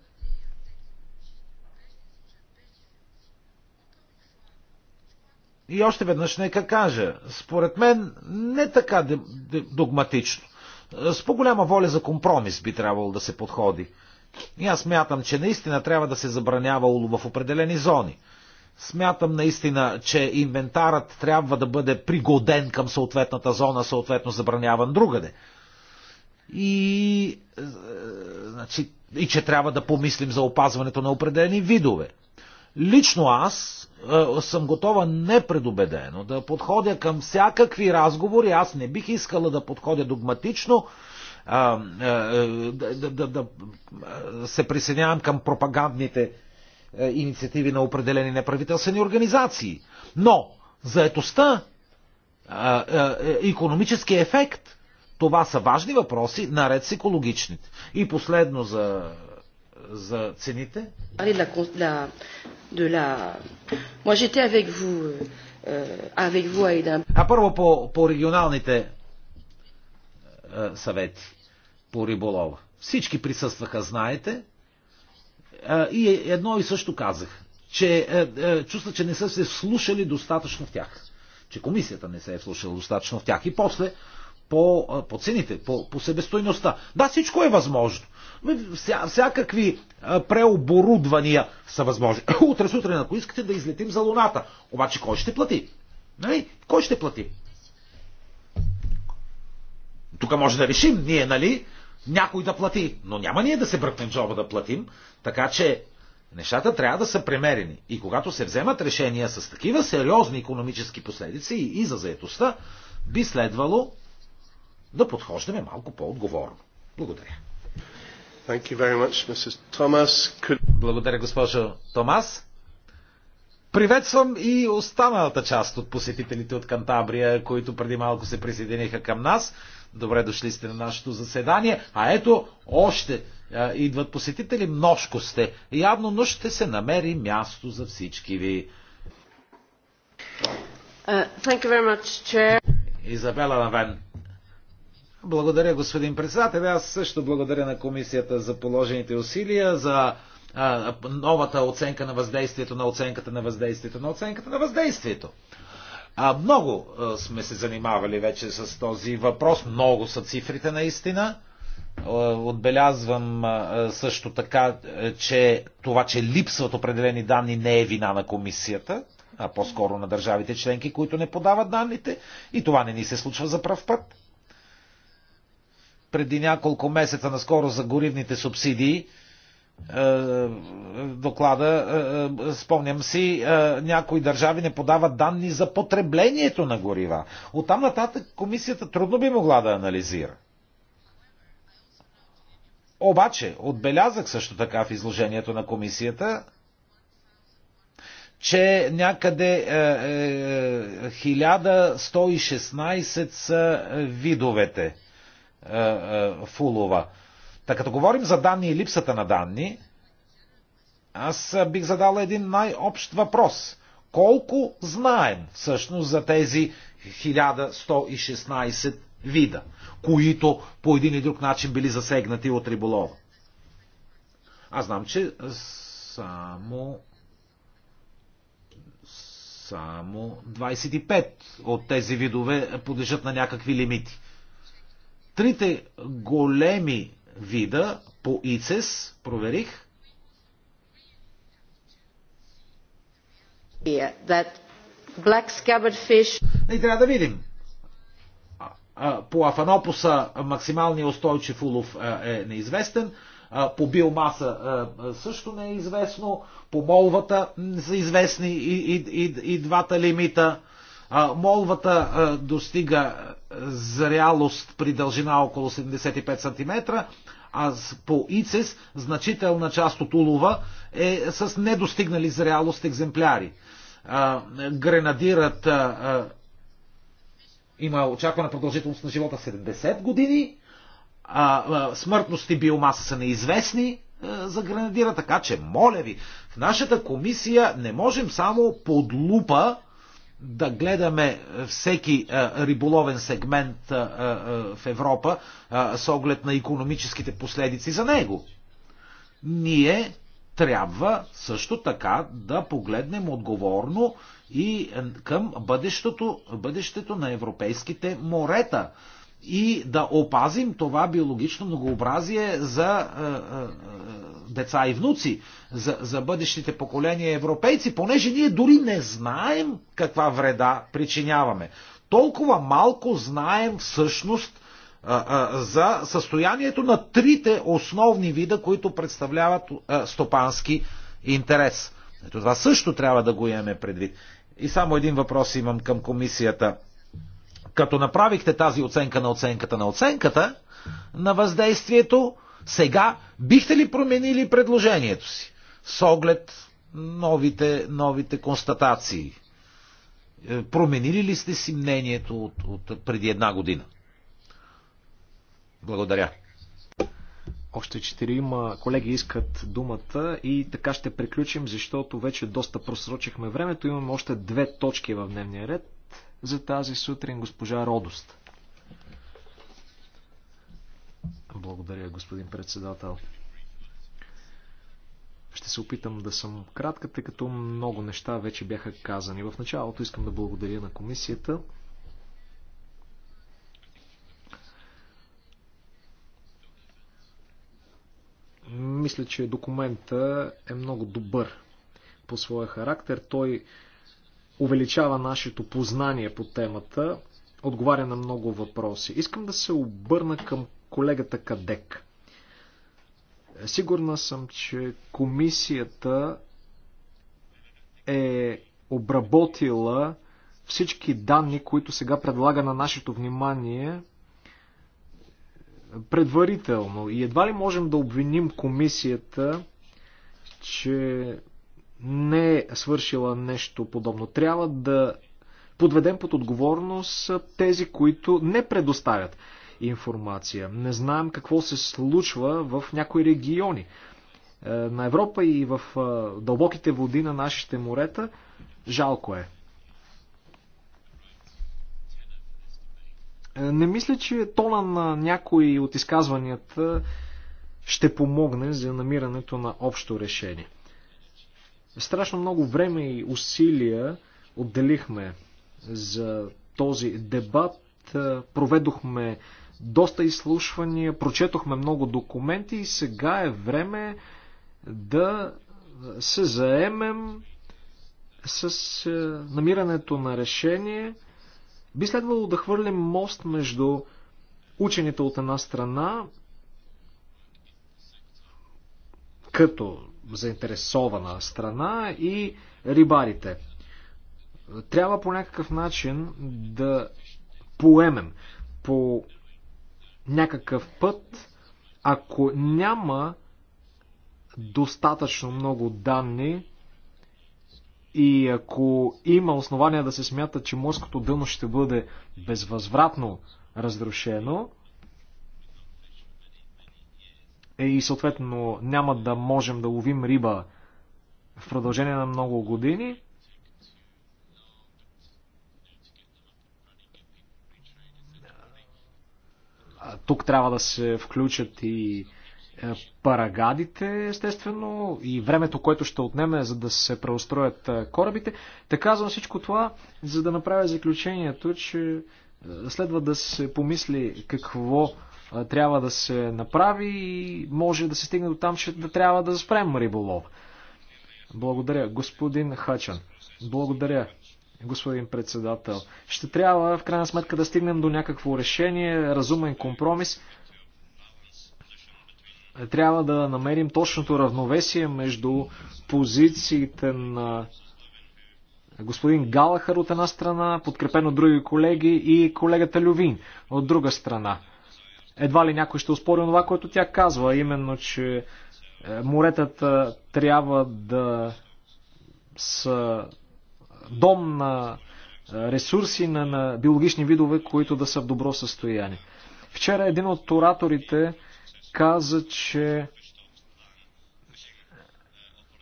И още веднъж нека кажа, според мен не така догматично. С по-голяма воля за компромис би трябвало да се подходи. И аз смятам, че наистина трябва да се забранява улов в определени зони. Смятам наистина, че инвентарът трябва да бъде пригоден към съответната зона, съответно забраняван другаде. И, е, значи, и че трябва да помислим за опазването на определени видове. Лично аз е, съм готова непредобедено да подходя към всякакви разговори. Аз не бих искала да подходя догматично, а, е, е, да, да, да се присъединявам към пропагандните инициативи на определени неправителствени организации. Но заетостта, економически ефект, това са важни въпроси, наред с екологичните. И последно за за цените? Euh, а първо по, по регионалните е, съвети по риболова. Всички присъстваха, знаете, и едно и също казах, че е, е чувства, че не са се слушали достатъчно в тях. Че комисията не се е слушала достатъчно в тях. И после по, е, по цените, по, по себестойността. Да, всичко е възможно. Вся, всякакви преоборудвания са възможни. Утре сутрин, ако искате да излетим за Луната, обаче кой ще плати? Нали? Кой ще плати? Тук може да решим ние, нали? Някой да плати, но няма ние да се бръкнем джоба да платим, така че нещата трябва да са премерени. И когато се вземат решения с такива сериозни економически последици и, и за заетостта, би следвало да подхождаме малко по-отговорно. Благодаря. Благодаря, госпожо Томас. Приветствам и останалата част от посетителите от Кантабрия, които преди малко се присъединиха към нас. Добре дошли сте на нашето заседание. А ето, още а, идват посетители, множко сте. Явно, но ще се намери място за всички ви. Uh, much, Изабела Навен. Благодаря, господин председател. Аз също благодаря на комисията за положените усилия, за а, новата оценка на въздействието, на оценката на въздействието, на оценката на въздействието. А, много а, сме се занимавали вече с този въпрос. Много са цифрите наистина. Отбелязвам също така, е, че това, че липсват определени данни не е вина на комисията, а по-скоро на държавите членки, които не подават данните. И това не ни се случва за прав път преди няколко месеца наскоро за горивните субсидии, е, доклада, е, е, спомням си, някои държави не подават данни за потреблението на горива. Оттам нататък комисията трудно би могла да анализира. Обаче, отбелязах също така в изложението на комисията, че някъде 1116 са видовете е, е, фулова. Та като говорим за данни и липсата на данни, аз бих задал един най-общ въпрос. Колко знаем всъщност за тези 1116 вида, които по един или друг начин били засегнати от риболова? Аз знам, че само само 25 от тези видове подлежат на някакви лимити. Трите големи вида по ИЦЕС, проверих, И трябва да видим. По Афанопуса максималният устойчив улов е неизвестен, по биомаса също не е известно, по молвата са известни и, и, и, и двата лимита. Молвата достига зрялост при дължина около 75 см, а по ИЦЕС значителна част от улова е с недостигнали зрялост екземпляри. Гренадират има очаквана продължителност на живота 70 години, а, смъртност и биомаса са неизвестни за гранадира, така че, моля ви, в нашата комисия не можем само под лупа да гледаме всеки риболовен сегмент в Европа с оглед на економическите последици за него. Ние трябва също така да погледнем отговорно и към бъдещето, бъдещето на европейските морета и да опазим това биологично многообразие за е, е, е, деца и внуци, за, за бъдещите поколения европейци, понеже ние дори не знаем каква вреда причиняваме. Толкова малко знаем всъщност е, е, за състоянието на трите основни вида, които представляват стопански интерес. Ето това също трябва да го имаме предвид. И само един въпрос имам към комисията като направихте тази оценка на оценката на оценката на въздействието, сега бихте ли променили предложението си с оглед новите, новите констатации? Е, променили ли сте си мнението от, от преди една година? Благодаря. Още четирима колеги искат думата и така ще приключим, защото вече доста просрочихме времето. Имаме още две точки в дневния ред за тази сутрин госпожа Родост. Благодаря, господин председател. Ще се опитам да съм кратка, тъй като много неща вече бяха казани. В началото искам да благодаря на комисията. Мисля, че документа е много добър по своя характер. Той увеличава нашето познание по темата, отговаря на много въпроси. Искам да се обърна към колегата Кадек. Сигурна съм, че комисията е обработила всички данни, които сега предлага на нашето внимание предварително. И едва ли можем да обвиним комисията, че не е свършила нещо подобно. Трябва да подведем под отговорност тези, които не предоставят информация. Не знаем какво се случва в някои региони е, на Европа и в е, дълбоките води на нашите морета. Жалко е. е. Не мисля, че тона на някои от изказванията ще помогне за намирането на общо решение. Страшно много време и усилия отделихме за този дебат. Е, проведохме доста изслушвания, прочетохме много документи и сега е време да се заемем с е, намирането на решение. Би следвало да хвърлим мост между учените от една страна, като заинтересована страна и рибарите. Трябва по някакъв начин да поемем по някакъв път, ако няма достатъчно много данни и ако има основания да се смята, че морското дъно ще бъде безвъзвратно разрушено, е, и съответно няма да можем да ловим риба в продължение на много години. Тук трябва да се включат и е, парагадите, естествено, и времето, което ще отнеме, за да се преустроят е, корабите. Така казвам всичко това, за да направя заключението, че следва да се помисли какво трябва да се направи и може да се стигне до там, че да трябва да спрем риболов. Благодаря, господин Хачан. Благодаря, господин председател. Ще трябва в крайна сметка да стигнем до някакво решение, разумен компромис. Трябва да намерим точното равновесие между позициите на господин Галахър от една страна, подкрепен от други колеги и колегата Лювин от друга страна. Едва ли някой ще успори това, което тя казва, именно, че е, моретата трябва да са дом на е, ресурси на, на биологични видове, които да са в добро състояние. Вчера един от ораторите каза, че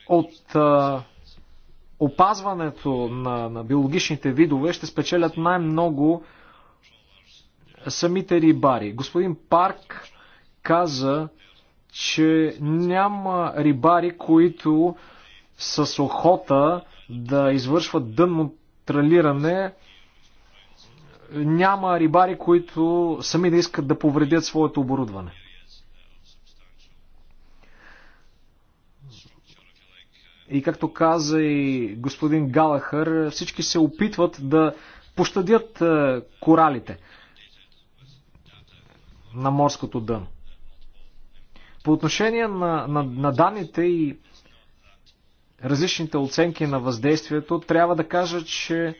от а, е, опазването на, на биологичните видове ще спечелят най-много самите рибари. Господин Парк каза, че няма рибари, които с охота да извършват дънно тралиране. Няма рибари, които сами да искат да повредят своето оборудване. И както каза и господин Галахър, всички се опитват да пощадят е, коралите на морското дъно. По отношение на, на, на данните и различните оценки на въздействието, трябва да кажа, че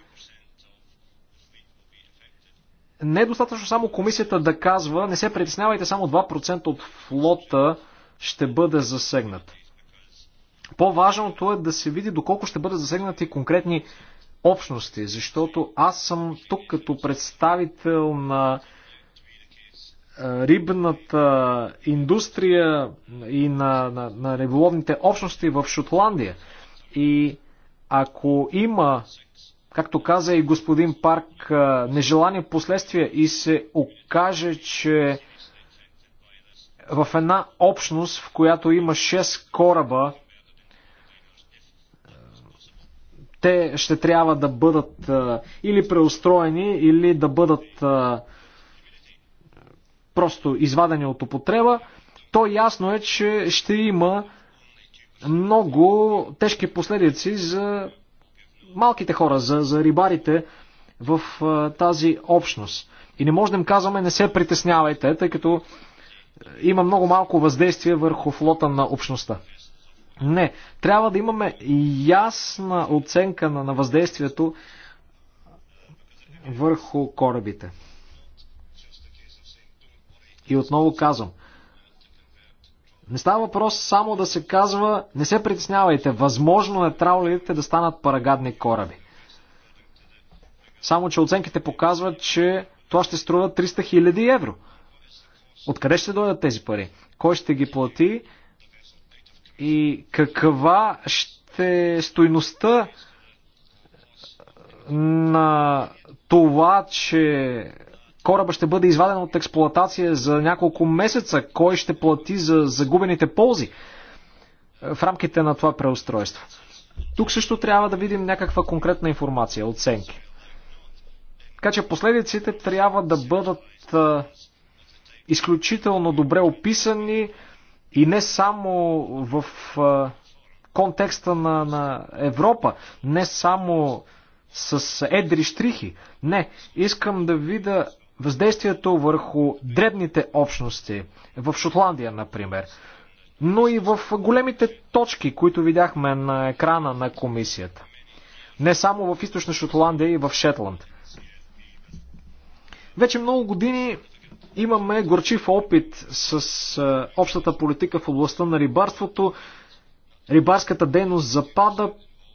не е достатъчно само комисията да казва, не се притеснявайте, само 2% от флота ще бъде засегнат. По-важното е да се види доколко ще бъдат засегнати конкретни общности, защото аз съм тук като представител на рибната индустрия и на, на, на риболовните общности в Шотландия. И ако има, както каза и господин Парк, нежелани последствия и се окаже, че в една общност, в която има 6 кораба, те ще трябва да бъдат или преустроени, или да бъдат просто извадени от употреба, то ясно е, че ще има много тежки последици за малките хора, за, за рибарите в а, тази общност. И не можем да им казваме не се притеснявайте, тъй като е, има много малко въздействие върху флота на общността. Не, трябва да имаме ясна оценка на, на въздействието върху корабите. И отново казвам, не става въпрос само да се казва, не се притеснявайте, възможно е траулерите да станат парагадни кораби. Само, че оценките показват, че това ще струва 300 000 евро. Откъде ще дойдат тези пари? Кой ще ги плати? И каква ще е стойността на това, че кораба ще бъде изваден от експлоатация за няколко месеца. Кой ще плати за загубените ползи е, в рамките на това преустройство? Тук също трябва да видим някаква конкретна информация, оценки. Така че последиците трябва да бъдат е, изключително добре описани и не само в е, контекста на, на Европа, не само с едри штрихи. Не, искам да видя въздействието върху дребните общности, в Шотландия, например, но и в големите точки, които видяхме на екрана на комисията. Не само в източна Шотландия и в Шетланд. Вече много години имаме горчив опит с общата политика в областта на рибарството. Рибарската дейност запада,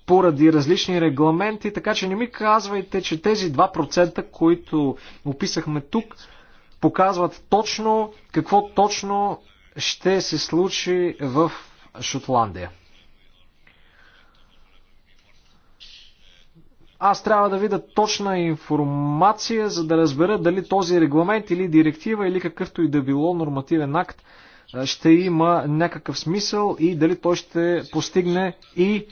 поради различни регламенти, така че не ми казвайте, че тези 2%, които описахме тук, показват точно какво точно ще се случи в Шотландия. Аз трябва да видя точна информация, за да разбера дали този регламент или директива или какъвто и да било нормативен акт ще има някакъв смисъл и дали той ще постигне и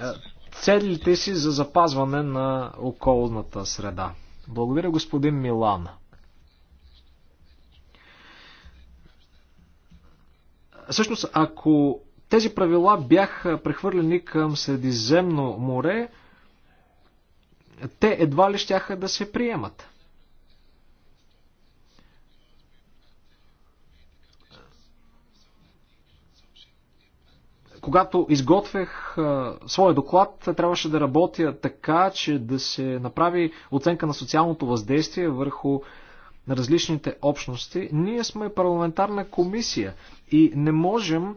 е, целите си за запазване на околната среда. Благодаря господин Милан. Същност, ако тези правила бяха прехвърлени към Средиземно море, те едва ли щяха да се приемат. Когато изготвях а, своя доклад, трябваше да работя така, че да се направи оценка на социалното въздействие върху на различните общности. Ние сме парламентарна комисия и не можем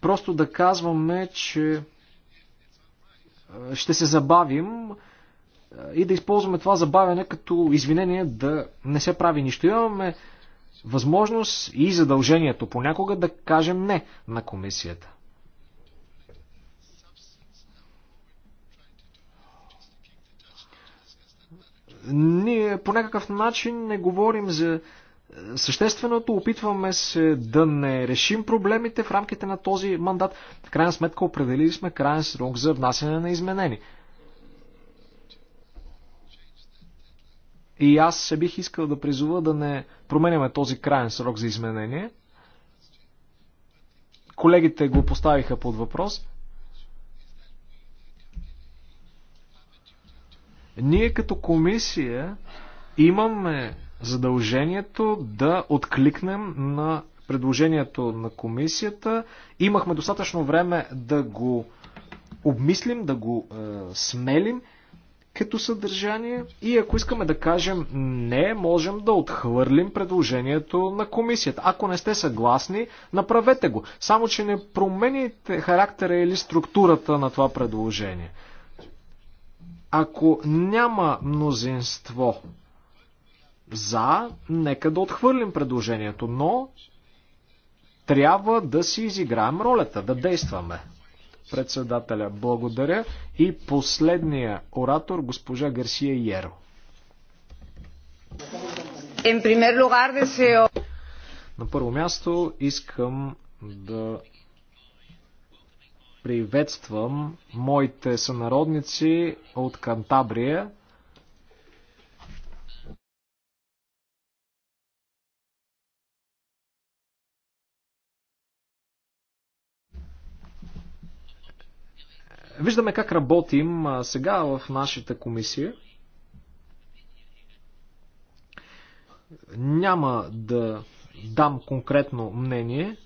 просто да казваме, че ще се забавим и да използваме това забавяне като извинение да не се прави нищо. Имаме възможност и задължението понякога да кажем не на комисията. Ние по някакъв начин не говорим за е, същественото, опитваме се да не решим проблемите в рамките на този мандат. В крайна сметка определили сме крайен срок за внасяне на изменени. И аз се бих искал да призова да не променяме този крайен срок за изменение. Колегите го поставиха под въпрос. Ние като комисия имаме задължението да откликнем на предложението на комисията. Имахме достатъчно време да го обмислим, да го е, смелим като съдържание и ако искаме да кажем не, можем да отхвърлим предложението на комисията. Ако не сте съгласни, направете го. Само, че не промените характера или структурата на това предложение. Ако няма мнозинство за, нека да отхвърлим предложението, но трябва да си изиграем ролята, да действаме. Председателя, благодаря. И последния оратор, госпожа Гарсия Йеро. На първо място искам да приветствам моите сънародници от Кантабрия. Виждаме как работим сега в нашата комисия. Няма да дам конкретно мнение.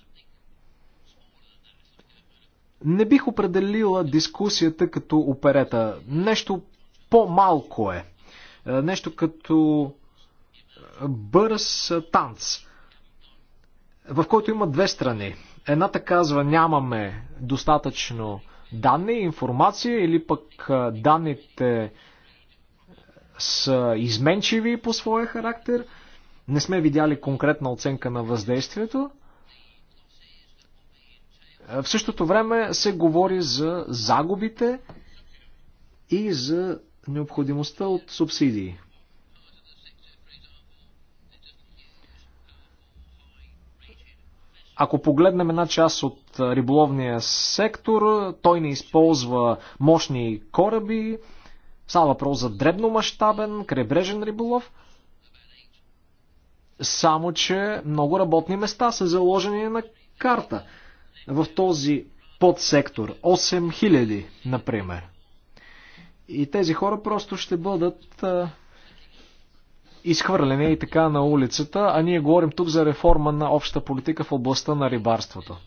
Не бих определила дискусията като оперета. Нещо по-малко е. е нещо като е, бърз танц, в който има две страни. Едната казва нямаме достатъчно данни, информация или пък е, данните са изменчиви по своя характер. Не сме видяли конкретна оценка на въздействието – в същото време се говори за загубите и за необходимостта от субсидии. Ако погледнем една част от риболовния сектор, той не използва мощни кораби, става въпрос за дребномащабен крайбрежен риболов, само че много работни места са заложени на карта в този подсектор. 8000, например. И тези хора просто ще бъдат а, изхвърлени и така на улицата, а ние говорим тук за реформа на обща политика в областта на рибарството.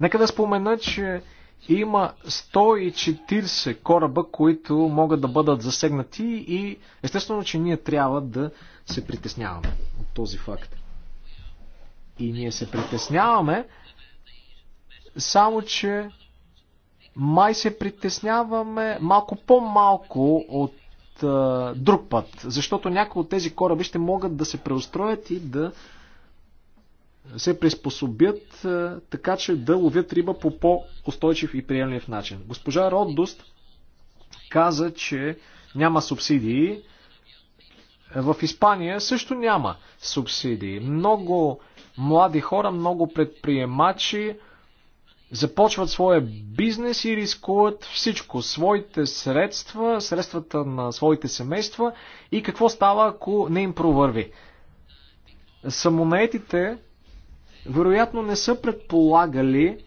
Нека да спомена, че има 140 кораба, които могат да бъдат засегнати и естествено, че ние трябва да се притесняваме от този факт. И ние се притесняваме, само че май се притесняваме малко по-малко от а, друг път, защото някои от тези кораби ще могат да се преустроят и да се приспособят а, така, че да ловят риба по по-устойчив и приемлив начин. Госпожа Роддост каза, че няма субсидии. В Испания също няма субсидии. Много млади хора, много предприемачи започват своя бизнес и рискуват всичко. Своите средства, средствата на своите семейства и какво става, ако не им провърви. Самонетите вероятно не са предполагали,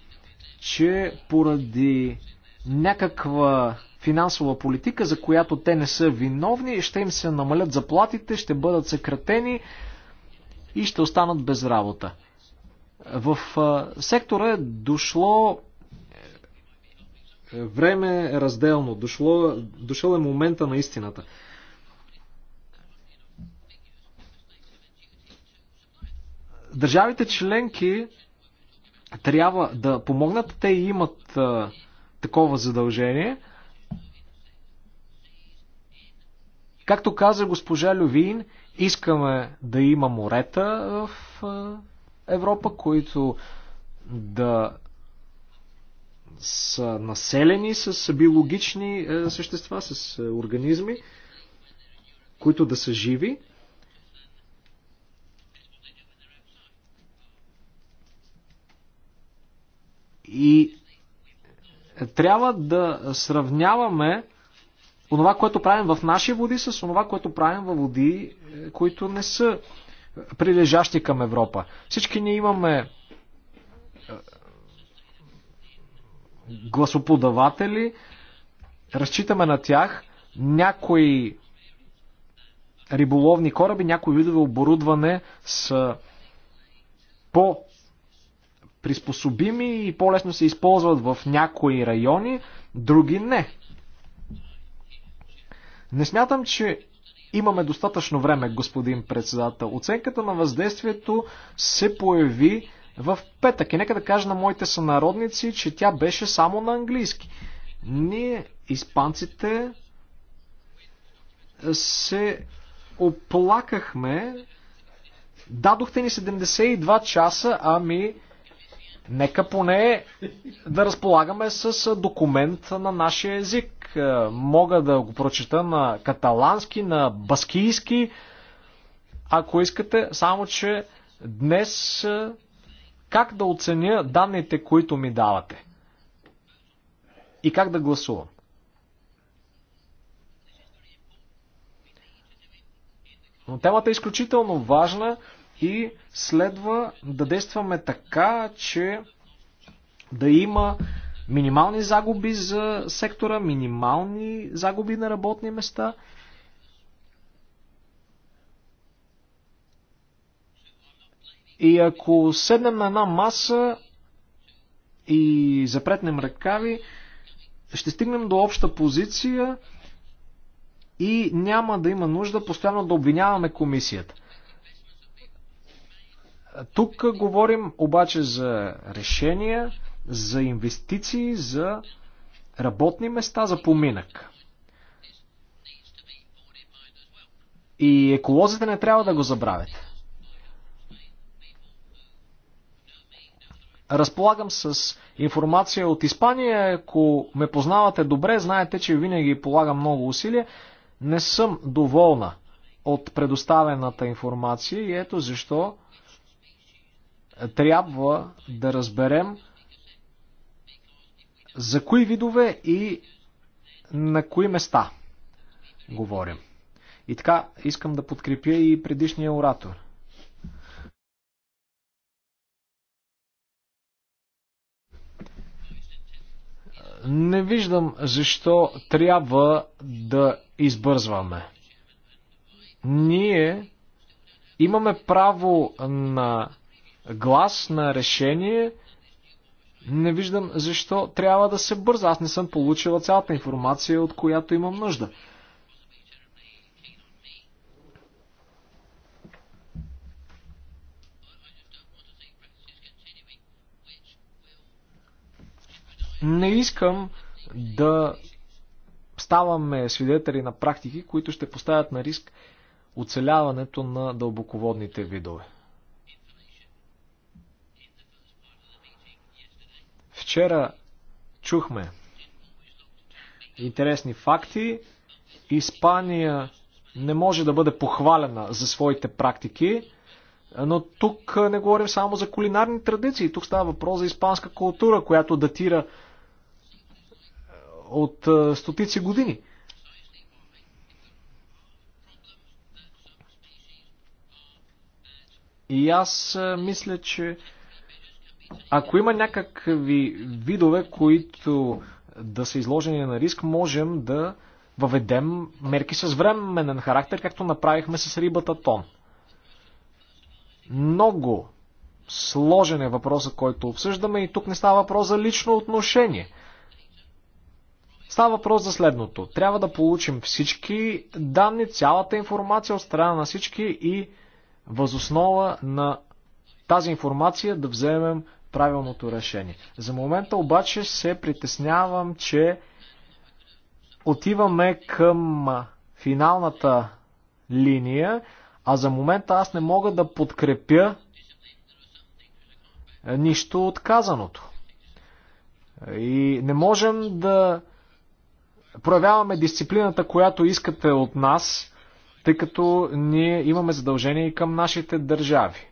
че поради някаква финансова политика, за която те не са виновни, ще им се намалят заплатите, ще бъдат съкратени, и ще останат без работа. В сектора е дошло време е разделно, дошло, дошъл е момента на истината. Държавите членки трябва да помогнат, те имат а, такова задължение. Както каза госпожа Лювин, Искаме да има морета в Европа, които да са населени с биологични същества, с организми, които да са живи. И трябва да сравняваме онова, което правим в наши води, с онова, което правим във води, е, които не са прилежащи към Европа. Всички ние имаме е, гласоподаватели, разчитаме на тях, някои риболовни кораби, някои видове оборудване са по приспособими и по-лесно се използват в някои райони, други не. Не смятам, че имаме достатъчно време, господин председател. Оценката на въздействието се появи в петък. И нека да кажа на моите сънародници, че тя беше само на английски. Ние, испанците, се оплакахме. Дадохте ни 72 часа, ами Нека поне да разполагаме с документ на нашия език. Мога да го прочета на каталански, на баскийски, ако искате, само че днес как да оценя данните, които ми давате? И как да гласувам? Но темата е изключително важна и следва да действаме така, че да има минимални загуби за сектора, минимални загуби на работни места. И ако седнем на една маса и запретнем ръкави, ще стигнем до обща позиция и няма да има нужда постоянно да обвиняваме комисията. Тук говорим обаче за решения, за инвестиции, за работни места, за поминък. И еколозите не трябва да го забравят. Разполагам с информация от Испания. Ако ме познавате добре, знаете, че винаги полагам много усилия. Не съм доволна от предоставената информация и ето защо трябва да разберем за кои видове и на кои места говорим. И така, искам да подкрепя и предишния оратор. Не виждам защо трябва да избързваме. Ние имаме право на глас на решение, не виждам защо трябва да се бърза. Аз не съм получила цялата информация, от която имам нужда. Не искам да ставаме свидетели на практики, които ще поставят на риск оцеляването на дълбоководните видове. Вчера чухме интересни факти. Испания не може да бъде похвалена за своите практики, но тук не говорим само за кулинарни традиции. Тук става въпрос за испанска култура, която датира е, от е, стотици години. И аз е, мисля, че ако има някакви видове, които да са изложени на риск, можем да въведем мерки с временен характер, както направихме с рибата тон. Много сложен е въпросът, който обсъждаме и тук не става въпрос за лично отношение. Става въпрос за следното. Трябва да получим всички данни, цялата информация от страна на всички и възоснова на тази информация да вземем правилното решение. За момента обаче се притеснявам, че отиваме към финалната линия, а за момента аз не мога да подкрепя нищо отказаното. И не можем да проявяваме дисциплината, която искате от нас, тъй като ние имаме задължение и към нашите държави.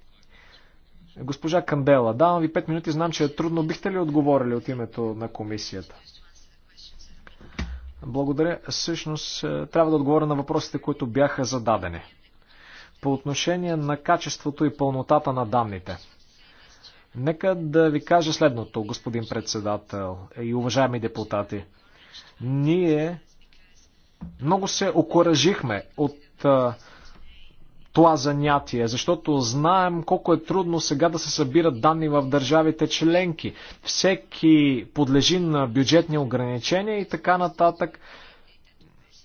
Госпожа Кандела, давам ви 5 минути, знам, че е трудно. Бихте ли отговорили от името на комисията? Благодаря. Всъщност е, трябва да отговоря на въпросите, които бяха зададени. По отношение на качеството и пълнотата на данните. Нека да ви кажа следното, господин председател и уважаеми депутати. Ние много се окоръжихме от е, това занятие, защото знаем колко е трудно сега да се събират данни в държавите членки. Всеки подлежи на бюджетни ограничения и така нататък.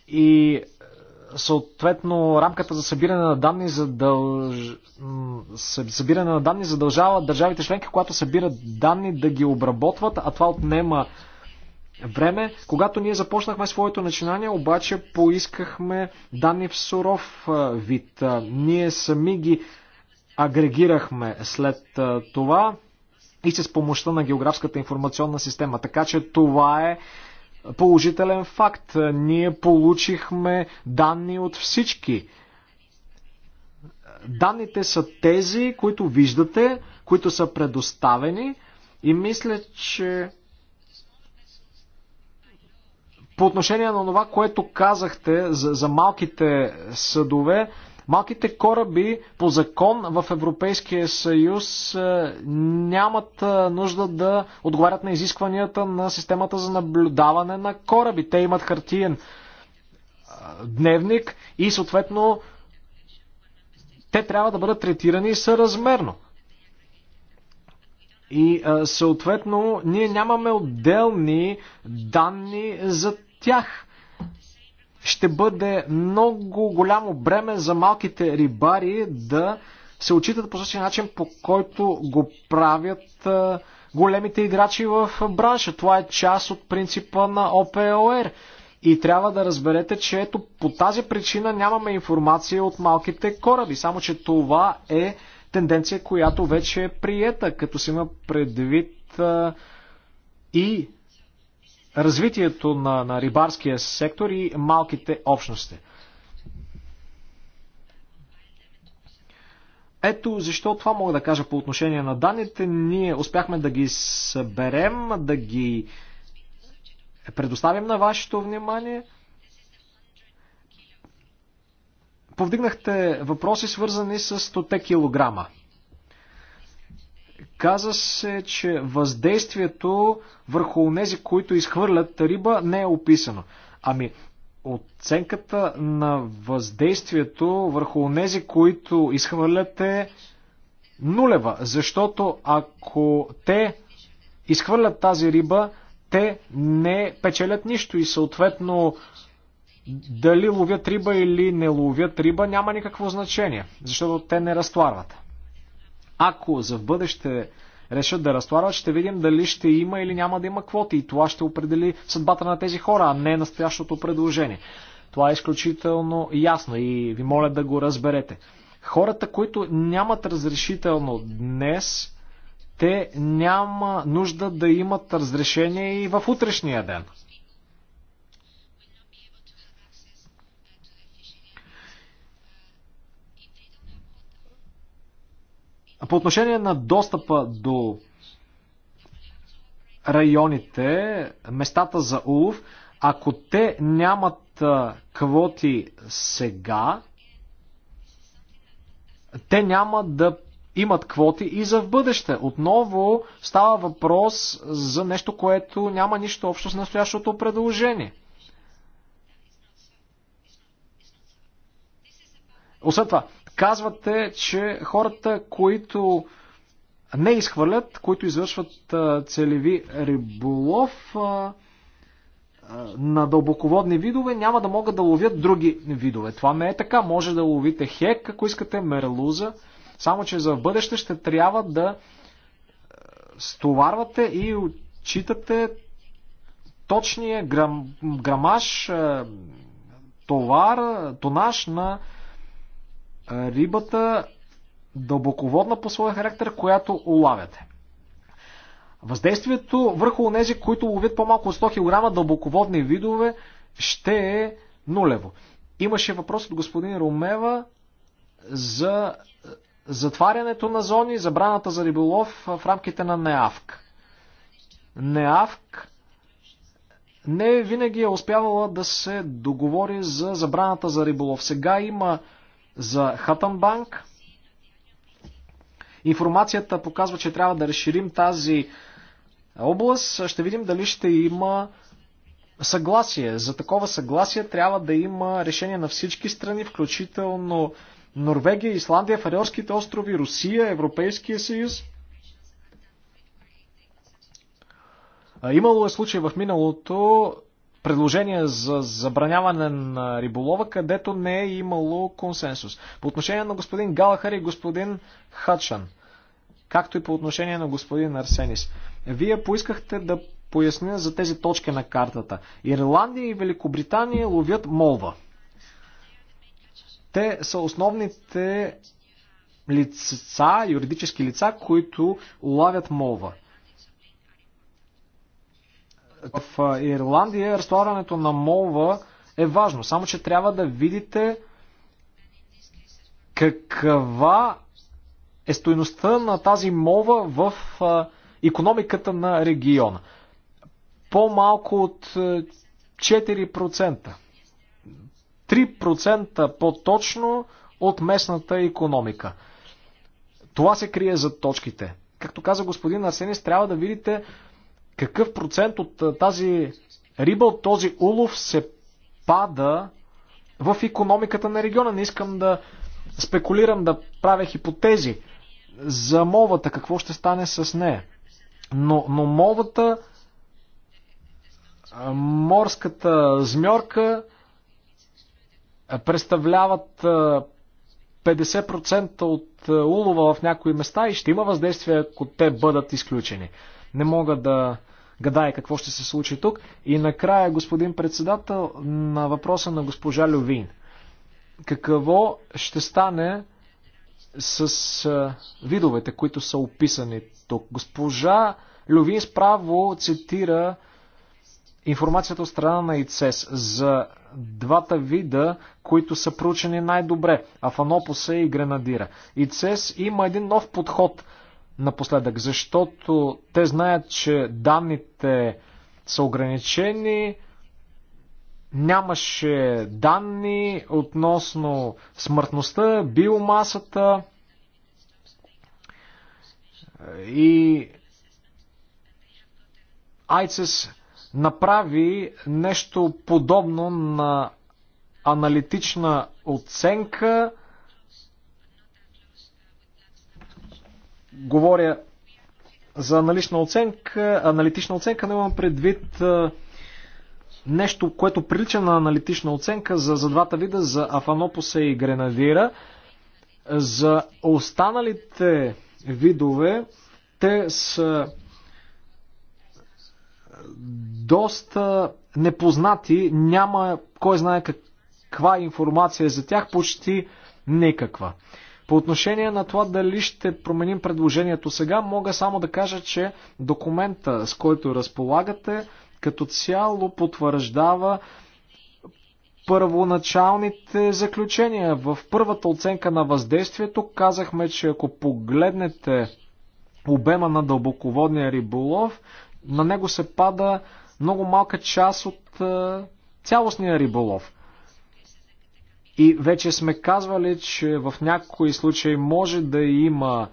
И съответно рамката за събиране на данни задълж... събиране на данни задължава държавите членки, когато събират данни да ги обработват, а това отнема време. Когато ние започнахме своето начинание, обаче поискахме данни в суров вид. Ние сами ги агрегирахме след това и с помощта на географската информационна система. Така че това е положителен факт. Ние получихме данни от всички. Данните са тези, които виждате, които са предоставени и мисля, че по отношение на това, което казахте за, за малките съдове, малките кораби по закон в Европейския съюз е, нямат е, нужда да отговарят на изискванията на системата за наблюдаване на кораби. Те имат хартиен е, дневник и съответно те трябва да бъдат третирани съразмерно. И съответно ние нямаме отделни данни за тях ще бъде много голямо бреме за малките рибари да се отчитат по същия начин, по който го правят големите играчи в бранша. Това е част от принципа на ОПОР. И трябва да разберете, че ето по тази причина нямаме информация от малките кораби. Само, че това е тенденция, която вече е приета, като се има предвид и развитието на, на рибарския сектор и малките общности. Ето защо това мога да кажа по отношение на данните. Ние успяхме да ги съберем, да ги предоставим на вашето внимание. Повдигнахте въпроси свързани с 100 килограма. Каза се, че въздействието върху тези, които изхвърлят риба, не е описано. Ами, оценката на въздействието върху тези, които изхвърлят е нулева, защото ако те изхвърлят тази риба, те не печелят нищо и съответно дали ловят риба или не ловят риба няма никакво значение, защото те не разтварват. Ако за в бъдеще решат да разтоварват, ще видим дали ще има или няма да има квоти и това ще определи съдбата на тези хора, а не настоящото предложение. Това е изключително ясно и ви моля да го разберете. Хората, които нямат разрешително днес, те няма нужда да имат разрешение и в утрешния ден. По отношение на достъпа до районите, местата за улов, ако те нямат квоти сега, те няма да имат квоти и за в бъдеще. Отново става въпрос за нещо, което няма нищо общо с настоящото предложение. Освен това, Казвате, че хората, които не изхвърлят, които извършват целеви риболов на дълбоководни видове, няма да могат да ловят други видове. Това не е така. Може да ловите хек, ако искате, мерлуза, само че за бъдеще ще трябва да стоварвате и отчитате точния грам, грамаж, товар, тонаж на рибата дълбоководна по своя характер, която улавяте. Въздействието върху тези, които ловят по-малко от 100 кг дълбоководни видове, ще е нулево. Имаше въпрос от господин Ромева за е, затварянето на зони, забраната за риболов в рамките на НЕАВК. НЕАВК не е винаги е успявала да се договори за забраната за риболов. Сега има за Хатанбанк. Информацията показва, че трябва да разширим тази област. Ще видим дали ще има съгласие. За такова съгласие трябва да има решение на всички страни, включително Норвегия, Исландия, Фариорските острови, Русия, Европейския съюз. Имало е случай в миналото предложения за забраняване на риболова, където не е имало консенсус. По отношение на господин Галахар и господин Хачан, както и по отношение на господин Арсенис, вие поискахте да поясня за тези точки на картата. Ирландия и Великобритания ловят молва. Те са основните лица, юридически лица, които улавят молва. В Ирландия разтоварването на молва е важно, само че трябва да видите каква е стоеността на тази молва в економиката на региона. По-малко от 4%. 3% по-точно от местната економика. Това се крие за точките. Както каза господин Арсенис, трябва да видите какъв процент от тази риба, от този улов се пада в економиката на региона? Не искам да спекулирам, да правя хипотези за мовата, какво ще стане с нея. Но, но мовата, морската змьорка представляват 50% от улова в някои места и ще има въздействие, ако те бъдат изключени. Не мога да гадае какво ще се случи тук. И накрая, господин председател, на въпроса на госпожа Лювин. Какво ще стане с видовете, които са описани тук? Госпожа Лювин справо цитира информацията от страна на ИЦЕС за двата вида, които са проучени най-добре – Афанопоса и Гренадира. ИЦЕС има един нов подход – напоследък, защото те знаят, че данните са ограничени, нямаше данни относно смъртността, биомасата и Айцес направи нещо подобно на аналитична оценка говоря за налична оценка, аналитична оценка, но имам предвид нещо, което прилича на аналитична оценка за, за двата вида, за Афанопоса и Гренадира. За останалите видове, те са доста непознати, няма кой знае каква информация за тях, почти никаква. По отношение на това дали ще променим предложението сега, мога само да кажа, че документа, с който разполагате, като цяло потвърждава първоначалните заключения. В първата оценка на въздействието казахме, че ако погледнете обема на дълбоководния риболов, на него се пада много малка част от цялостния риболов. И вече сме казвали, че в някои случаи може да има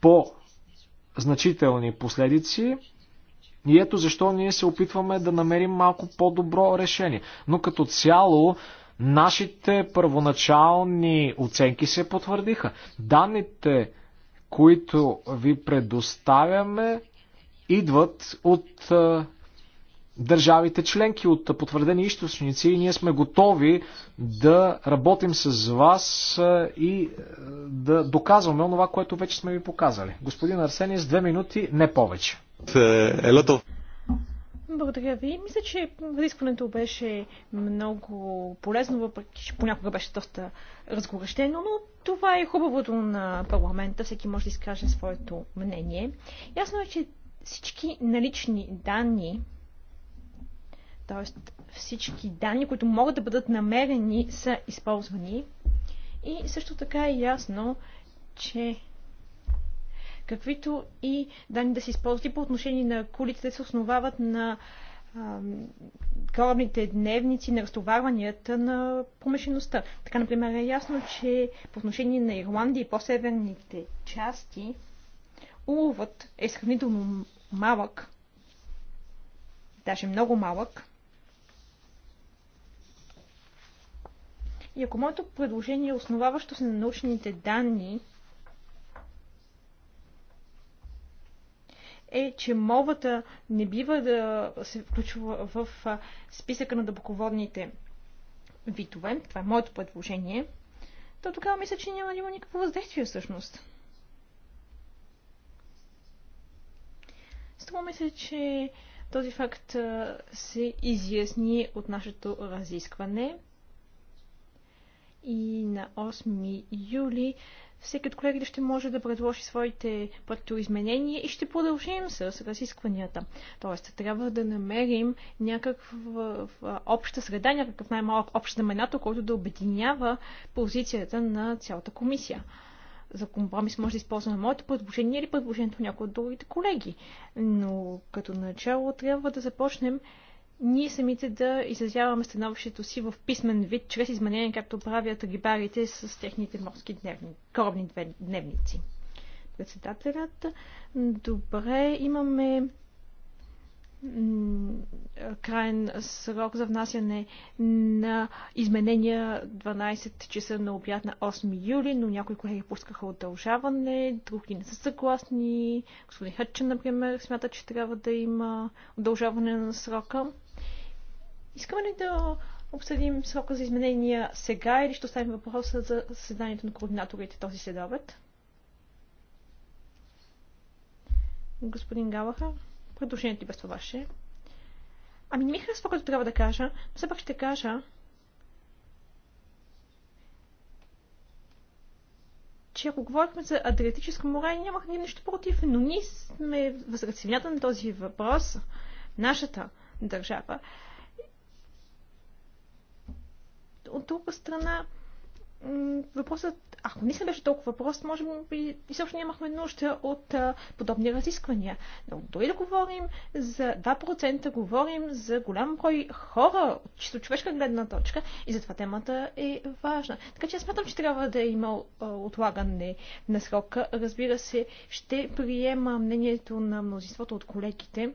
по-значителни последици. И ето защо ние се опитваме да намерим малко по-добро решение. Но като цяло, нашите първоначални оценки се потвърдиха. Данните, които ви предоставяме, идват от държавите членки от потвърдени източници и ние сме готови да работим с вас и да доказваме онова, което вече сме ви показали. Господин Арсений, с две минути, не повече. Е, е, Благодаря ви. Мисля, че разискването беше много полезно, въпреки че понякога беше доста разгорещено, но това е хубавото на парламента. Всеки може да изкаже своето мнение. Ясно е, че всички налични данни, Тоест всички данни, които могат да бъдат намерени, са използвани. И също така е ясно, че каквито и данни да се използват и по отношение на кулите, те се основават на корабните дневници на разтоварванията на промишлеността. Така, например, е ясно, че по отношение на Ирландия и по-северните части уловът е сравнително малък, даже много малък. И ако моето предложение, е основаващо се на научните данни, е, че мовата не бива да се включва в списъка на дъбоководните витове, това е моето предложение, то тогава мисля, че няма да има никакво въздействие всъщност. това мисля, че този факт се изясни от нашето разискване и на 8 юли всеки от колегите ще може да предложи своите изменения и ще продължим с разискванията. Тоест, трябва да намерим някаква обща среда, някакъв най-малък общ знаменател, който да обединява позицията на цялата комисия. За компромис може да използваме моето предложение или предложението на някои от другите колеги. Но като начало трябва да започнем ние самите да изразяваме становището си в писмен вид, чрез изменение, както правят рибарите с техните морски дневни, корабни дневници. Председателят. Добре, имаме крайен срок за внасяне на изменения 12 часа на обяд на 8 юли, но някои колеги пускаха удължаване, други не са съгласни. Господин Хътчен, например, смята, че трябва да има удължаване на срока. Искаме ли да обсъдим срока за изменения сега или ще оставим въпроса за заседанието на координаторите този следобед? Господин Галаха, предложението ти без това ваше. Ами не ми харесва това, което трябва да кажа, но все пак ще кажа, че ако говорихме за Адриатическо море, нямах ни нищо против, но ние сме възрацивнята на този въпрос. Нашата държава от друга страна, въпросът, ако не се беше толкова въпрос, може би изобщо нямахме нужда от а, подобни разисквания. Но дори да говорим за 2%, говорим за голям брой хора чисто човешка гледна точка и затова темата е важна. Така че аз смятам, че трябва да има а, отлагане на срока. Разбира се, ще приема мнението на мнозинството от колегите.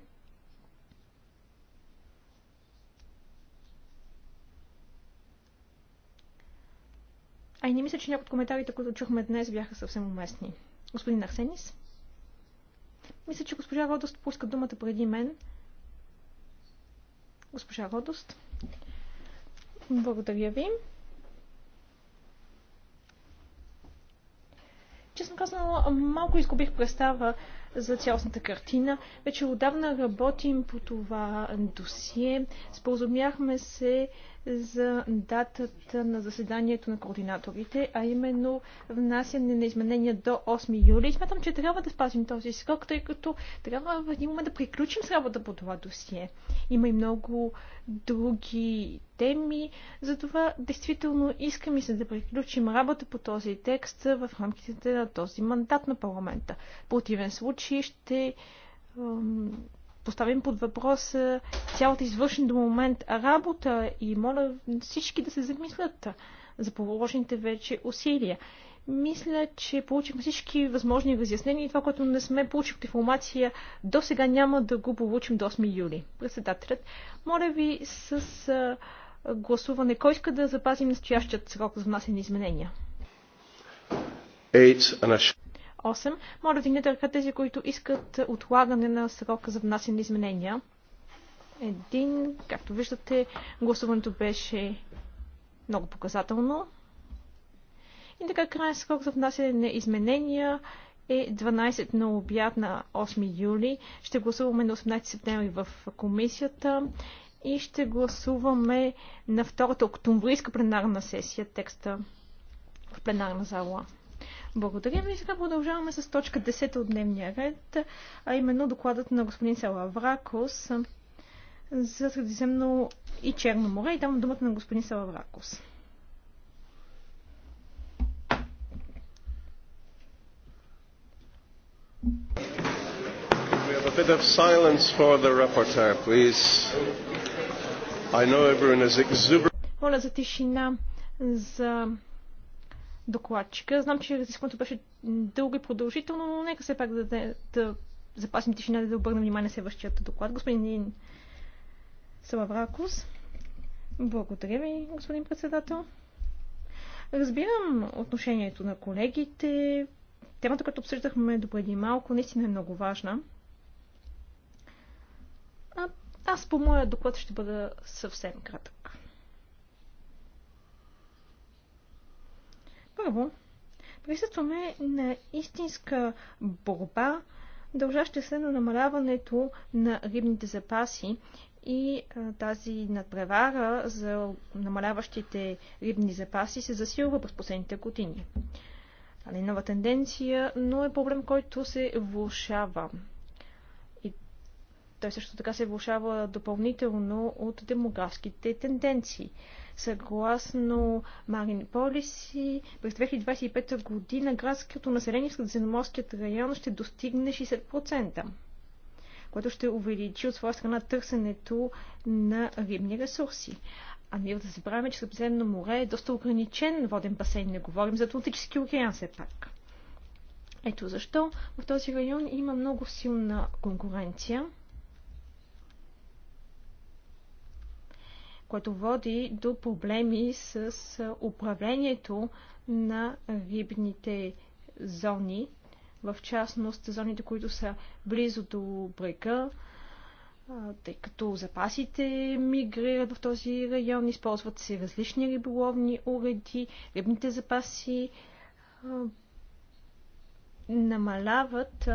А и не мисля, че някои от коментарите, които чухме днес, бяха съвсем уместни. Господин Арсенис? Мисля, че госпожа Родост пуска думата преди мен. Госпожа Родост? Благодаря ви. честно казано, малко изгубих представа за цялостната картина. Вече отдавна работим по това досие. Споразумяхме се за датата на заседанието на координаторите, а именно внасяне на изменения до 8 юли. Смятам, че трябва да спазим този срок, тъй като трябва в един момент да приключим с работа по това досие. Има и много други теми, затова действително искаме се да приключим работа по този текст в рамките на този мандат на парламента. В противен случай ще поставим под въпрос цялата извършена до момент работа и моля всички да се замислят за положените вече усилия. Мисля, че получим всички възможни разяснения и това, което не сме получили от информация, до сега няма да го получим до 8 юли. Председателят, моля ви с гласуване. Кой иска да запазим настоящият срок за внасяне изменения? 8. Моля да вдигнете ръка тези, които искат отлагане на срока за внасяне на изменения. Един, както виждате, гласуването беше много показателно. И така крайен срок за внасяне на изменения е 12 на обяд на 8 юли. Ще гласуваме на 18 септември в комисията и ще гласуваме на втората октомврийска пленарна сесия текста в пленарна зала. Благодаря ви. Сега продължаваме с точка 10 от дневния ред, а именно докладът на господин Салавракос за Средиземно и Черно море. И там думата на господин Салавракос. A bit of silence for the rapporteur, please. I know everyone is exuberant. Моля за тишина за докладчика. Знам, че разискването беше дълго и продължително, но нека все пак да, да, да запасим тишина да обърнем внимание на следващият доклад. Господин Салавракус. Благодаря ви, господин председател. Разбирам отношението на колегите. Темата, която обсъждахме до преди малко, наистина е много важна. А аз по моя доклад ще бъда съвсем кратък. Първо, присъстваме на истинска борба, дължаща се на намаляването на рибните запаси и а, тази надпревара за намаляващите рибни запаси се засилва през последните години. Това е нова тенденция, но е проблем, който се влушава. Той също така се влушава допълнително от демографските тенденции. Съгласно Марин Полиси, през 2025 година градското население в Средиземноморският район ще достигне 60%, което ще увеличи от своя страна търсенето на рибни ресурси. А ние да забравяме, че Средиземно море е доста ограничен воден басейн, не говорим за Атлантически океан все пак. Ето защо в този район има много силна конкуренция. което води до проблеми с управлението на рибните зони, в частност зоните, които са близо до брега, тъй като запасите мигрират в този район, използват се различни риболовни уреди, рибните запаси намаляват,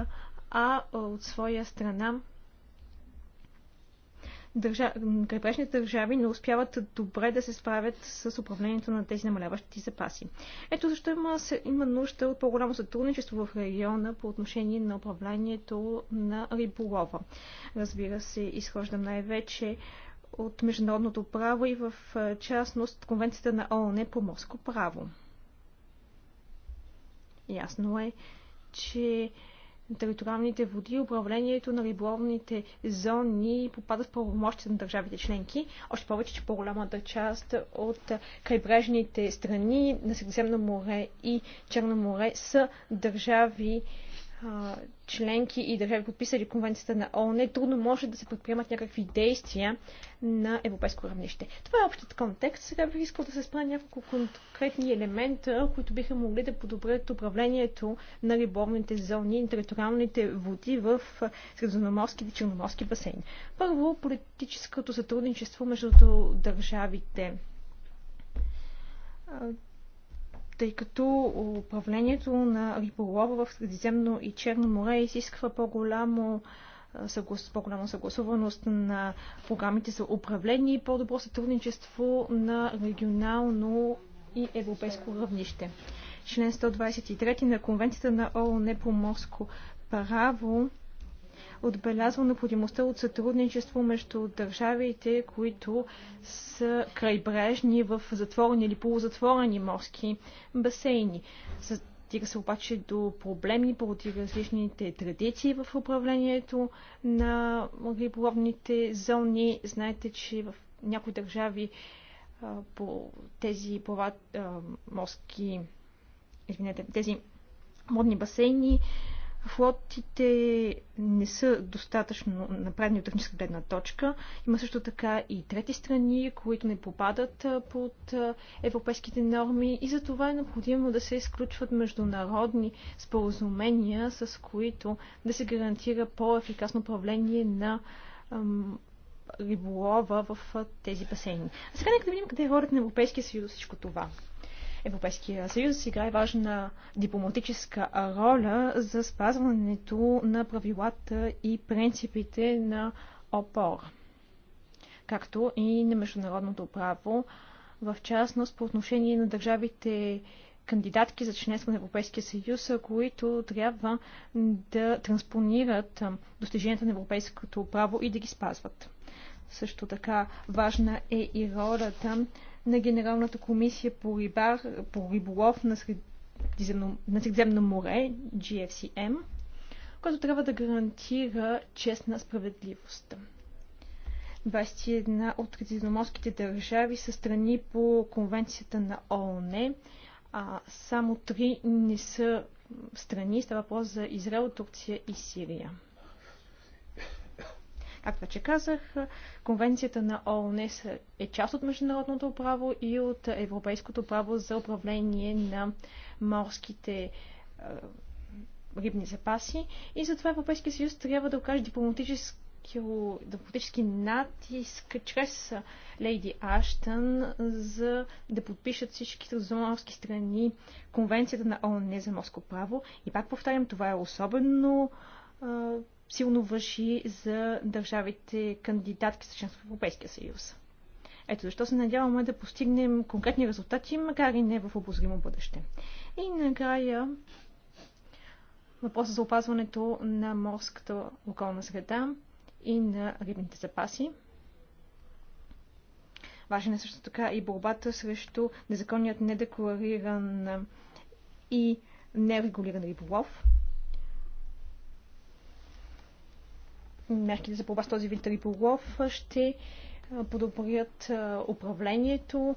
а от своя страна държа... крайбрежните държави не успяват добре да се справят с управлението на тези намаляващи запаси. Ето защо има, има нужда от по-голямо сътрудничество в региона по отношение на управлението на риболова. Разбира се, изхождам най-вече от международното право и в частност Конвенцията на ООН по морско право. Ясно е, че териториалните води и управлението на риболовните зони попада в правомощите на държавите членки. Още повече, че по-голямата част от крайбрежните страни на Средиземно море и Черно море са държави членки и държави, подписали конвенцията на ООН, трудно може да се предприемат някакви действия на европейско равнище. Това е общият контекст. Сега бих искал да се спра няколко конкретни елемента, които биха могли да подобрят управлението на рибовните зони и териториалните води в средономорските и черноморски басейн. Първо, политическото сътрудничество между държавите тъй като управлението на риболова в Средиземно и Черно море изисква по-голямо по-голяма съгласуваност на програмите за управление и по-добро сътрудничество на регионално и европейско равнище. Член 123 на Конвенцията на ООН е по морско право отбелязва необходимостта от сътрудничество между държавите, които са крайбрежни в затворени или полузатворени морски басейни. Стига се обаче до проблеми поради различните традиции в управлението на риболовните зони. Знаете, че в някои държави по тези плават, морски извинете, тези модни басейни флотите не са достатъчно направени от техническа гледна точка. Има също така и трети страни, които не попадат под европейските норми и за това е необходимо да се изключват международни споразумения, с които да се гарантира по-ефикасно управление на риболова в тези басейни. А сега нека да видим къде е ролята на Европейския съюз всичко това. Европейския съюз играе важна дипломатическа роля за спазването на правилата и принципите на ОПОР, както и на международното право, в частност по отношение на държавите кандидатки за членство на Европейския съюз, които трябва да транспонират достиженията на европейското право и да ги спазват. Също така важна е и ролята на Генералната комисия по, рибар, по риболов на Средиземно, на Средиземно море, GFCM, който трябва да гарантира честна справедливост. 21 от средиземноморските държави са страни по конвенцията на ООН, а само 3 не са страни. Става въпрос за Израел, Турция и Сирия. Както вече казах, конвенцията на ООН е част от международното право и от европейското право за управление на морските е, рибни запаси и затова Европейския съюз трябва да окаже дипломатически дипломатически натиск чрез Лейди Аштън за да подпишат всички заморски страни конвенцията на ООН за морско право. И пак повтарям, това е особено е, силно върши за държавите кандидатки за членство в Европейския съюз. Ето защо се надяваме да постигнем конкретни резултати, макар и не в обозримо бъдеще. И накрая въпроса за опазването на морската околна среда и на рибните запаси. Важен е също така и борбата срещу незаконният недеклариран и нерегулиран риболов. мерките за борба с този вид риболов ще подобрят управлението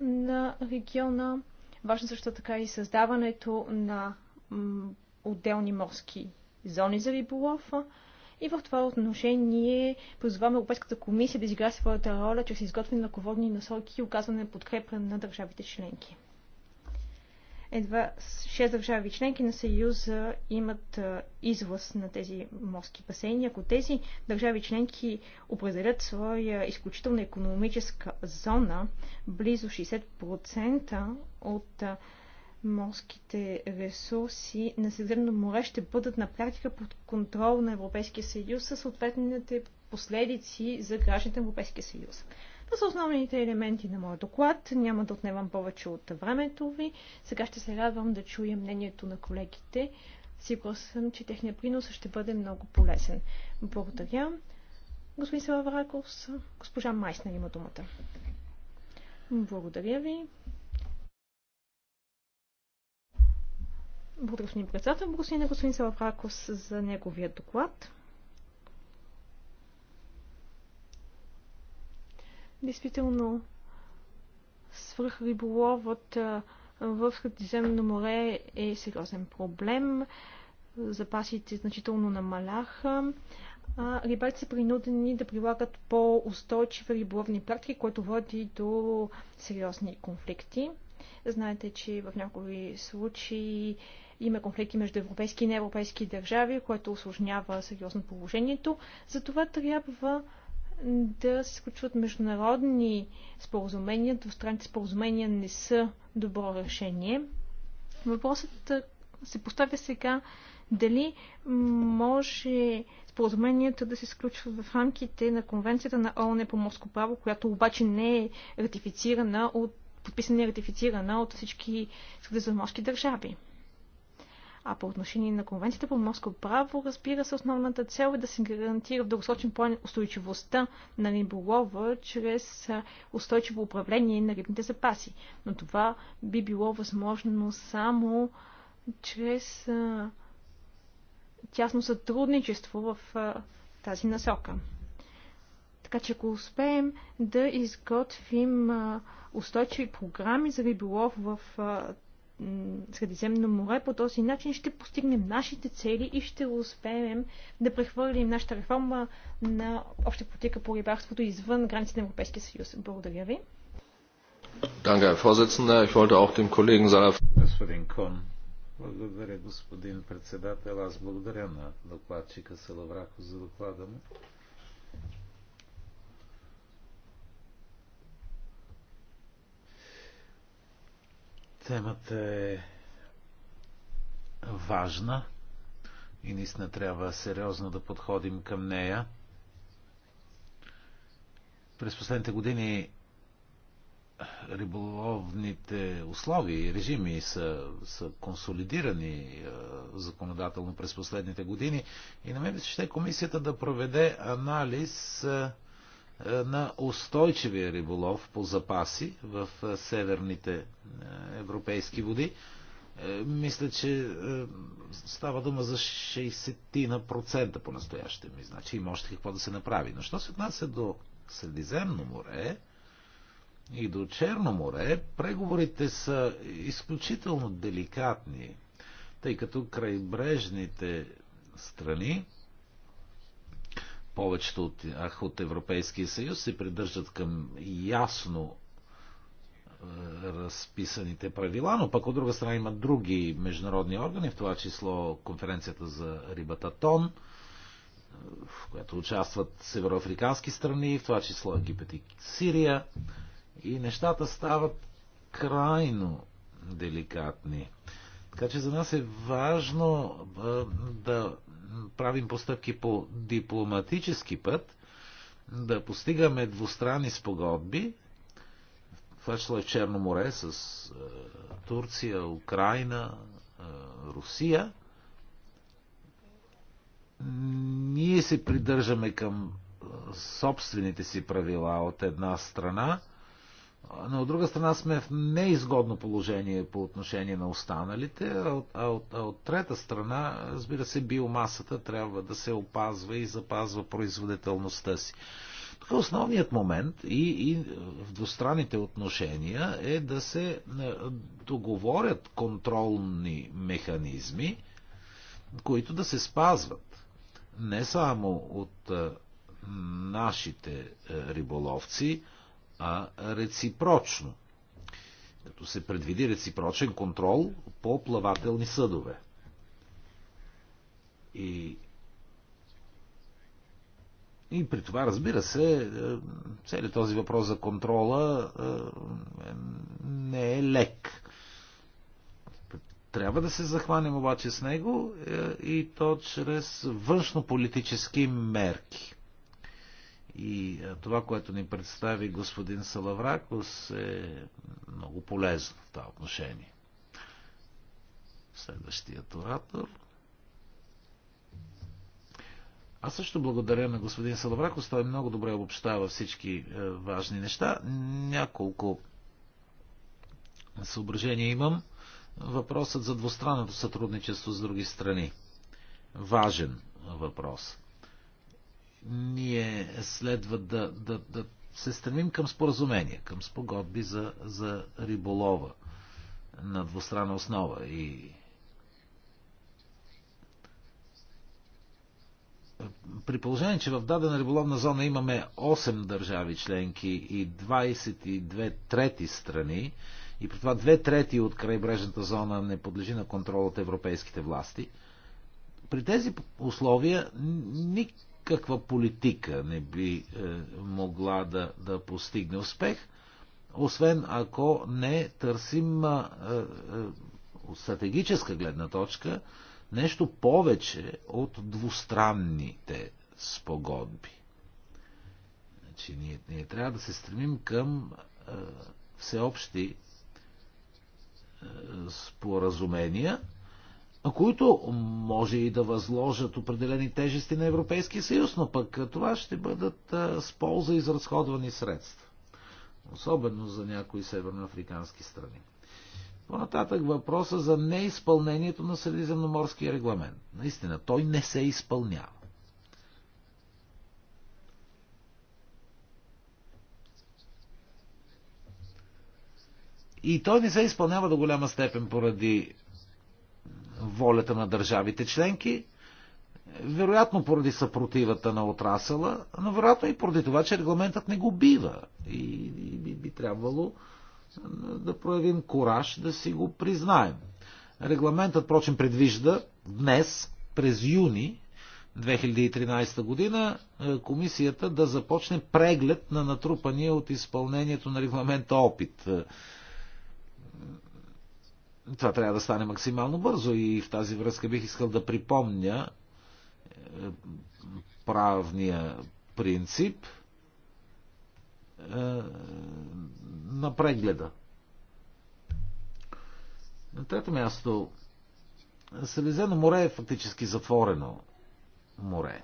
на региона. Важно също така е и създаването на отделни морски зони за риболов. И в това отношение призоваваме Европейската комисия да изиграе своята роля чрез изготвяне на ководни насоки и оказване на подкрепа на държавите членки. Едва 6 държави членки на Съюза имат излъз на тези морски басейни. Ако тези държави членки определят своя изключителна економическа зона, близо 60% от морските ресурси на Средиземно море ще бъдат на практика под контрол на Европейския съюз със съответните последици за гражданите на Европейския съюз. Това са основните елементи на моят доклад. Няма да отнемам повече от времето ви. Сега ще се радвам да чуя мнението на колегите. Сигурен съм, че техният принос ще бъде много полезен. Благодаря. Господин Селавракос, госпожа Майсна има думата. Благодаря ви. Благодаря, господин председател. Благодаря на господин Вракос за неговия доклад. Действително, свръхриболовът в Средиземно море е сериозен проблем. Запасите значително намаляха. рибарите са принудени да прилагат по-устойчиви риболовни практики, което води до сериозни конфликти. Знаете, че в някои случаи има конфликти между европейски и неевропейски държави, което осложнява сериозно положението. Затова трябва да се сключват международни споразумения. Двустранните споразумения не са добро решение. Въпросът се поставя сега дали може споразумението да се сключва в рамките на Конвенцията на ООН е по морско право, която обаче не е ратифицирана от подписана и ратифицирана от всички средиземноморски държави. А по отношение на Конвенцията по морско право, разбира се, основната цел е да се гарантира в дългосрочен план устойчивостта на риболова чрез устойчиво управление на рибните запаси. Но това би било възможно само чрез тясно сътрудничество в тази насока. Така че ако успеем да изготвим устойчиви програми за риболов в Средиземно море. По този начин ще постигнем нашите цели и ще успеем да прехвърлим нашата реформа на обща политика по рибарството извън границите на Европейския съюз. Благодаря ви. Danke, Herr Vorsitzender. Ich wollte auch dem Kollegen Salaf... Господин Кон, благодаря, господин председател. Аз благодаря на докладчика Салаврако за доклада му. Темата е важна и наистина трябва сериозно да подходим към нея. През последните години риболовните условия и режими са, са консолидирани е, законодателно през последните години и на мен се ще комисията да проведе анализ е, е, на устойчивия риболов по запаси в е, северните е, европейски води. Мисля, че става дума за 60 по-настояще ми. Значи има още какво да се направи. Но що се отнася до Средиземно море и до Черно море, преговорите са изключително деликатни, тъй като крайбрежните страни повечето от тях от Европейския съюз се придържат към ясно е, разписаните правила, но пък от друга страна има други международни органи, в това число конференцията за рибата Тон, е, в която участват североафрикански страни, в това число Египет и Сирия. И нещата стават крайно деликатни. Така че за нас е важно е, да правим постъпки по дипломатически път, да постигаме двустранни спогодби, това число е в Черно море с е, Турция, Украина, е, Русия, ние се придържаме към е, собствените си правила от една страна – но от друга страна сме в неизгодно положение по отношение на останалите, а от, а от, а от трета страна, разбира се, биомасата трябва да се опазва и запазва производителността си. Тук е основният момент и, и в двустранните отношения е да се е, договорят контролни механизми, които да се спазват не само от е, нашите риболовци, а реципрочно. Като се предвиди реципрочен контрол по плавателни съдове. И и при това, разбира се, е, целият този въпрос за контрола е, не е лек. Трябва да се захванем обаче с него е, и то чрез външно-политически мерки. И това, което ни представи господин Салавракос е много полезно в това отношение. Следващият оратор. Аз също благодаря на господин Салавракос. Той много добре обобщава всички е, важни неща. Няколко съображения имам. Въпросът за двустранното сътрудничество с други страни. Важен въпрос ние следва да, да, да се стремим към споразумения, към спогодби за, за риболова на двустранна основа и при положение, че в дадена риболовна зона имаме 8 държави членки и 22 трети страни, и при това две трети от крайбрежната зона не подлежи на контрол от европейските власти, при тези условия ни никаква политика не би е, могла да, да постигне успех, освен ако не търсим е, е, от стратегическа гледна точка нещо повече от двустранните спогодби. Значи, ние, ние трябва да се стремим към е, всеобщи е, споразумения, които може и да възложат определени тежести на Европейския съюз, но пък това ще бъдат с полза изразходвани средства. Особено за някои северноафрикански страни. Понататък въпроса за неизпълнението на Средиземноморския регламент. Наистина, той не се изпълнява. И той не се изпълнява до голяма степен поради волята на държавите членки, вероятно поради съпротивата на отрасъла, но вероятно и поради това, че регламентът не го бива. И, и би, би трябвало да проявим кораж да си го признаем. Регламентът, впрочем, предвижда днес, през юни 2013 година, е, комисията да започне преглед на натрупания от изпълнението на регламента опит е, това трябва да стане максимално бързо и в тази връзка бих искал да припомня е, правния принцип е, на прегледа. На трето място, Селезено море е фактически затворено море.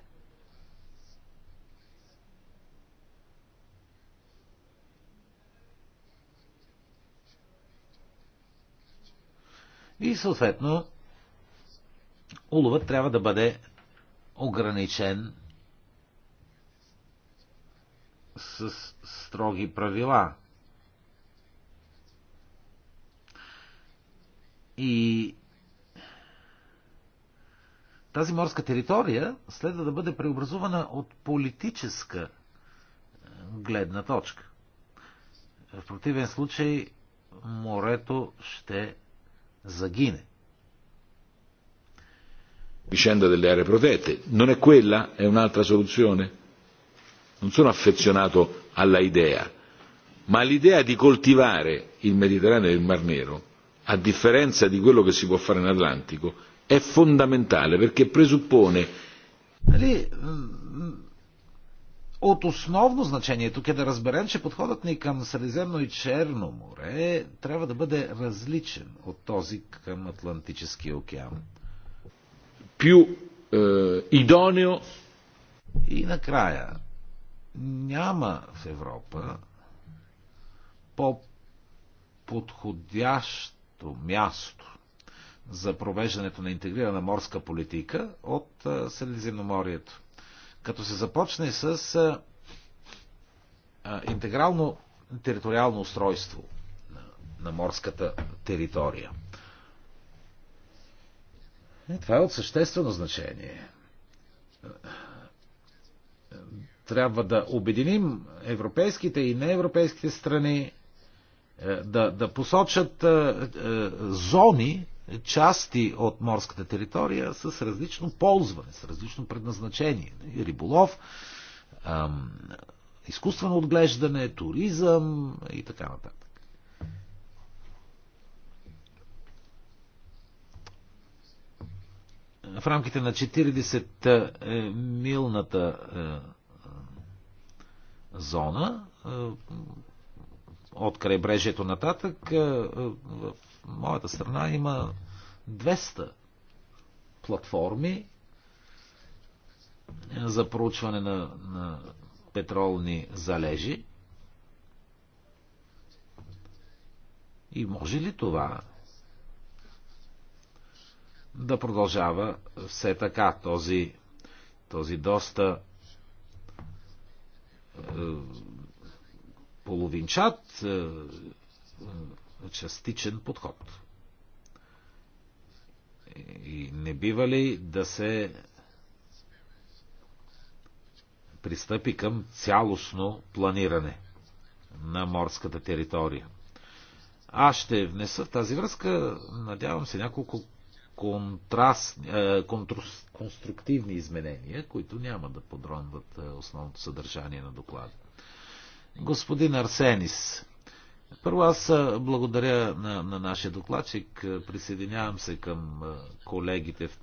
И съответно, уловът трябва да бъде ограничен с строги правила. И тази морска територия следва да бъде преобразувана от политическа е, гледна точка. В противен случай морето ще загине. Vicenda delle aree protette, non è quella, è un'altra soluzione? Non sono affezionato alla idea, ma all'idea di coltivare il Mediterraneo e il Mar Nero, a differenza di quello che si può fare in Atlantico, è fondamentale perché presuppone. Нали, от основно значение тук е да разберем, че подходът ни към Средиземно и Черно море трябва да бъде различен от този към Атлантическия океан. Пю е, идонео. И накрая, няма в Европа по-подходящо място за провеждането на интегрирана морска политика от е, Средиземноморието като се започне с а, а, интегрално териториално устройство на, на морската територия. И е, това е от съществено значение. Трябва да обединим европейските и неевропейските страни, е, да, да посочат е, зони, части от морската територия с различно ползване, с различно предназначение. Риболов, изкуствено отглеждане, туризъм и така нататък. В рамките на 40-милната е, зона е, от крайбрежието нататък е, в моята страна има 200 платформи за проучване на, на петролни залежи. И може ли това да продължава все така този, този доста е, половинчат, е, частичен подход. И не бива ли да се пристъпи към цялостно планиране на морската територия? Аз ще внеса в тази връзка, надявам се, няколко контраст, е, контру, конструктивни изменения, които няма да подронват е, основното съдържание на доклада. Господин Арсенис, първо аз благодаря на, на нашия докладчик. Присъединявам се към колегите в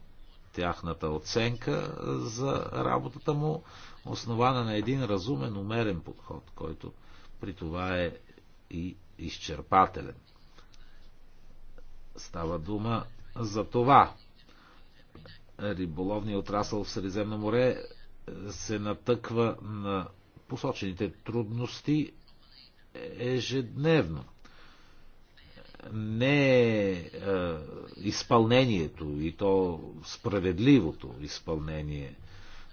тяхната оценка за работата му, основана на един разумен, умерен подход, който при това е и изчерпателен. Става дума за това. Риболовният отрасъл в Средиземно море е, се натъква на посочените трудности ежедневно. Не е, е, изпълнението и то справедливото изпълнение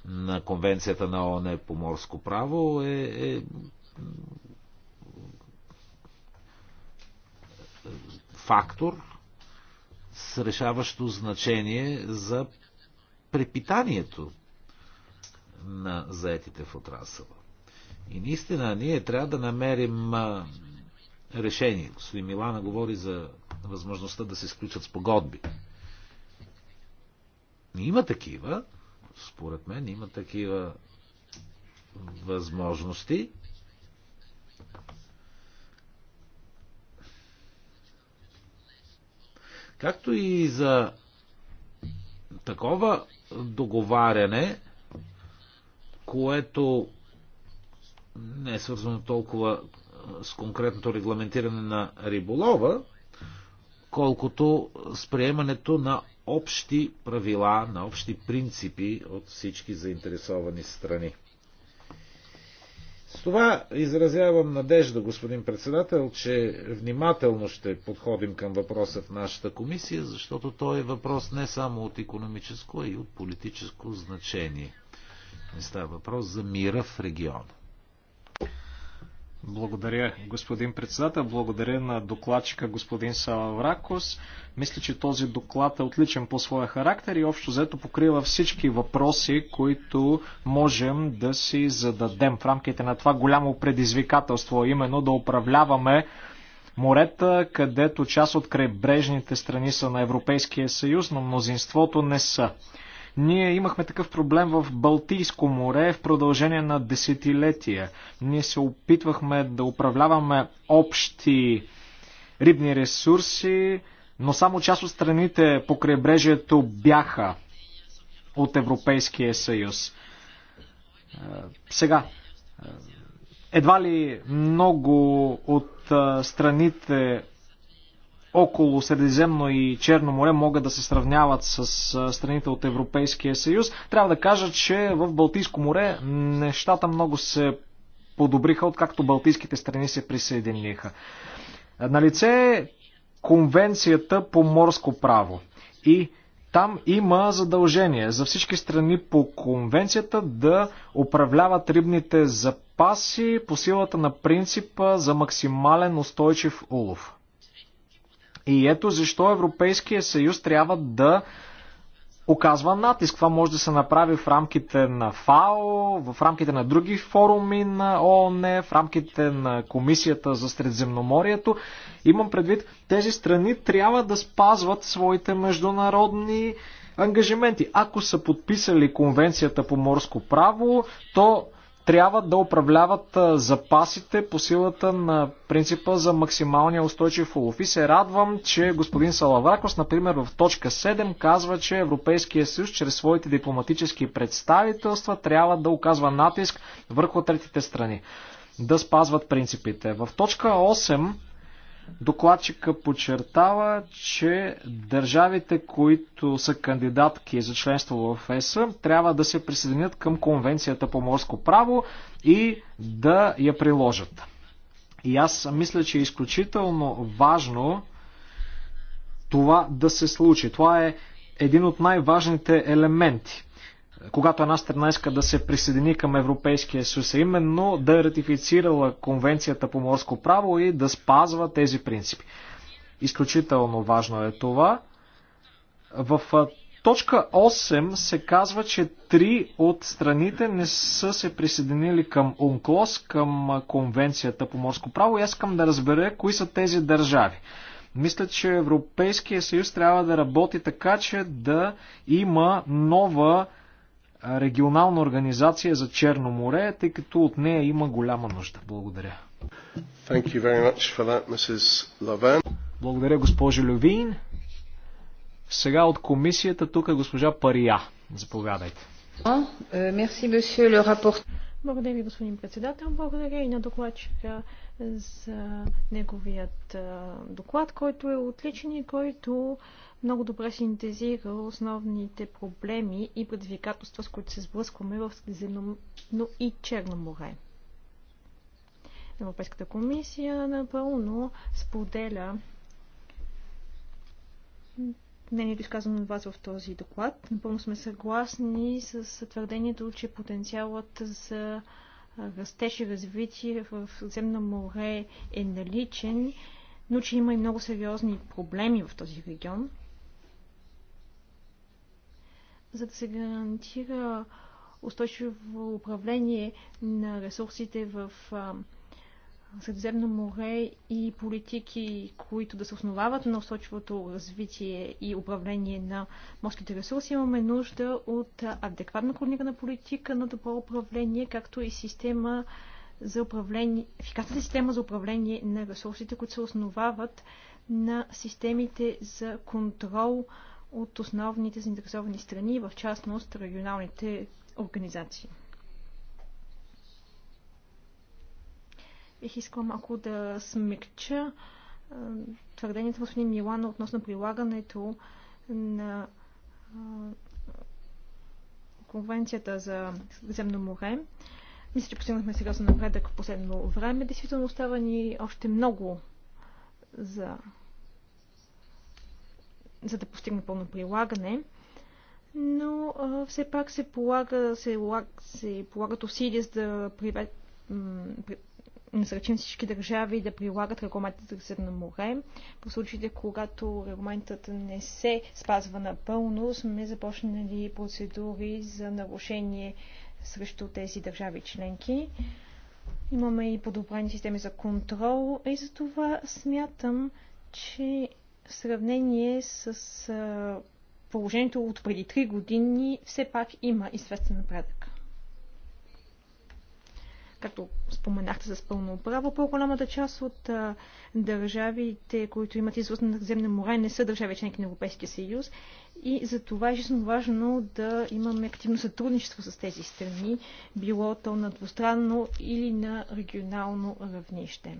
на Конвенцията на ООН по морско право е, е фактор с решаващо значение за препитанието на заетите в отрасъла. И наистина ние трябва да намерим решение. Господин Милана говори за възможността да се сключат спогодби. Има такива, според мен, има такива възможности. Както и за такова договаряне, което не е свързано толкова с конкретното регламентиране на риболова, колкото с приемането на общи правила, на общи принципи от всички заинтересовани страни. С това изразявам надежда, господин председател, че внимателно ще подходим към въпроса в нашата комисия, защото той е въпрос не само от економическо, а и от политическо значение. Не става въпрос за мира в региона. Благодаря, господин председател. Благодаря на докладчика господин Салавракос. Мисля, че този доклад е отличен по своя характер и общо взето покрива всички въпроси, които можем да си зададем в рамките на това голямо предизвикателство, именно да управляваме морета, където част от крайбрежните страни са на Европейския съюз, но мнозинството не са. Ние имахме такъв проблем в Балтийско море в продължение на десетилетия. Ние се опитвахме да управляваме общи рибни ресурси, но само част от страните по крайбрежието бяха от Европейския съюз. Е, сега, е, едва ли много от е, страните около Средиземно и Черно море могат да се сравняват с страните от Европейския съюз. Трябва да кажа, че в Балтийско море нещата много се подобриха, откакто Балтийските страни се присъединиха. Налице е конвенцията по морско право и там има задължение за всички страни по конвенцията да управляват рибните запаси по силата на принципа за максимален устойчив улов. И ето защо Европейския съюз трябва да оказва натиск. Това може да се направи в рамките на ФАО, в рамките на други форуми на ООН, в рамките на Комисията за Средземноморието. Имам предвид, тези страни трябва да спазват своите международни ангажименти. Ако са подписали конвенцията по морско право, то трябва да управляват запасите по силата на принципа за максималния устойчив улов. И се радвам, че господин Салавракос, например в точка 7, казва, че Европейския съюз чрез своите дипломатически представителства трябва да оказва натиск върху третите страни да спазват принципите. В точка 8 Докладчика подчертава, че държавите, които са кандидатки за членство в ЕС, трябва да се присъединят към Конвенцията по морско право и да я приложат. И аз мисля, че е изключително важно това да се случи. Това е един от най-важните елементи когато една страна иска да се присъедини към Европейския съюз, а именно да е ратифицирала Конвенцията по морско право и да спазва тези принципи. Изключително важно е това. В точка 8 се казва, че три от страните не са се присъединили към УНКЛОС, към Конвенцията по морско право. И аз искам да разбера кои са тези държави. Мисля, че Европейския съюз трябва да работи така, че да има нова регионална организация за Черно море, тъй като от нея има голяма нужда. Благодаря. Thank you very much for that, Mrs. Благодаря, госпожо Лювин. Сега от комисията тук е госпожа Пария. Заповядайте. Е, Благодаря ви, господин председател. Благодаря и на докладчика за неговият доклад, който е отличен и който много добре синтезира основните проблеми и предизвикателства, с които се сблъскваме в Средиземно и Черно море. Европейската комисия напълно споделя мнението изказано от вас в този доклад. Напълно сме съгласни с твърдението, че потенциалът за растеж и развитие в Земно море е наличен, но че има и много сериозни проблеми в този регион. За да се гарантира устойчиво управление на ресурсите в Средиземно море и политики, които да се основават на устойчивото развитие и управление на морските ресурси, имаме нужда от адекватна координирана политика на добро управление, както и система за управление, ефикасната система за управление на ресурсите, които се основават на системите за контрол от основните заинтересовани страни, в частност регионалните организации. Бих искала малко да смекча твърдението на господин Милана относно прилагането на конвенцията за земно море. Мисля, че постигнахме сериозен напредък в последно време. Действително остава ни още много за, за да постигне пълно прилагане. Но а, все пак се полага, се, се полагат усилия за да привед, насръчим всички държави да прилагат регламентите за Средно море. По случаите, когато регламентът не се спазва напълно, сме започнали процедури за нарушение срещу тези държави членки. Имаме и подобрени системи за контрол и за това смятам, че в сравнение с положението от преди 3 години все пак има известен напредък както споменахте с пълно право, по-голямата част от а, държавите, които имат извоз на земно море, не са държави членки на Европейския съюз. И за това е жизненно важно да имаме активно сътрудничество с тези страни, било то на двустранно или на регионално равнище.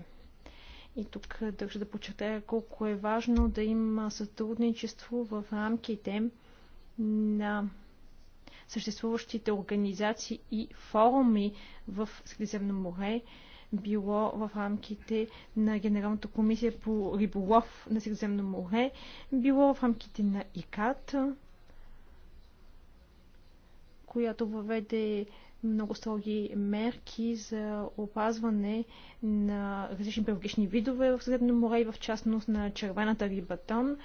И тук държа да подчертая колко е важно да има сътрудничество в рамките на съществуващите организации и форуми в Средиземно море, било в рамките на Генералната комисия по риболов на Средиземно море, било в рамките на ИКАТ, която въведе много строги мерки за опазване на различни биологични видове в Средно море и в частност на червената рибатон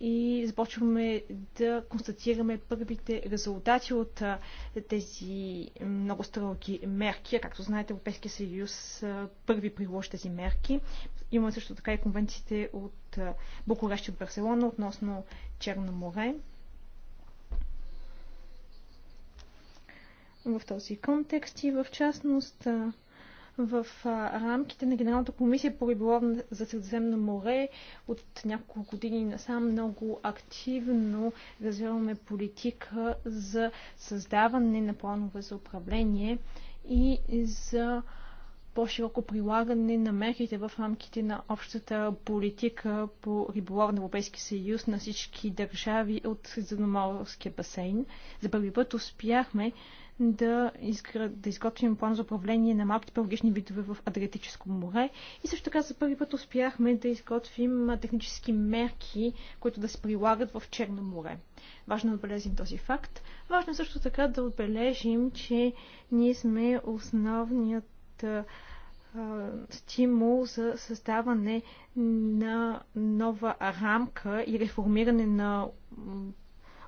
и започваме да констатираме първите резултати от тези много строги мерки. Както знаете, Европейския съюз първи приложи тези мерки. Има също така и конвенциите от Букурещ и Барселона относно Черно море. В този контекст и в частност в рамките на Генералната комисия по риболов за Средиземно море от няколко години насам много активно развиваме политика за създаване на планове за управление и за по-широко прилагане на мерките в рамките на общата политика по риболов на Европейски съюз на всички държави от Средиземноморския басейн. За първи път успяхме да, изгр... да изготвим план за управление на малките пелагични видове в Адриатическо море. И също така за първи път успяхме да изготвим технически мерки, които да се прилагат в Черно море. Важно е да отбележим този факт. Важно е също така да отбележим, че ние сме основният стимул за създаване на нова рамка и реформиране на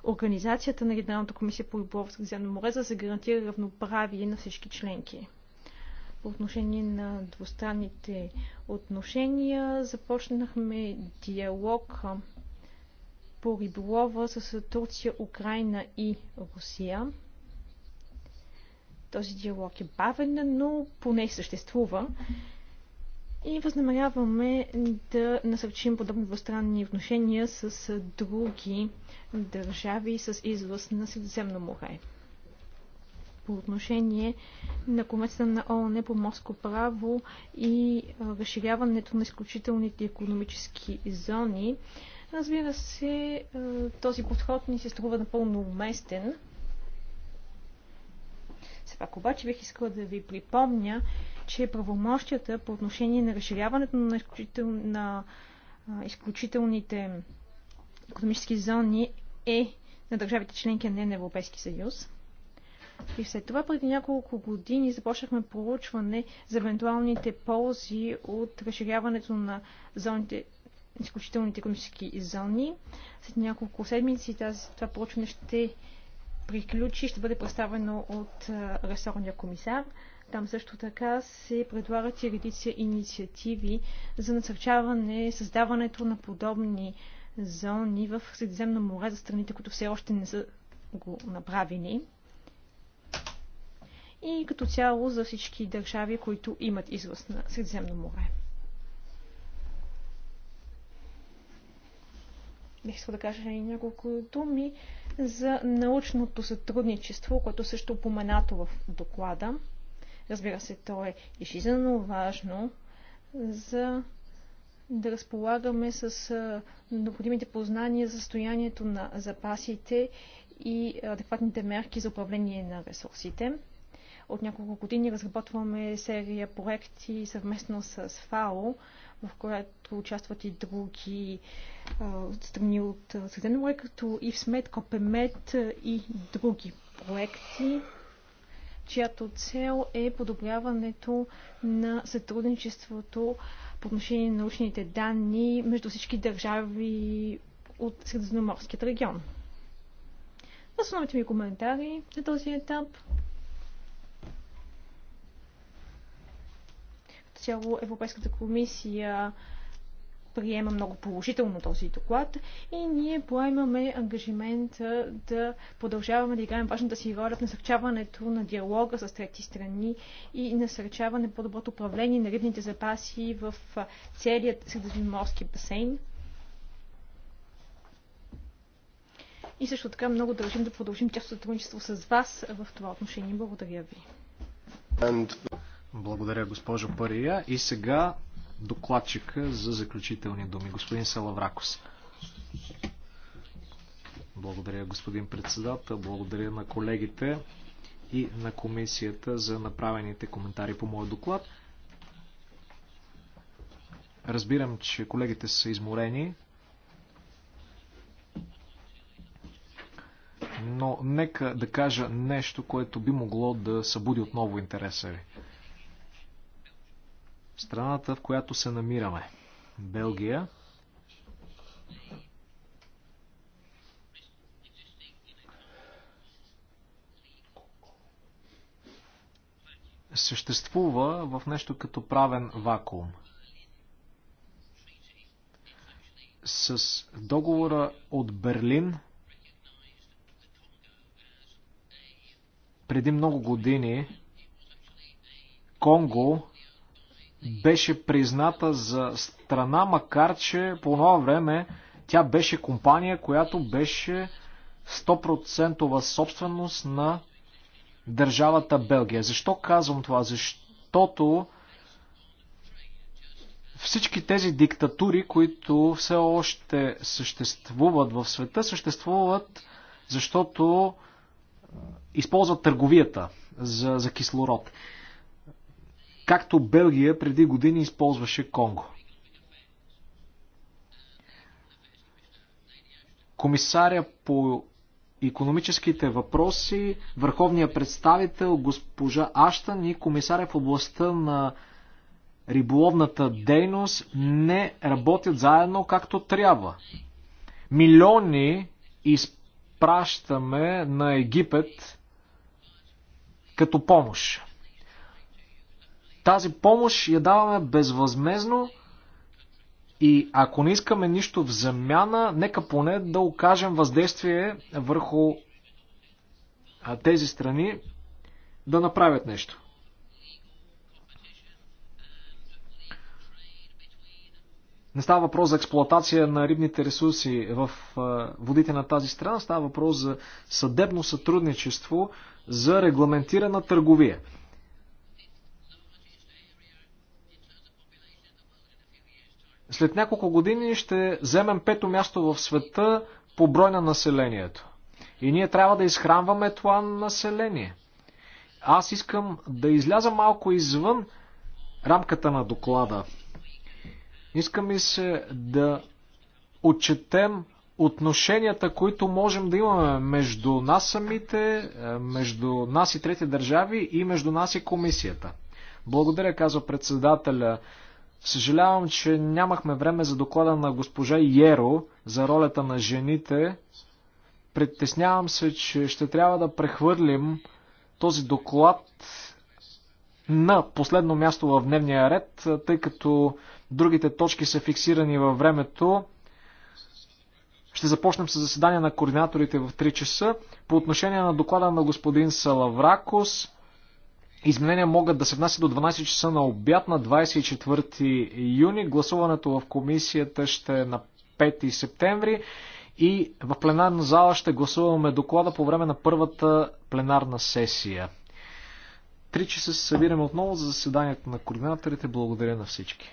организацията на Регионалната комисия по риболов в море, за да се гарантира равноправие на всички членки. По отношение на двустранните отношения започнахме диалог по риболова с Турция, Украина и Русия. Този диалог е бавен, но поне съществува и възнамеряваме да насърчим подобни двустранни отношения с други държави с излъз на Средиземно море. По отношение на комецата на ООН по морско право и разширяването на изключителните економически зони, разбира се, този подход ни се струва напълно уместен. Все пак обаче бих искала да ви припомня, че правомощията по отношение на разширяването на, изключител... на а, изключителните економически зони е на държавите членки, а не на Европейски съюз. И след това, преди няколко години, започнахме проучване за евентуалните ползи от разширяването на зоните, изключителните економически зони. След няколко седмици тази, това проучване ще приключи, ще бъде представено от ресорния комисар. Там също така се предлагат и редица инициативи за насърчаване създаването на подобни зони в Средиземно море за страните, които все още не са го направили. И като цяло за всички държави, които имат излъз на Средиземно море. бих искал да кажа и няколко думи за научното сътрудничество, което също е упоменато в доклада. Разбира се, то е жизненно важно за да разполагаме с необходимите познания за състоянието на запасите и адекватните мерки за управление на ресурсите. От няколко години разработваме серия проекти съвместно с ФАО, в която участват и други страни от Средено море, като и в СМЕТ, КОПЕМЕД и други проекти чиято цел е подобряването на сътрудничеството по отношение на научните данни между всички държави от Средиземноморският регион. Основните ми коментари на този етап. Цяло Европейската комисия приема много положително този доклад и ние поемаме ангажимент да продължаваме да играем важната си роля в насърчаването на диалога с трети страни и насърчаване по-доброто управление на рибните запаси в целият средиземноморски басейн. И също така много дължим да продължим тясно сътрудничество с вас в това отношение. Благодаря ви. Благодаря, госпожо Пария. И сега докладчика за заключителни думи. Господин Салавракос. Благодаря, господин председател. Благодаря на колегите и на комисията за направените коментари по моят доклад. Разбирам, че колегите са изморени, но нека да кажа нещо, което би могло да събуди отново интереса ви. Страната, в която се намираме. Белгия. Съществува в нещо като правен вакуум. С договора от Берлин преди много години Конго беше призната за страна, макар че по това време тя беше компания, която беше 100% собственост на държавата Белгия. Защо казвам това? Защото всички тези диктатури, които все още съществуват в света, съществуват защото използват търговията за, за кислород както Белгия преди години използваше Конго. Комисаря по економическите въпроси, върховният представител госпожа Аштан и комисаря в областта на риболовната дейност не работят заедно както трябва. Милиони изпращаме на Египет като помощ. Тази помощ я даваме безвъзмезно и ако не искаме нищо в замяна, нека поне да окажем въздействие върху тези страни да направят нещо. Не става въпрос за експлоатация на рибните ресурси в водите на тази страна, става въпрос за съдебно сътрудничество за регламентирана търговия. След няколко години ще вземем пето място в света по брой на населението. И ние трябва да изхранваме това население. Аз искам да изляза малко извън рамката на доклада. Искам и се да отчетем отношенията, които можем да имаме между нас самите, е, между нас и трети държави и между нас и комисията. Благодаря, казва председателя. Съжалявам, че нямахме време за доклада на госпожа Йеро за ролята на жените. Притеснявам се, че ще трябва да прехвърлим този доклад на последно място в дневния ред, тъй като другите точки са фиксирани във времето. Ще започнем с заседание на координаторите в 3 часа. По отношение на доклада на господин Салавракос, Изменения могат да се внасят до 12 часа на обяд на 24 юни. Гласуването в комисията ще е на 5 септември и в пленарна зала ще гласуваме доклада по време на първата пленарна сесия. Три часа се събираме отново за заседанието на координаторите. Благодаря на всички.